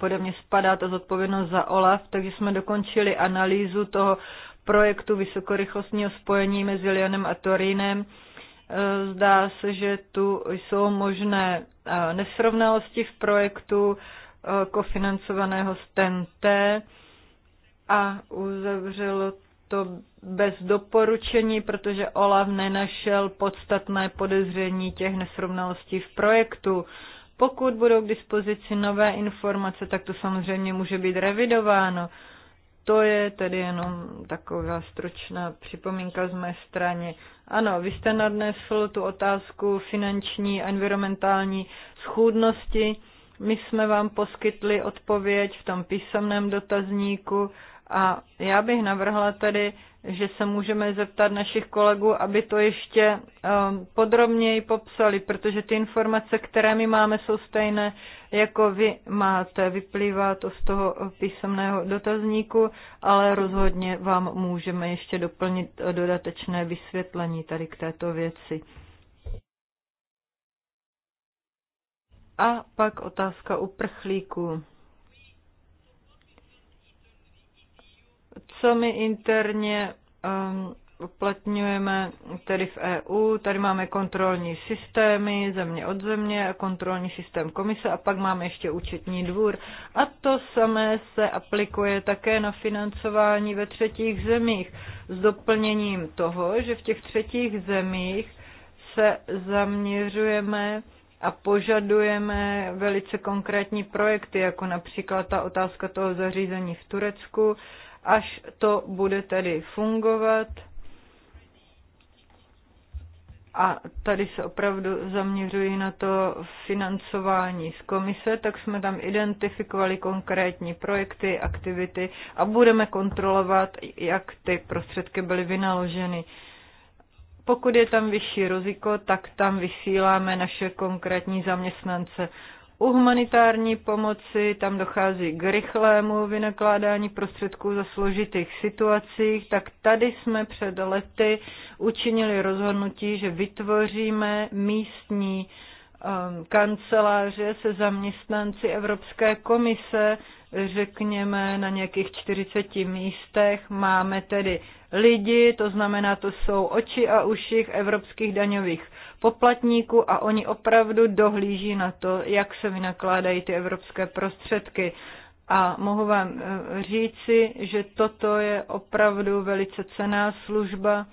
D: podobně spadá ta zodpovědnost za OLAF, takže jsme dokončili analýzu toho projektu vysokorychlostního spojení mezi Lyonem a Torinem. E, zdá se, že tu jsou možné e, nesrovnalosti v projektu e, kofinancovaného z TNT a uzavřelo to bez doporučení, protože OLAV nenašel podstatné podezření těch nesrovnalostí v projektu. Pokud budou k dispozici nové informace, tak to samozřejmě může být revidováno. To je tedy jenom taková stručná připomínka z mé strany. Ano, vy jste nadnesl tu otázku finanční a environmentální schůdnosti. My jsme vám poskytli odpověď v tom písemném dotazníku a já bych navrhla tedy, že se můžeme zeptat našich kolegů, aby to ještě um, podrobněji popsali, protože ty informace, které my máme, jsou stejné, jako vy máte. Vyplývá to z toho písemného dotazníku, ale rozhodně vám můžeme ještě doplnit dodatečné vysvětlení tady k této věci. A pak otázka uprchlíků. co my interně um, uplatňujeme tedy v EU. Tady máme kontrolní systémy země od země, a kontrolní systém komise a pak máme ještě účetní dvůr. A to samé se aplikuje také na financování ve třetích zemích s doplněním toho, že v těch třetích zemích se zaměřujeme a požadujeme velice konkrétní projekty, jako například ta otázka toho zařízení v Turecku, až to bude tedy fungovat. A tady se opravdu zaměřuji na to financování z komise, tak jsme tam identifikovali konkrétní projekty, aktivity a budeme kontrolovat, jak ty prostředky byly vynaloženy. Pokud je tam vyšší riziko, tak tam vysíláme naše konkrétní zaměstnance. U humanitární pomoci tam dochází k rychlému vynakládání prostředků za složitých situacích, tak tady jsme před lety učinili rozhodnutí, že vytvoříme místní um, kanceláře se zaměstnanci Evropské komise, řekněme, na nějakých 40 místech. Máme tedy lidi, to znamená, to jsou oči a uších evropských daňových poplatníků a oni opravdu dohlíží na to, jak se vynakládají ty evropské prostředky. A mohu vám eh, říci, že toto je opravdu velice cená služba,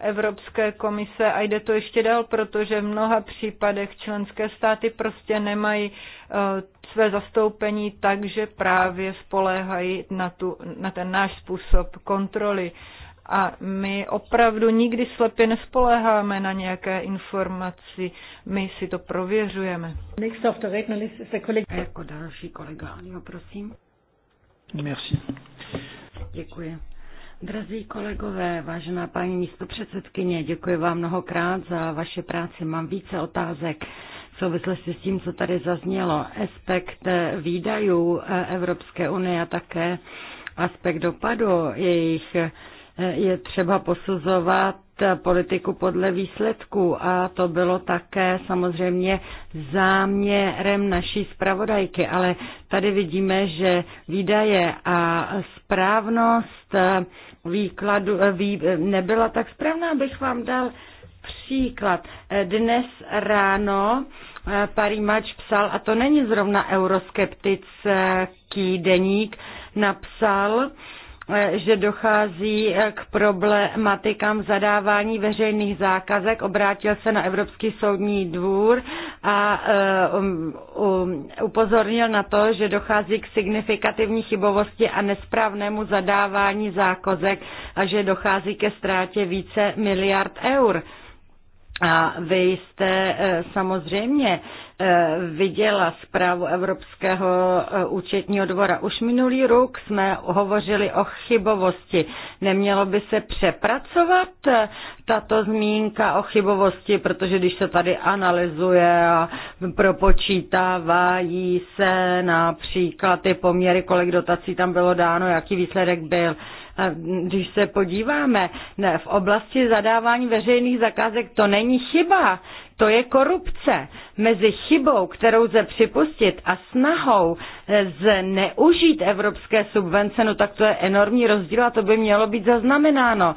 D: Evropské komise a jde to ještě dál, protože v mnoha případech členské státy prostě nemají eh, své zastoupení, takže právě spoléhají na, tu, na ten náš způsob kontroly. A my opravdu nikdy slepě nespoléháme na nějaké informaci, my si to prověřujeme. jako další kolega, jo, prosím. Merci.
A: Děkuji. Drazí kolegové, vážená paní místopředsedkyně, děkuji vám mnohokrát za vaše práci. Mám více otázek v souvislosti s tím, co tady zaznělo. Aspekt eh, výdajů eh, Evropské unie a také aspekt dopadu jejich eh, je třeba posuzovat politiku podle výsledků a to bylo také samozřejmě záměrem naší zpravodajky, ale tady vidíme, že výdaje a správnost výkladu, eh, vý, eh, nebyla tak správná, bych vám dal příklad. Eh, dnes ráno Parímač psal, a to není zrovna euroskeptický deník, napsal, Eh, že dochází eh, k problematikám zadávání veřejných zákazek. Obrátil se na Evropský soudní dvůr a eh, um, um, upozornil na to, že dochází k signifikativní chybovosti a nesprávnému zadávání zákazek a že dochází ke ztrátě více miliard eur. A vy jste eh, samozřejmě eh, viděla zprávu Evropského eh, účetního dvora. Už minulý rok jsme hovořili o chybovosti. Nemělo by se přepracovat tato zmínka o chybovosti, protože když se tady analyzuje a propočítávají se například ty poměry, kolik dotací tam bylo dáno, jaký výsledek byl, když se podíváme, ne, v oblasti zadávání veřejných zakázek to není chyba, to je korupce. Mezi chybou, kterou lze připustit, a snahou eh, zneužít evropské subvence, no tak to je enormní rozdíl a to by mělo být zaznamenáno,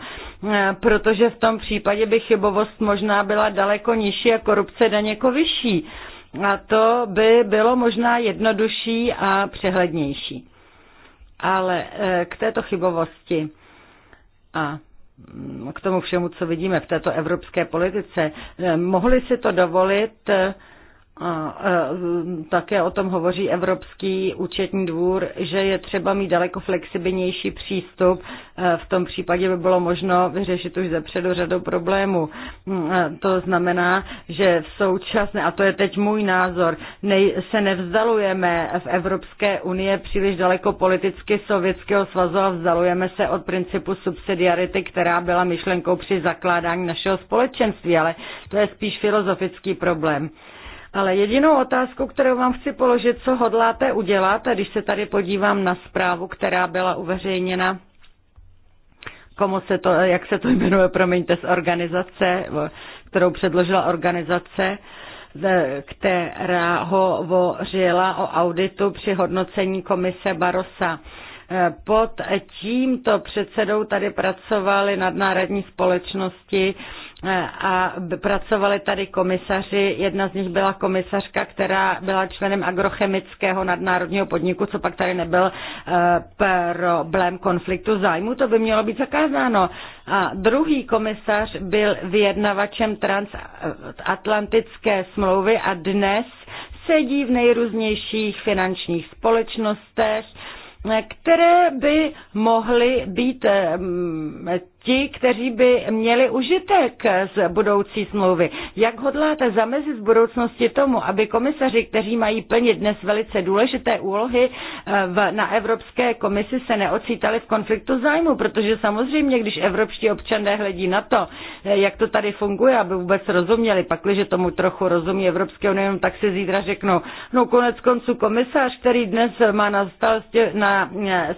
A: eh, protože v tom případě by chybovost možná byla daleko nižší a korupce daněko jako vyšší. A to by bylo možná jednodušší a přehlednější. Ale eh, k této chybovosti a mm, k tomu všemu, co vidíme v této evropské politice, eh, mohli si to dovolit eh, a e, také o tom hovoří Evropský účetní dvůr, že je třeba mít daleko flexibilnější přístup. E, v tom případě by bylo možno vyřešit už zepředu řadu problémů. E, to znamená, že v současné, a to je teď můj názor, nej, se nevzdalujeme v Evropské unie příliš daleko politicky Sovětského svazu a vzdalujeme se od principu subsidiarity, která byla myšlenkou při zakládání našeho společenství, ale to je spíš filozofický problém. Ale jedinou otázku, kterou vám chci položit, co hodláte udělat, a když se tady podívám na zprávu, která byla uveřejněna, komu se to, jak se to jmenuje, promiňte, z organizace, kterou předložila organizace, která hovořila o auditu při hodnocení komise Barosa. Pod tímto předsedou tady pracovali nadnárodní společnosti, Eh, a pracovali tady komisaři. Jedna z nich byla komisařka, která byla členem agrochemického nadnárodního podniku, co pak tady nebyl eh, problém konfliktu zájmu. To by mělo být zakázáno. A druhý komisař byl vyjednavačem transatlantické smlouvy a dnes sedí v nejrůznějších finančních společnostech, eh, které by mohly být ti, kteří by měli užitek z budoucí smlouvy. Jak hodláte zamezit v budoucnosti tomu, aby komisaři, kteří mají plnit dnes velice důležité úlohy eh, v, na Evropské komisi, se neocítali v konfliktu zájmu? Protože samozřejmě, když evropští občané hledí na to, eh, jak to tady funguje, aby vůbec rozuměli, pakliže tomu trochu rozumí Evropské unie, no tak si zítra řeknou, no konec konců komisař, který dnes má na starosti, na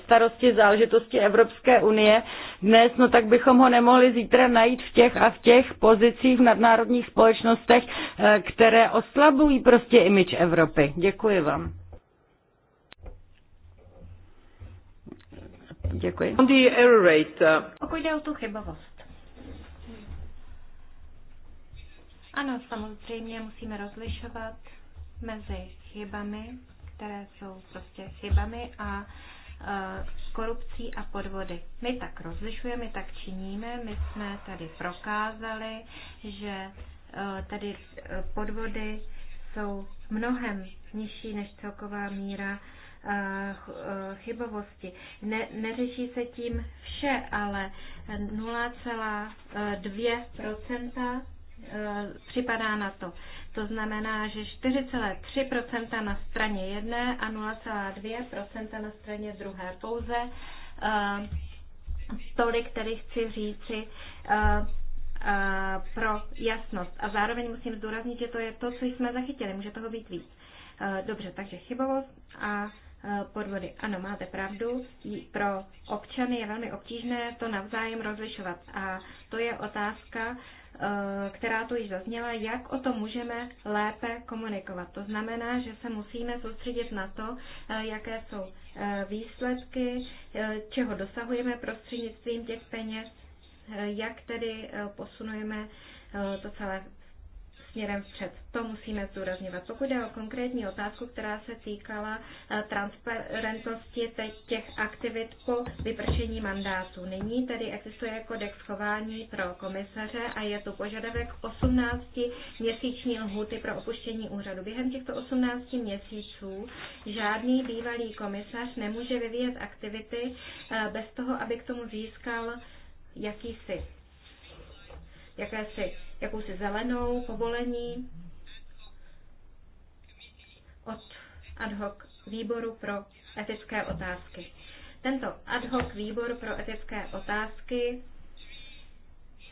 A: starosti záležitosti Evropské unie, dnes, no tak bychom ho nemohli zítra najít v těch a v těch pozicích v nadnárodních společnostech, eh, které oslabují prostě imič Evropy. Děkuji vám.
D: Děkuji. On the error rate. Uh,
C: Pokud jde o tu chybovost. Ano, samozřejmě musíme rozlišovat mezi chybami, které jsou prostě chybami a eh, korupcí a podvody. My tak rozlišujeme, my tak činíme, my jsme tady prokázali, že e, tady e, podvody jsou mnohem nižší než celková míra e, chybovosti. Ne, neřeší se tím vše, ale 0,2% připadá na to. To znamená, že 4,3 na straně jedné a 0,2 na straně druhé. Pouze uh, tolik, který chci říci uh, uh, pro jasnost. A zároveň musím zdůraznit, že to je to, co jsme zachytili. Může toho být víc. Uh, dobře, takže chybovost a podvody. Ano, máte pravdu, pro občany je velmi obtížné to navzájem rozlišovat. A to je otázka, Eh, která tu již zazněla, jak o tom můžeme lépe komunikovat. To znamená, že se musíme soustředit na to, eh, jaké jsou eh, výsledky, čeho dosahujeme prostřednictvím těch peněz, jak tedy posunujeme to celé směrem vpřed. To musíme zdůrazňovat. Pokud jde o konkrétní otázku, která se týkala eh, transparentnosti těch aktivit po vypršení mandátu. Nyní tedy existuje kodex chování pro komisaře a je tu požadavek 18 měsíční lhuty pro opuštění úřadu. Během těchto 18 měsíců žádný bývalý komisař nemůže vyvíjet aktivity eh, bez toho, aby k tomu získal jakýsi jakési, jakousi zelenou povolení od ad hoc výboru pro etické otázky. Tento ad hoc výbor pro etické otázky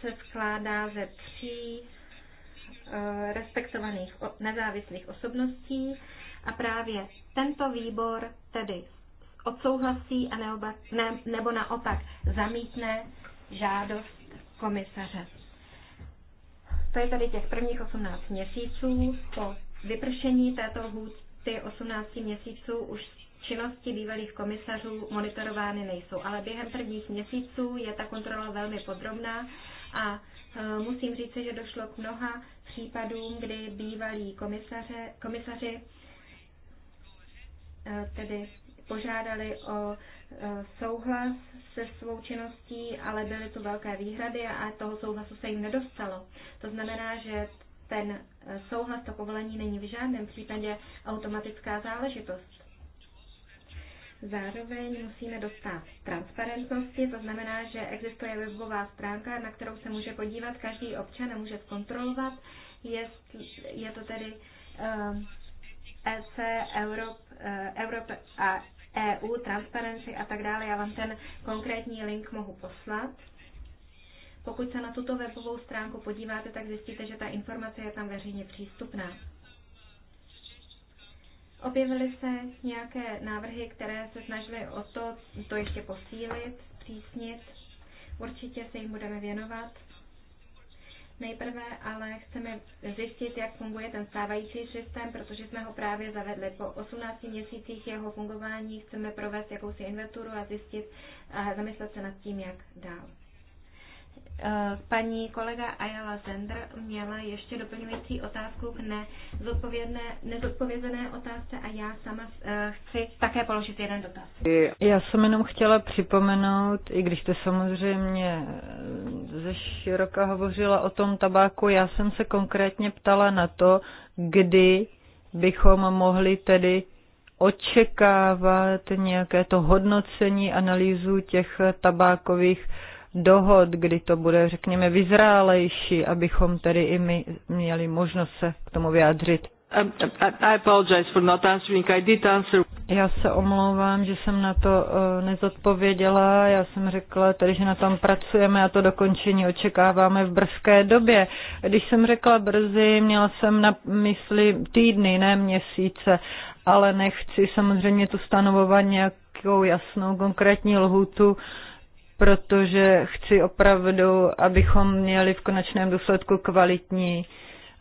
C: se skládá ze tří eh, respektovaných nezávislých osobností a právě tento výbor tedy odsouhlasí a neoba, ne, nebo naopak zamítne žádost komisaře. To je tedy těch prvních 18 měsíců. Po vypršení této hůty 18 měsíců už činnosti bývalých komisařů monitorovány nejsou, ale během prvních měsíců je ta kontrola velmi podrobná a e, musím říct, že došlo k mnoha případům, kdy bývalí komisaře, komisaři e, tedy požádali o Eh, souhlas se svou činností, ale byly tu velké výhrady a toho souhlasu se jim nedostalo. To znamená, že ten eh, souhlas, to povolení není v žádném případě automatická záležitost. Zároveň musíme dostat transparentnosti, to znamená, že existuje webová stránka, na kterou se může podívat každý občan a může zkontrolovat, jestli je to tedy uh, eh, EC, Europe, uh, Europe a EU, Transparency a tak dále. Já vám ten konkrétní link mohu poslat. Pokud se na tuto webovou stránku podíváte, tak zjistíte, že ta informace je tam veřejně přístupná. Objevily se nějaké návrhy, které se snažily o to, to ještě posílit, přísnit. Určitě se jim budeme věnovat. Nejprve ale chceme zjistit, jak funguje ten stávající systém, protože jsme ho právě zavedli. Po 18 měsících jeho fungování chceme provést jakousi inventuru a zjistit a zamyslet se nad tím, jak dál. E, paní kolega Ayala Zender měla ještě doplňující otázku k nezodpovězené otázce a já sama e, chci také položit jeden dotaz.
D: Já jsem jenom chtěla připomenout, i když jste samozřejmě ze široka hovořila o tom tabáku, já jsem se konkrétně ptala na to, kdy bychom mohli tedy očekávat nějaké to hodnocení, analýzu těch tabákových dohod, kdy to bude, řekněme, vyzrálejší, abychom tedy i my měli možnost se k tomu vyjádřit. Um, Já se omlouvám, že jsem na to uh, nezodpověděla. Já jsem řekla tady, že na tom pracujeme a to dokončení očekáváme v brzké době. Když jsem řekla brzy, měla jsem na mysli týdny, ne měsíce, ale nechci samozřejmě tu stanovovat nějakou jasnou konkrétní lhutu, protože chci opravdu, abychom měli v konečném důsledku kvalitní uh,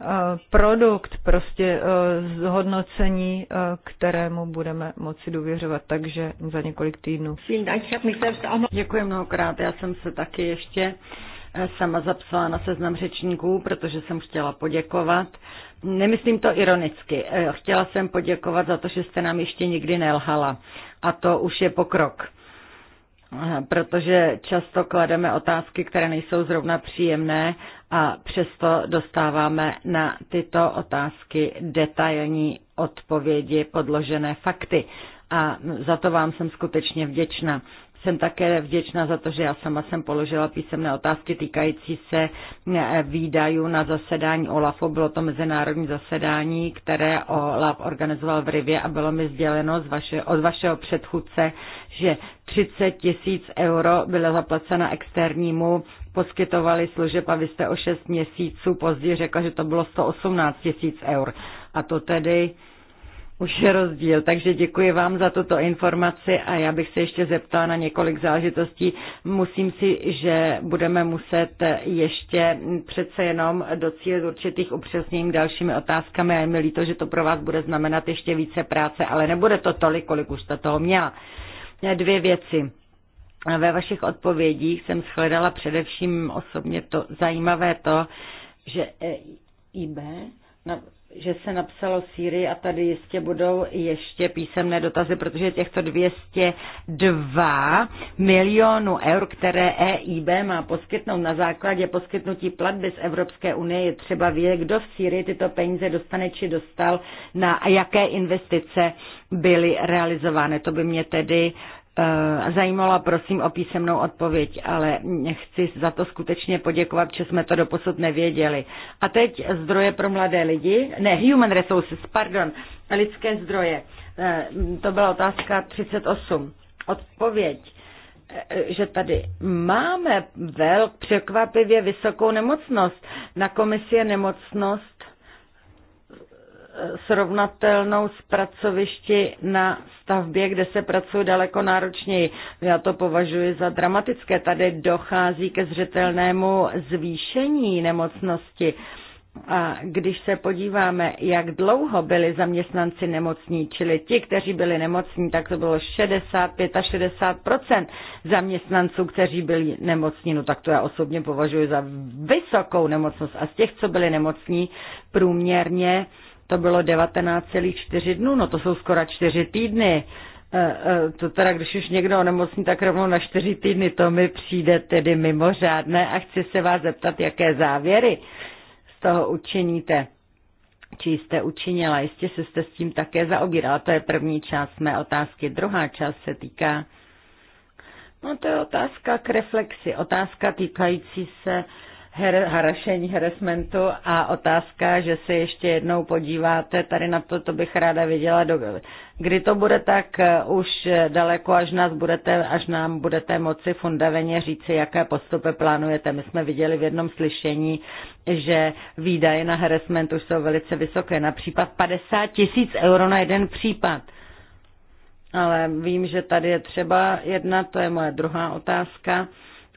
D: Eh, produkt, prostě eh, zhodnocení, eh, kterému budeme moci důvěřovat, takže za několik týdnů.
A: Děkuji mnohokrát, já jsem se taky ještě sama zapsala na seznam řečníků, protože jsem chtěla poděkovat. Nemyslím to ironicky. Chtěla jsem poděkovat za to, že jste nám ještě nikdy nelhala. A to už je pokrok protože často klademe otázky, které nejsou zrovna příjemné a přesto dostáváme na tyto otázky detailní odpovědi podložené fakty. A za to vám jsem skutečně vděčna. Jsem také vděčná za to, že já sama jsem položila písemné otázky týkající se eh, výdajů na zasedání OLAFu. Bylo to mezinárodní zasedání, které OLAF organizoval v Rivě a bylo mi sděleno z vaše, od vašeho předchůdce, že 30 tisíc euro byla zaplacena externímu, poskytovali služeb a vy jste o 6 měsíců později řekla, že to bylo 118 tisíc eur. A to tedy už je rozdíl. Takže děkuji vám za tuto informaci a já bych se ještě zeptala na několik záležitostí. Musím si, že budeme muset ještě přece jenom docílit určitých upřesnění dalšími otázkami a je mi líto, že to pro vás bude znamenat ještě více práce, ale nebude to tolik, kolik už jste toho měla. Dvě věci. Ve vašich odpovědích jsem shledala především osobně to zajímavé to, že e IB že se napsalo Sýrii a tady jistě budou ještě písemné dotazy, protože těchto 202 milionů eur, které EIB má poskytnout na základě poskytnutí platby z Evropské unie, je třeba vědět, kdo v Sýrii tyto peníze dostane či dostal na jaké investice byly realizovány. To by mě tedy uh, Eh, zajímala prosím o písemnou odpověď, ale chci za to skutečně poděkovat, že jsme to doposud nevěděli. A teď zdroje pro mladé lidi, ne, human resources, pardon, lidské zdroje. Eh, to byla otázka 38. Odpověď eh, že tady máme velk překvapivě vysokou nemocnost. Na komisi je nemocnost srovnatelnou s pracovišti na stavbě, kde se pracuje daleko náročněji. Já to považuji za dramatické. Tady dochází ke zřetelnému zvýšení nemocnosti. A když se podíváme, jak dlouho byli zaměstnanci nemocní, čili ti, kteří byli nemocní, tak to bylo 60, 65 zaměstnanců, kteří byli nemocní, no tak to já osobně považuji za vysokou nemocnost. A z těch, co byli nemocní, průměrně to bylo 19,4 dnů, no to jsou skoro čtyři týdny. E, e, to teda, když už někdo onemocní, tak rovnou na čtyři týdny, to mi přijde tedy mimořádné a chci se vás zeptat, jaké závěry z toho učiníte či jste učinila. Jistě se jste s tím také zaobírala. To je první část mé otázky. Druhá část se týká, no to je otázka k reflexi, otázka týkající se her, harašení, harassmentu a otázka, že se ještě jednou podíváte tady na to, to bych ráda viděla. Do, kdy to bude tak eh, už daleko, až, nás budete, až nám budete moci fundaveně říci, jaké postupy plánujete. My jsme viděli v jednom slyšení, že výdaje na harassment už jsou velice vysoké, například 50 tisíc euro na jeden případ. Ale vím, že tady je třeba jedna, to je moje druhá otázka.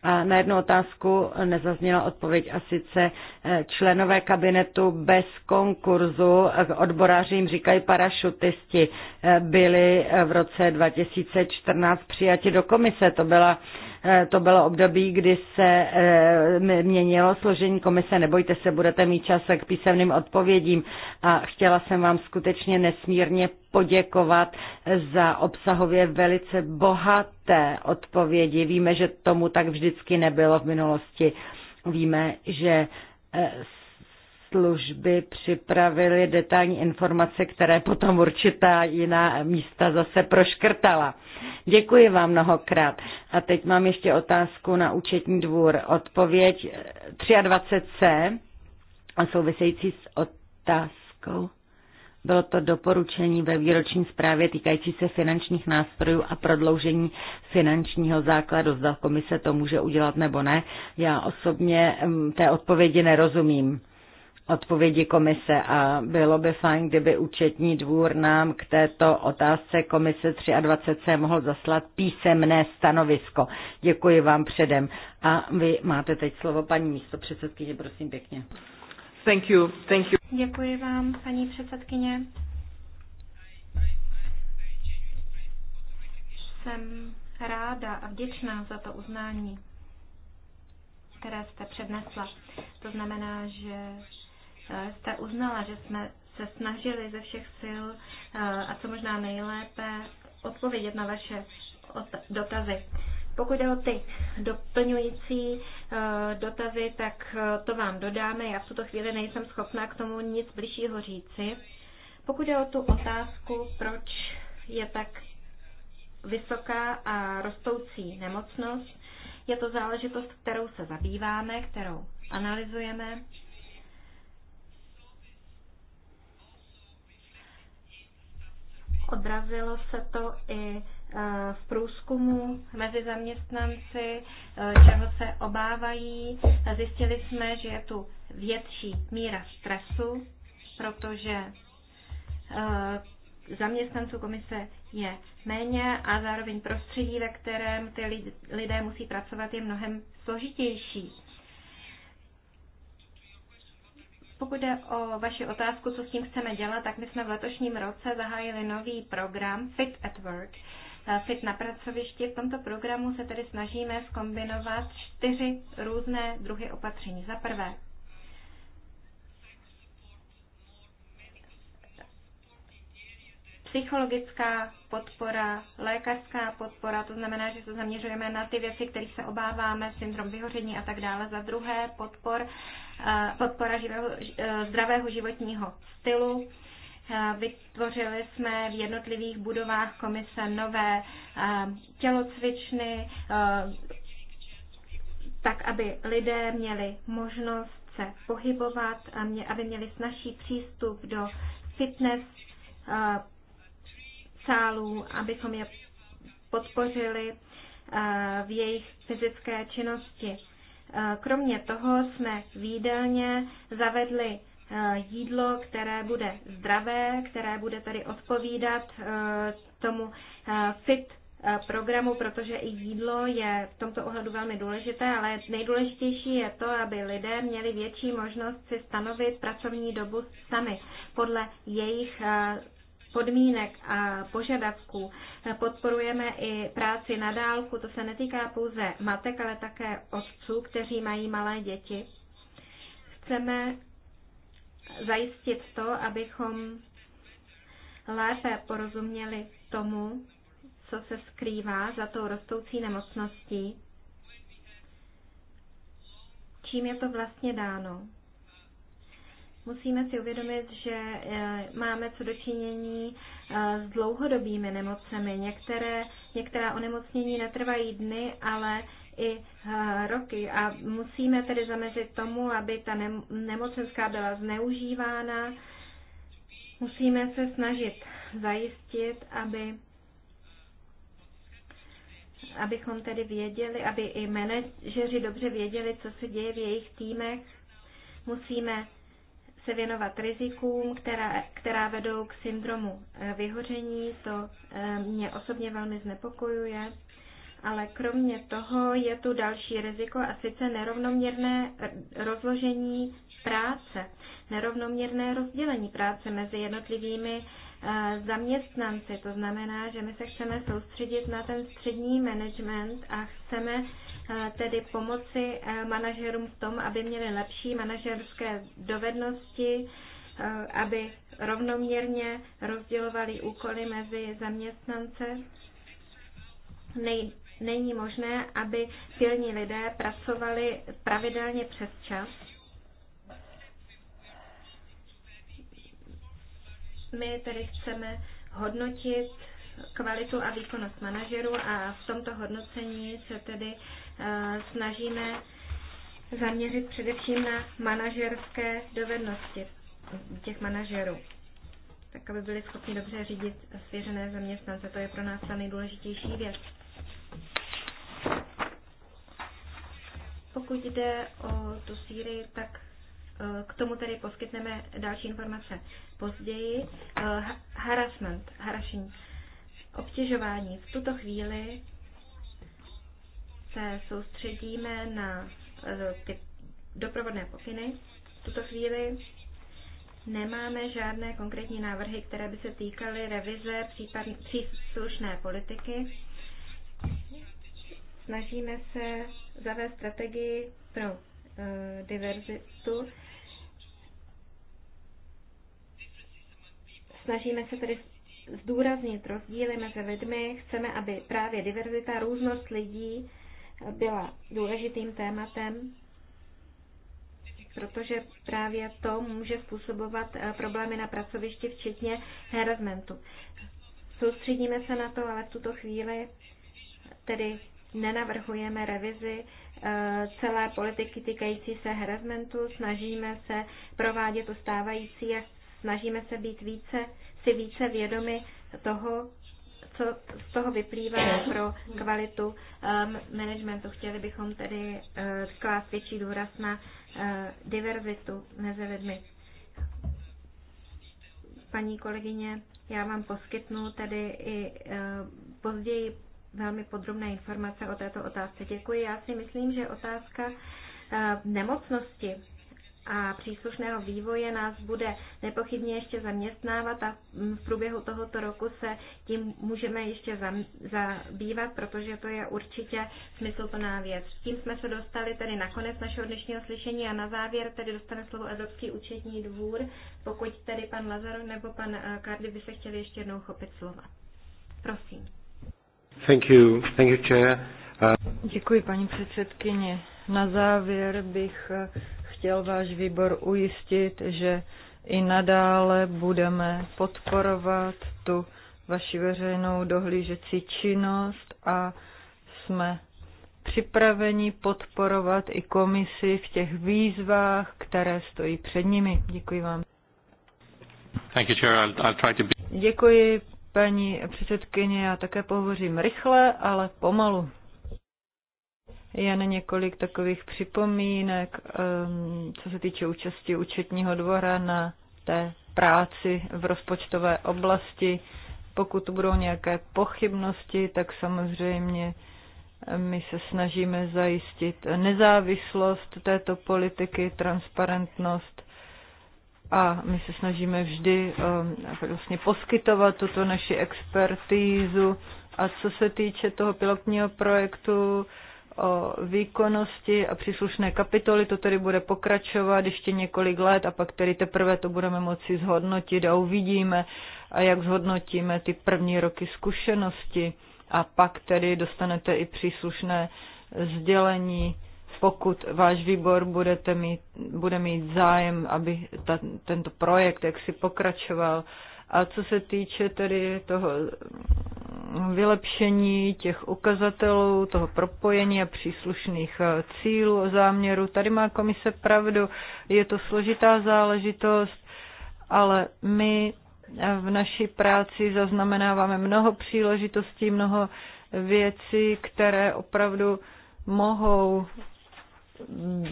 A: A na jednu otázku nezazněla odpověď a sice eh, členové kabinetu bez konkurzu, eh, odboráři jim říkají parašutisti, eh, byli v roce 2014 přijati do komise. To byla Eh, to bylo období, kdy se eh, měnilo složení komise. Nebojte se, budete mít čas k písemným odpovědím. A chtěla jsem vám skutečně nesmírně poděkovat za obsahově velice bohaté odpovědi. Víme, že tomu tak vždycky nebylo v minulosti. Víme, že eh, služby připravily detailní informace, které potom určitá jiná místa zase proškrtala. Děkuji vám mnohokrát. A teď mám ještě otázku na účetní dvůr. Odpověď 23C a související s otázkou. Bylo to doporučení ve výroční zprávě týkající se finančních nástrojů a prodloužení finančního základu. Zda komise to může udělat nebo ne. Já osobně mm, té odpovědi nerozumím odpovědi komise a bylo by fajn, kdyby účetní dvůr nám k této otázce komise 23 se mohl zaslat písemné stanovisko. Děkuji vám předem. A vy máte teď slovo, paní místo předsedkyně, prosím pěkně. Thank you, thank
C: you. Děkuji vám, paní předsedkyně. Jsem ráda a vděčná za to uznání, které jste přednesla. To znamená, že Eh, jste uznala, že jsme se snažili ze všech sil eh, a co možná nejlépe odpovědět na vaše dotazy. Pokud jde o ty doplňující eh, dotazy, tak to vám dodáme. Já v tuto chvíli nejsem schopná k tomu nic blížšího říci. Pokud jde o tu otázku, proč je tak vysoká a rostoucí nemocnost, je to záležitost, kterou se zabýváme, kterou analyzujeme. Odrazilo se to i e, v průzkumu mezi zaměstnanci, e, čeho se obávají. Zjistili jsme, že je tu větší míra stresu, protože e, zaměstnanců komise je méně a zároveň prostředí, ve kterém ty lidé musí pracovat, je mnohem složitější. Pokud jde o vaši otázku, co s tím chceme dělat, tak my jsme v letošním roce zahájili nový program Fit at Work, eh, Fit na pracovišti. V tomto programu se tedy snažíme skombinovat čtyři různé druhy opatření. Za prvé, psychologická podpora, lékařská podpora, to znamená, že se zaměřujeme na ty věci, kterých se obáváme, syndrom vyhoření a tak dále. Za druhé podpor, eh, podpora živého, eh, zdravého životního stylu. Eh, vytvořili jsme v jednotlivých budovách komise nové tělocvičny, tak aby lidé měli možnost se pohybovat, aby měli snažší přístup do fitness sálů, abychom je podpořili eh, v jejich fyzické činnosti. Eh, kromě toho jsme v jídelně zavedli eh, jídlo, které bude zdravé, které bude tady odpovídat tomu fit programu, protože i jídlo je v tomto ohledu velmi důležité, ale nejdůležitější je to, aby lidé měli větší možnost si stanovit pracovní dobu sami podle jejich podmínek a požadavků. Podporujeme i práci na dálku, to se netýká pouze matek, ale také otců, kteří mají malé děti. Chceme zajistit to, abychom lépe porozuměli tomu, co se skrývá za tou rostoucí nemocností, čím je to vlastně dáno. Musíme si uvědomit, že eh, máme co dočinění eh, s dlouhodobými nemocemi. Některé, některá onemocnění netrvají dny, ale i eh, roky a musíme tedy zamezit tomu, aby ta nemocenská byla zneužívána. Musíme se snažit zajistit, aby abychom tedy věděli, aby i manažeři dobře věděli, co se děje v jejich týmech. Musíme se věnovat rizikům, která, která vedou k syndromu eh, vyhoření. To eh, mě osobně velmi znepokojuje. Ale kromě toho je tu další riziko a sice nerovnoměrné eh, rozložení práce, nerovnoměrné rozdělení práce mezi jednotlivými zaměstnanci. To znamená, že my se chceme soustředit na ten střední management a chceme tedy pomoci eh, manažerům v tom, aby měli lepší manažerské dovednosti, eh, aby rovnoměrně rozdělovali úkoly mezi zaměstnance. Nej, není možné, aby silní lidé pracovali pravidelně přes čas. My tedy chceme hodnotit kvalitu a výkonnost manažerů a v tomto hodnocení se tedy Eh, snažíme zaměřit především na manažerské dovednosti těch manažerů, tak aby byli schopni dobře řídit svěřené zaměstnance. To je pro nás ta nejdůležitější věc. Pokud jde o tu Sýrii, tak eh, k tomu tedy poskytneme další informace později. Eh, harassment, harašení, obtěžování. V tuto chvíli se soustředíme na eh, ty doprovodné pokyny. V tuto chvíli nemáme žádné konkrétní návrhy, které by se týkaly revize příslušné politiky. Snažíme se zavést strategii pro uh, diverzitu. Snažíme se tedy zdůraznit rozdíly mezi lidmi. Chceme, aby právě diverzita, různost lidí byla důležitým tématem, protože právě to může způsobovat eh, problémy na pracovišti, včetně harassmentu. Soustředíme se na to, ale v tuto chvíli tedy nenavrhujeme revizi eh, celé politiky týkající se harassmentu, snažíme se provádět to stávající a snažíme se být více, si více vědomi toho, co z toho vyplývá pro kvalitu um, managementu. Chtěli bychom tedy uh, klást větší důraz na uh, diverzitu mezi lidmi. Paní kolegyně, já vám poskytnu tedy i uh, později velmi podrobné informace o této otázce. Děkuji. Já si myslím, že otázka nemocnosti a příslušného vývoje nás bude nepochybně ještě zaměstnávat a mm, v průběhu tohoto roku se tím můžeme ještě zabývat, protože to je určitě smysluplná věc. Tím jsme se dostali tedy na konec našeho dnešního slyšení a na závěr tedy dostane slovo Evropský účetní dvůr, pokud tedy pan Lazaro nebo pan
D: Kardy eh, by se chtěli ještě jednou chopit slova. Prosím.
B: Thank you. Thank you, chair.
D: Uh... Děkuji, paní předsedkyně. Na závěr bych eh, chtěl váš výbor ujistit, že i nadále budeme podporovat tu vaši veřejnou dohlížecí činnost a jsme připraveni podporovat i komisi v těch výzvách, které stojí před nimi. Děkuji vám.
C: Thank you, Chair. I'll,
D: I'll try to be... Děkuji, paní předsedkyně. Já také pohovořím rychle, ale pomalu. Jen několik takových připomínek, ehm, co se týče účasti účetního dvora na té práci v rozpočtové oblasti. Pokud budou nějaké pochybnosti, tak samozřejmě my se snažíme zajistit nezávislost této politiky, transparentnost a my se snažíme vždy ehm, vlastně poskytovat tuto naši expertízu. A co se týče toho pilotního projektu, o výkonnosti a příslušné kapitoly. To tedy bude pokračovat ještě několik let a pak tedy teprve to budeme moci zhodnotit a uvidíme, a jak zhodnotíme ty první roky zkušenosti. A pak tedy dostanete i příslušné sdělení, pokud váš výbor budete mít, bude mít zájem, aby ta, tento projekt jaksi pokračoval. A co se týče tedy toho vylepšení těch ukazatelů, toho propojení a příslušných eh, cílů a záměrů. Tady má komise pravdu, je to složitá záležitost, ale my eh, v naší práci zaznamenáváme mnoho příležitostí, mnoho věcí, které opravdu mohou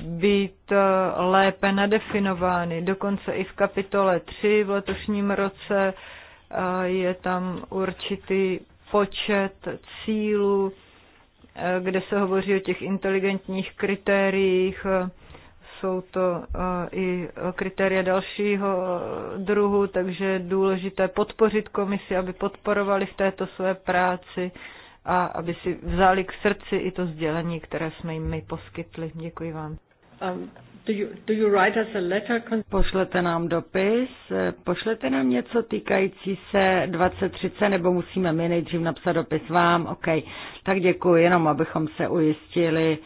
D: být eh, lépe nadefinovány. Dokonce i v kapitole 3 v letošním roce je tam určitý počet cílů, eh, kde se hovoří o těch inteligentních kritériích, jsou to eh, i kritéria dalšího eh, druhu, takže je důležité podpořit komisi, aby podporovali v této své práci a aby si vzali k srdci i to sdělení, které jsme jim my poskytli. Děkuji vám. Um, do do you write us a letter? Pošlete nám dopis, pošlete nám něco
A: týkající se 2030, nebo musíme my nejdřív napsat dopis vám? OK, tak děkuji, jenom abychom se ujistili,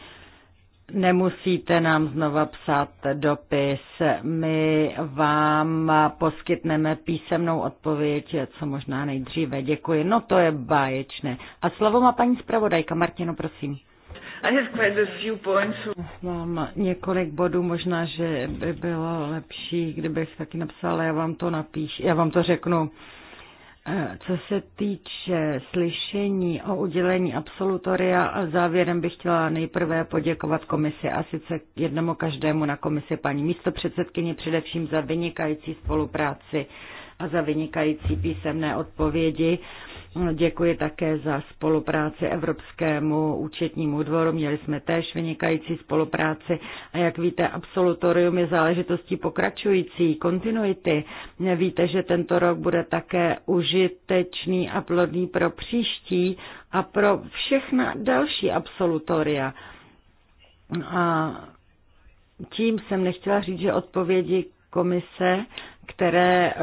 A: Nemusíte nám znova psát dopis. My vám poskytneme písemnou odpověď, co možná nejdříve. Děkuji. No to je báječné. A slovo má paní zpravodajka. Martino, prosím. Mám několik bodů, možná, že by bylo lepší, kdybych taky napsala, já vám to napíš, já vám to řeknu. Eh, co se týče slyšení o udělení absolutoria závěrem bych chtěla nejprve poděkovat komisi a sice jednomu každému na komisi paní místo předsedkyně především za vynikající spolupráci a za vynikající písemné odpovědi. Děkuji také za spolupráci Evropskému účetnímu dvoru. Měli jsme též vynikající spolupráci a jak víte, absolutorium je záležitostí pokračující, kontinuity. Víte, že tento rok bude také užitečný a plodný pro příští a pro všechna další absolutoria. A tím jsem nechtěla říct, že odpovědi komise, které eh,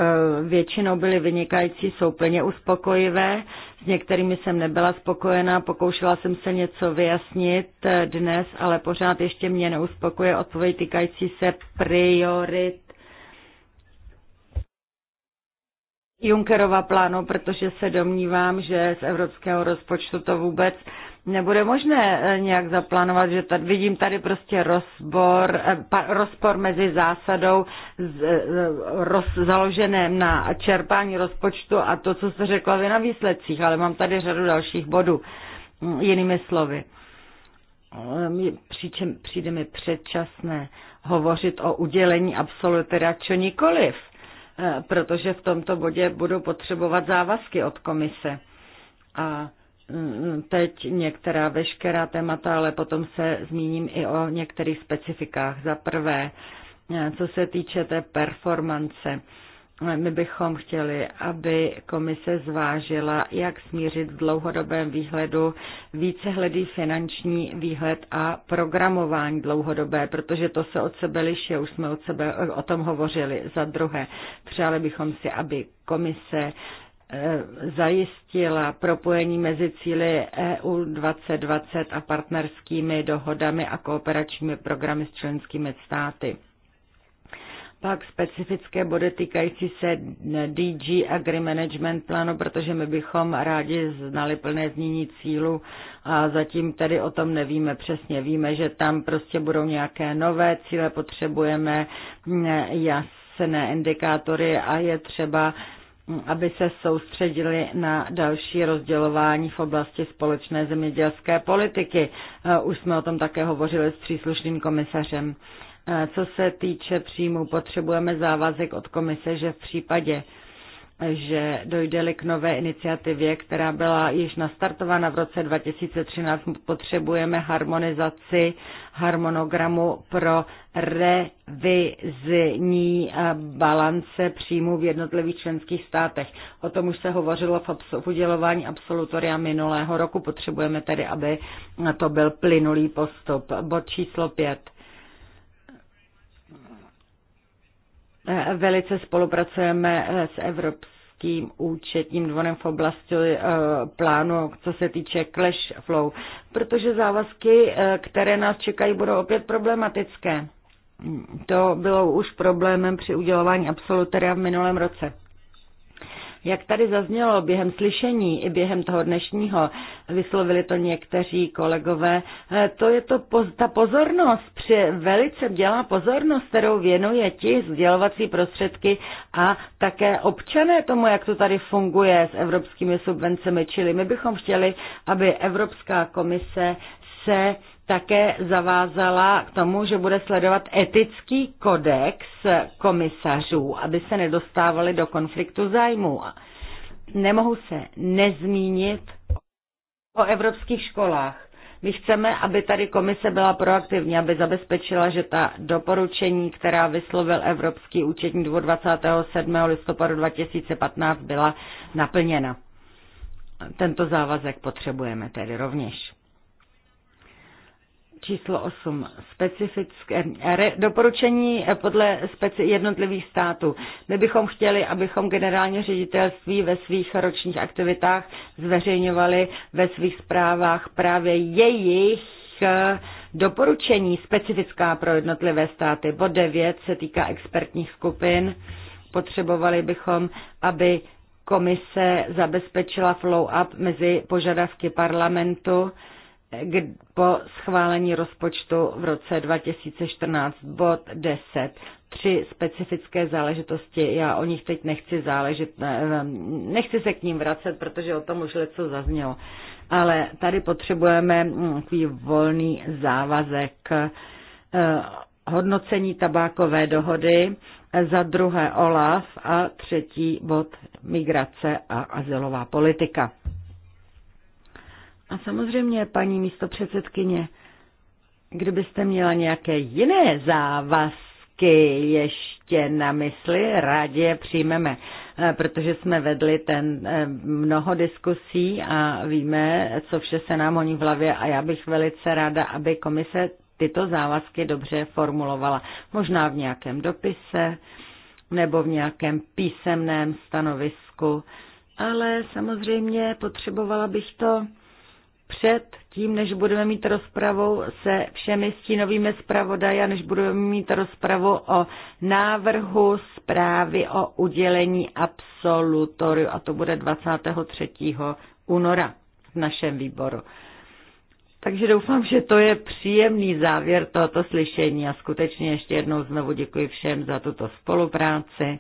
A: většinou byly vynikající, jsou plně uspokojivé. S některými jsem nebyla spokojená, pokoušela jsem se něco vyjasnit eh, dnes, ale pořád ještě mě neuspokuje odpověď týkající se priorit Junckerova plánu, protože se domnívám, že z evropského rozpočtu to vůbec nebude možné eh, nějak zaplánovat, že tady, vidím tady prostě rozbor, eh, rozpor mezi zásadou z, eh, roz, založeném na čerpání rozpočtu a to, co jste řekla vy na výsledcích, ale mám tady řadu dalších bodů, hm, jinými slovy. Ehm, přičem přijde mi předčasné hovořit o udělení absolutoria, čo nikoliv, protože v tomto bodě budu potřebovat závazky od komise. A Mm, teď některá veškerá témata, ale potom se zmíním i o některých specifikách. Za prvé, eh, co se týče té performance, eh, my bychom chtěli, aby komise zvážila, jak smířit v dlouhodobém výhledu vícehledý finanční výhled a programování dlouhodobé, protože to se od sebe liší, už jsme od sebe o tom hovořili. Za druhé, přáli bychom si, aby komise zajistila propojení mezi cíly EU 2020 a partnerskými dohodami a kooperačními programy s členskými státy. Pak specifické body týkající se DG Agri Management plánu, protože my bychom rádi znali plné znění cílu a zatím tedy o tom nevíme přesně. Víme, že tam prostě budou nějaké nové cíle, potřebujeme jasné indikátory a je třeba aby se soustředili na další rozdělování v oblasti společné zemědělské politiky. Eh, už jsme o tom také hovořili s příslušným komisařem. Eh, co se týče příjmu, potřebujeme závazek od komise, že v případě že dojde-li k nové iniciativě, která byla již nastartována v roce 2013, potřebujeme harmonizaci harmonogramu pro revizní eh, balance příjmů v jednotlivých členských státech. O tom už se hovořilo v, abs- v udělování absolutoria minulého roku. Potřebujeme tedy, aby to byl plynulý postup. Bod číslo 5 Eh, velice spolupracujeme eh, s Evropským účetním dvorem v oblasti eh, plánu, co se týče cash flow, protože závazky, které nás čekají, budou opět problematické. To bylo už problémem při udělování absolutoria v minulém roce. Jak tady zaznělo během slyšení i během toho dnešního, vyslovili to někteří kolegové, eh, to je to ta pozornost, při velice dělá pozornost, kterou věnuje ti sdělovací prostředky a také občané tomu, jak to tady funguje s evropskými subvencemi. Čili my bychom chtěli, aby Evropská komise se také zavázala k tomu, že bude sledovat etický kodex komisařů, aby se nedostávali do konfliktu zájmů. Nemohu se nezmínit o evropských školách. My chceme, aby tady komise byla proaktivní, aby zabezpečila, že ta doporučení, která vyslovil Evropský účetní dvůr 27. listopadu 2015, byla naplněna. Tento závazek potřebujeme tedy rovněž číslo 8. Specifické re, doporučení eh, podle speci, jednotlivých států. My bychom chtěli, abychom generálně ředitelství ve svých ročních aktivitách zveřejňovali ve svých zprávách právě jejich eh, doporučení specifická pro jednotlivé státy. Bod 9 se týká expertních skupin. Potřebovali bychom, aby komise zabezpečila flow-up mezi požadavky parlamentu po schválení rozpočtu v roce 2014 bod 10. Tři specifické záležitosti, já o nich teď nechci záležit, nechci se k ním vracet, protože o tom už leco zaznělo. Ale tady potřebujeme mm, takový volný závazek eh, hodnocení tabákové dohody, za druhé OLAF a třetí bod migrace a azylová politika. A samozřejmě, paní místopředsedkyně, kdybyste měla nějaké jiné závazky ještě na mysli, rádi je přijmeme, eh, protože jsme vedli ten eh, mnoho diskusí a víme, co vše se nám honí v hlavě a já bych velice ráda, aby komise tyto závazky dobře formulovala. Možná v nějakém dopise nebo v nějakém písemném stanovisku, ale samozřejmě potřebovala bych to před tím, než budeme mít rozpravu se všemi stínovými zpravodaji a než budeme mít rozpravu o návrhu zprávy o udělení absolutoriu a to bude 23. února v našem výboru. Takže doufám, že to je příjemný závěr tohoto slyšení a skutečně ještě jednou znovu děkuji všem za tuto spolupráci.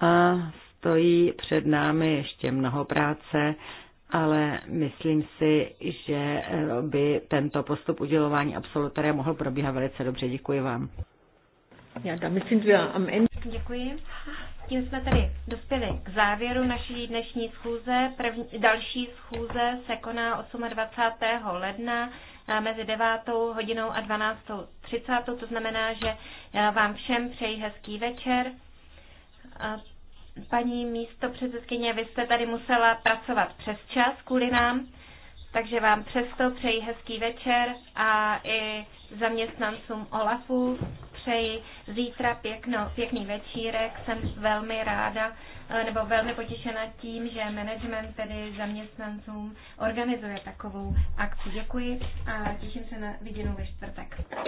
A: A stojí před námi ještě mnoho práce ale myslím si, že eh, by tento postup udělování absolutoria mohl probíhat velice dobře. Děkuji vám. Já tam myslím, že am
C: Děkuji. Tím jsme tedy dospěli k závěru naší dnešní schůze. První, další schůze se koná 28. ledna eh, mezi 9. hodinou a 12.30. To znamená, že eh, vám všem přeji hezký večer. Paní místo předsedkyně, vy jste tady musela pracovat přes čas kvůli nám, takže vám přesto přeji hezký večer a i zaměstnancům OLAFu přeji zítra pěkno, pěkný večírek. Jsem velmi ráda eh, nebo velmi potěšena tím, že management tedy zaměstnancům organizuje takovou akci. Děkuji a těším se na viděnou ve čtvrtek.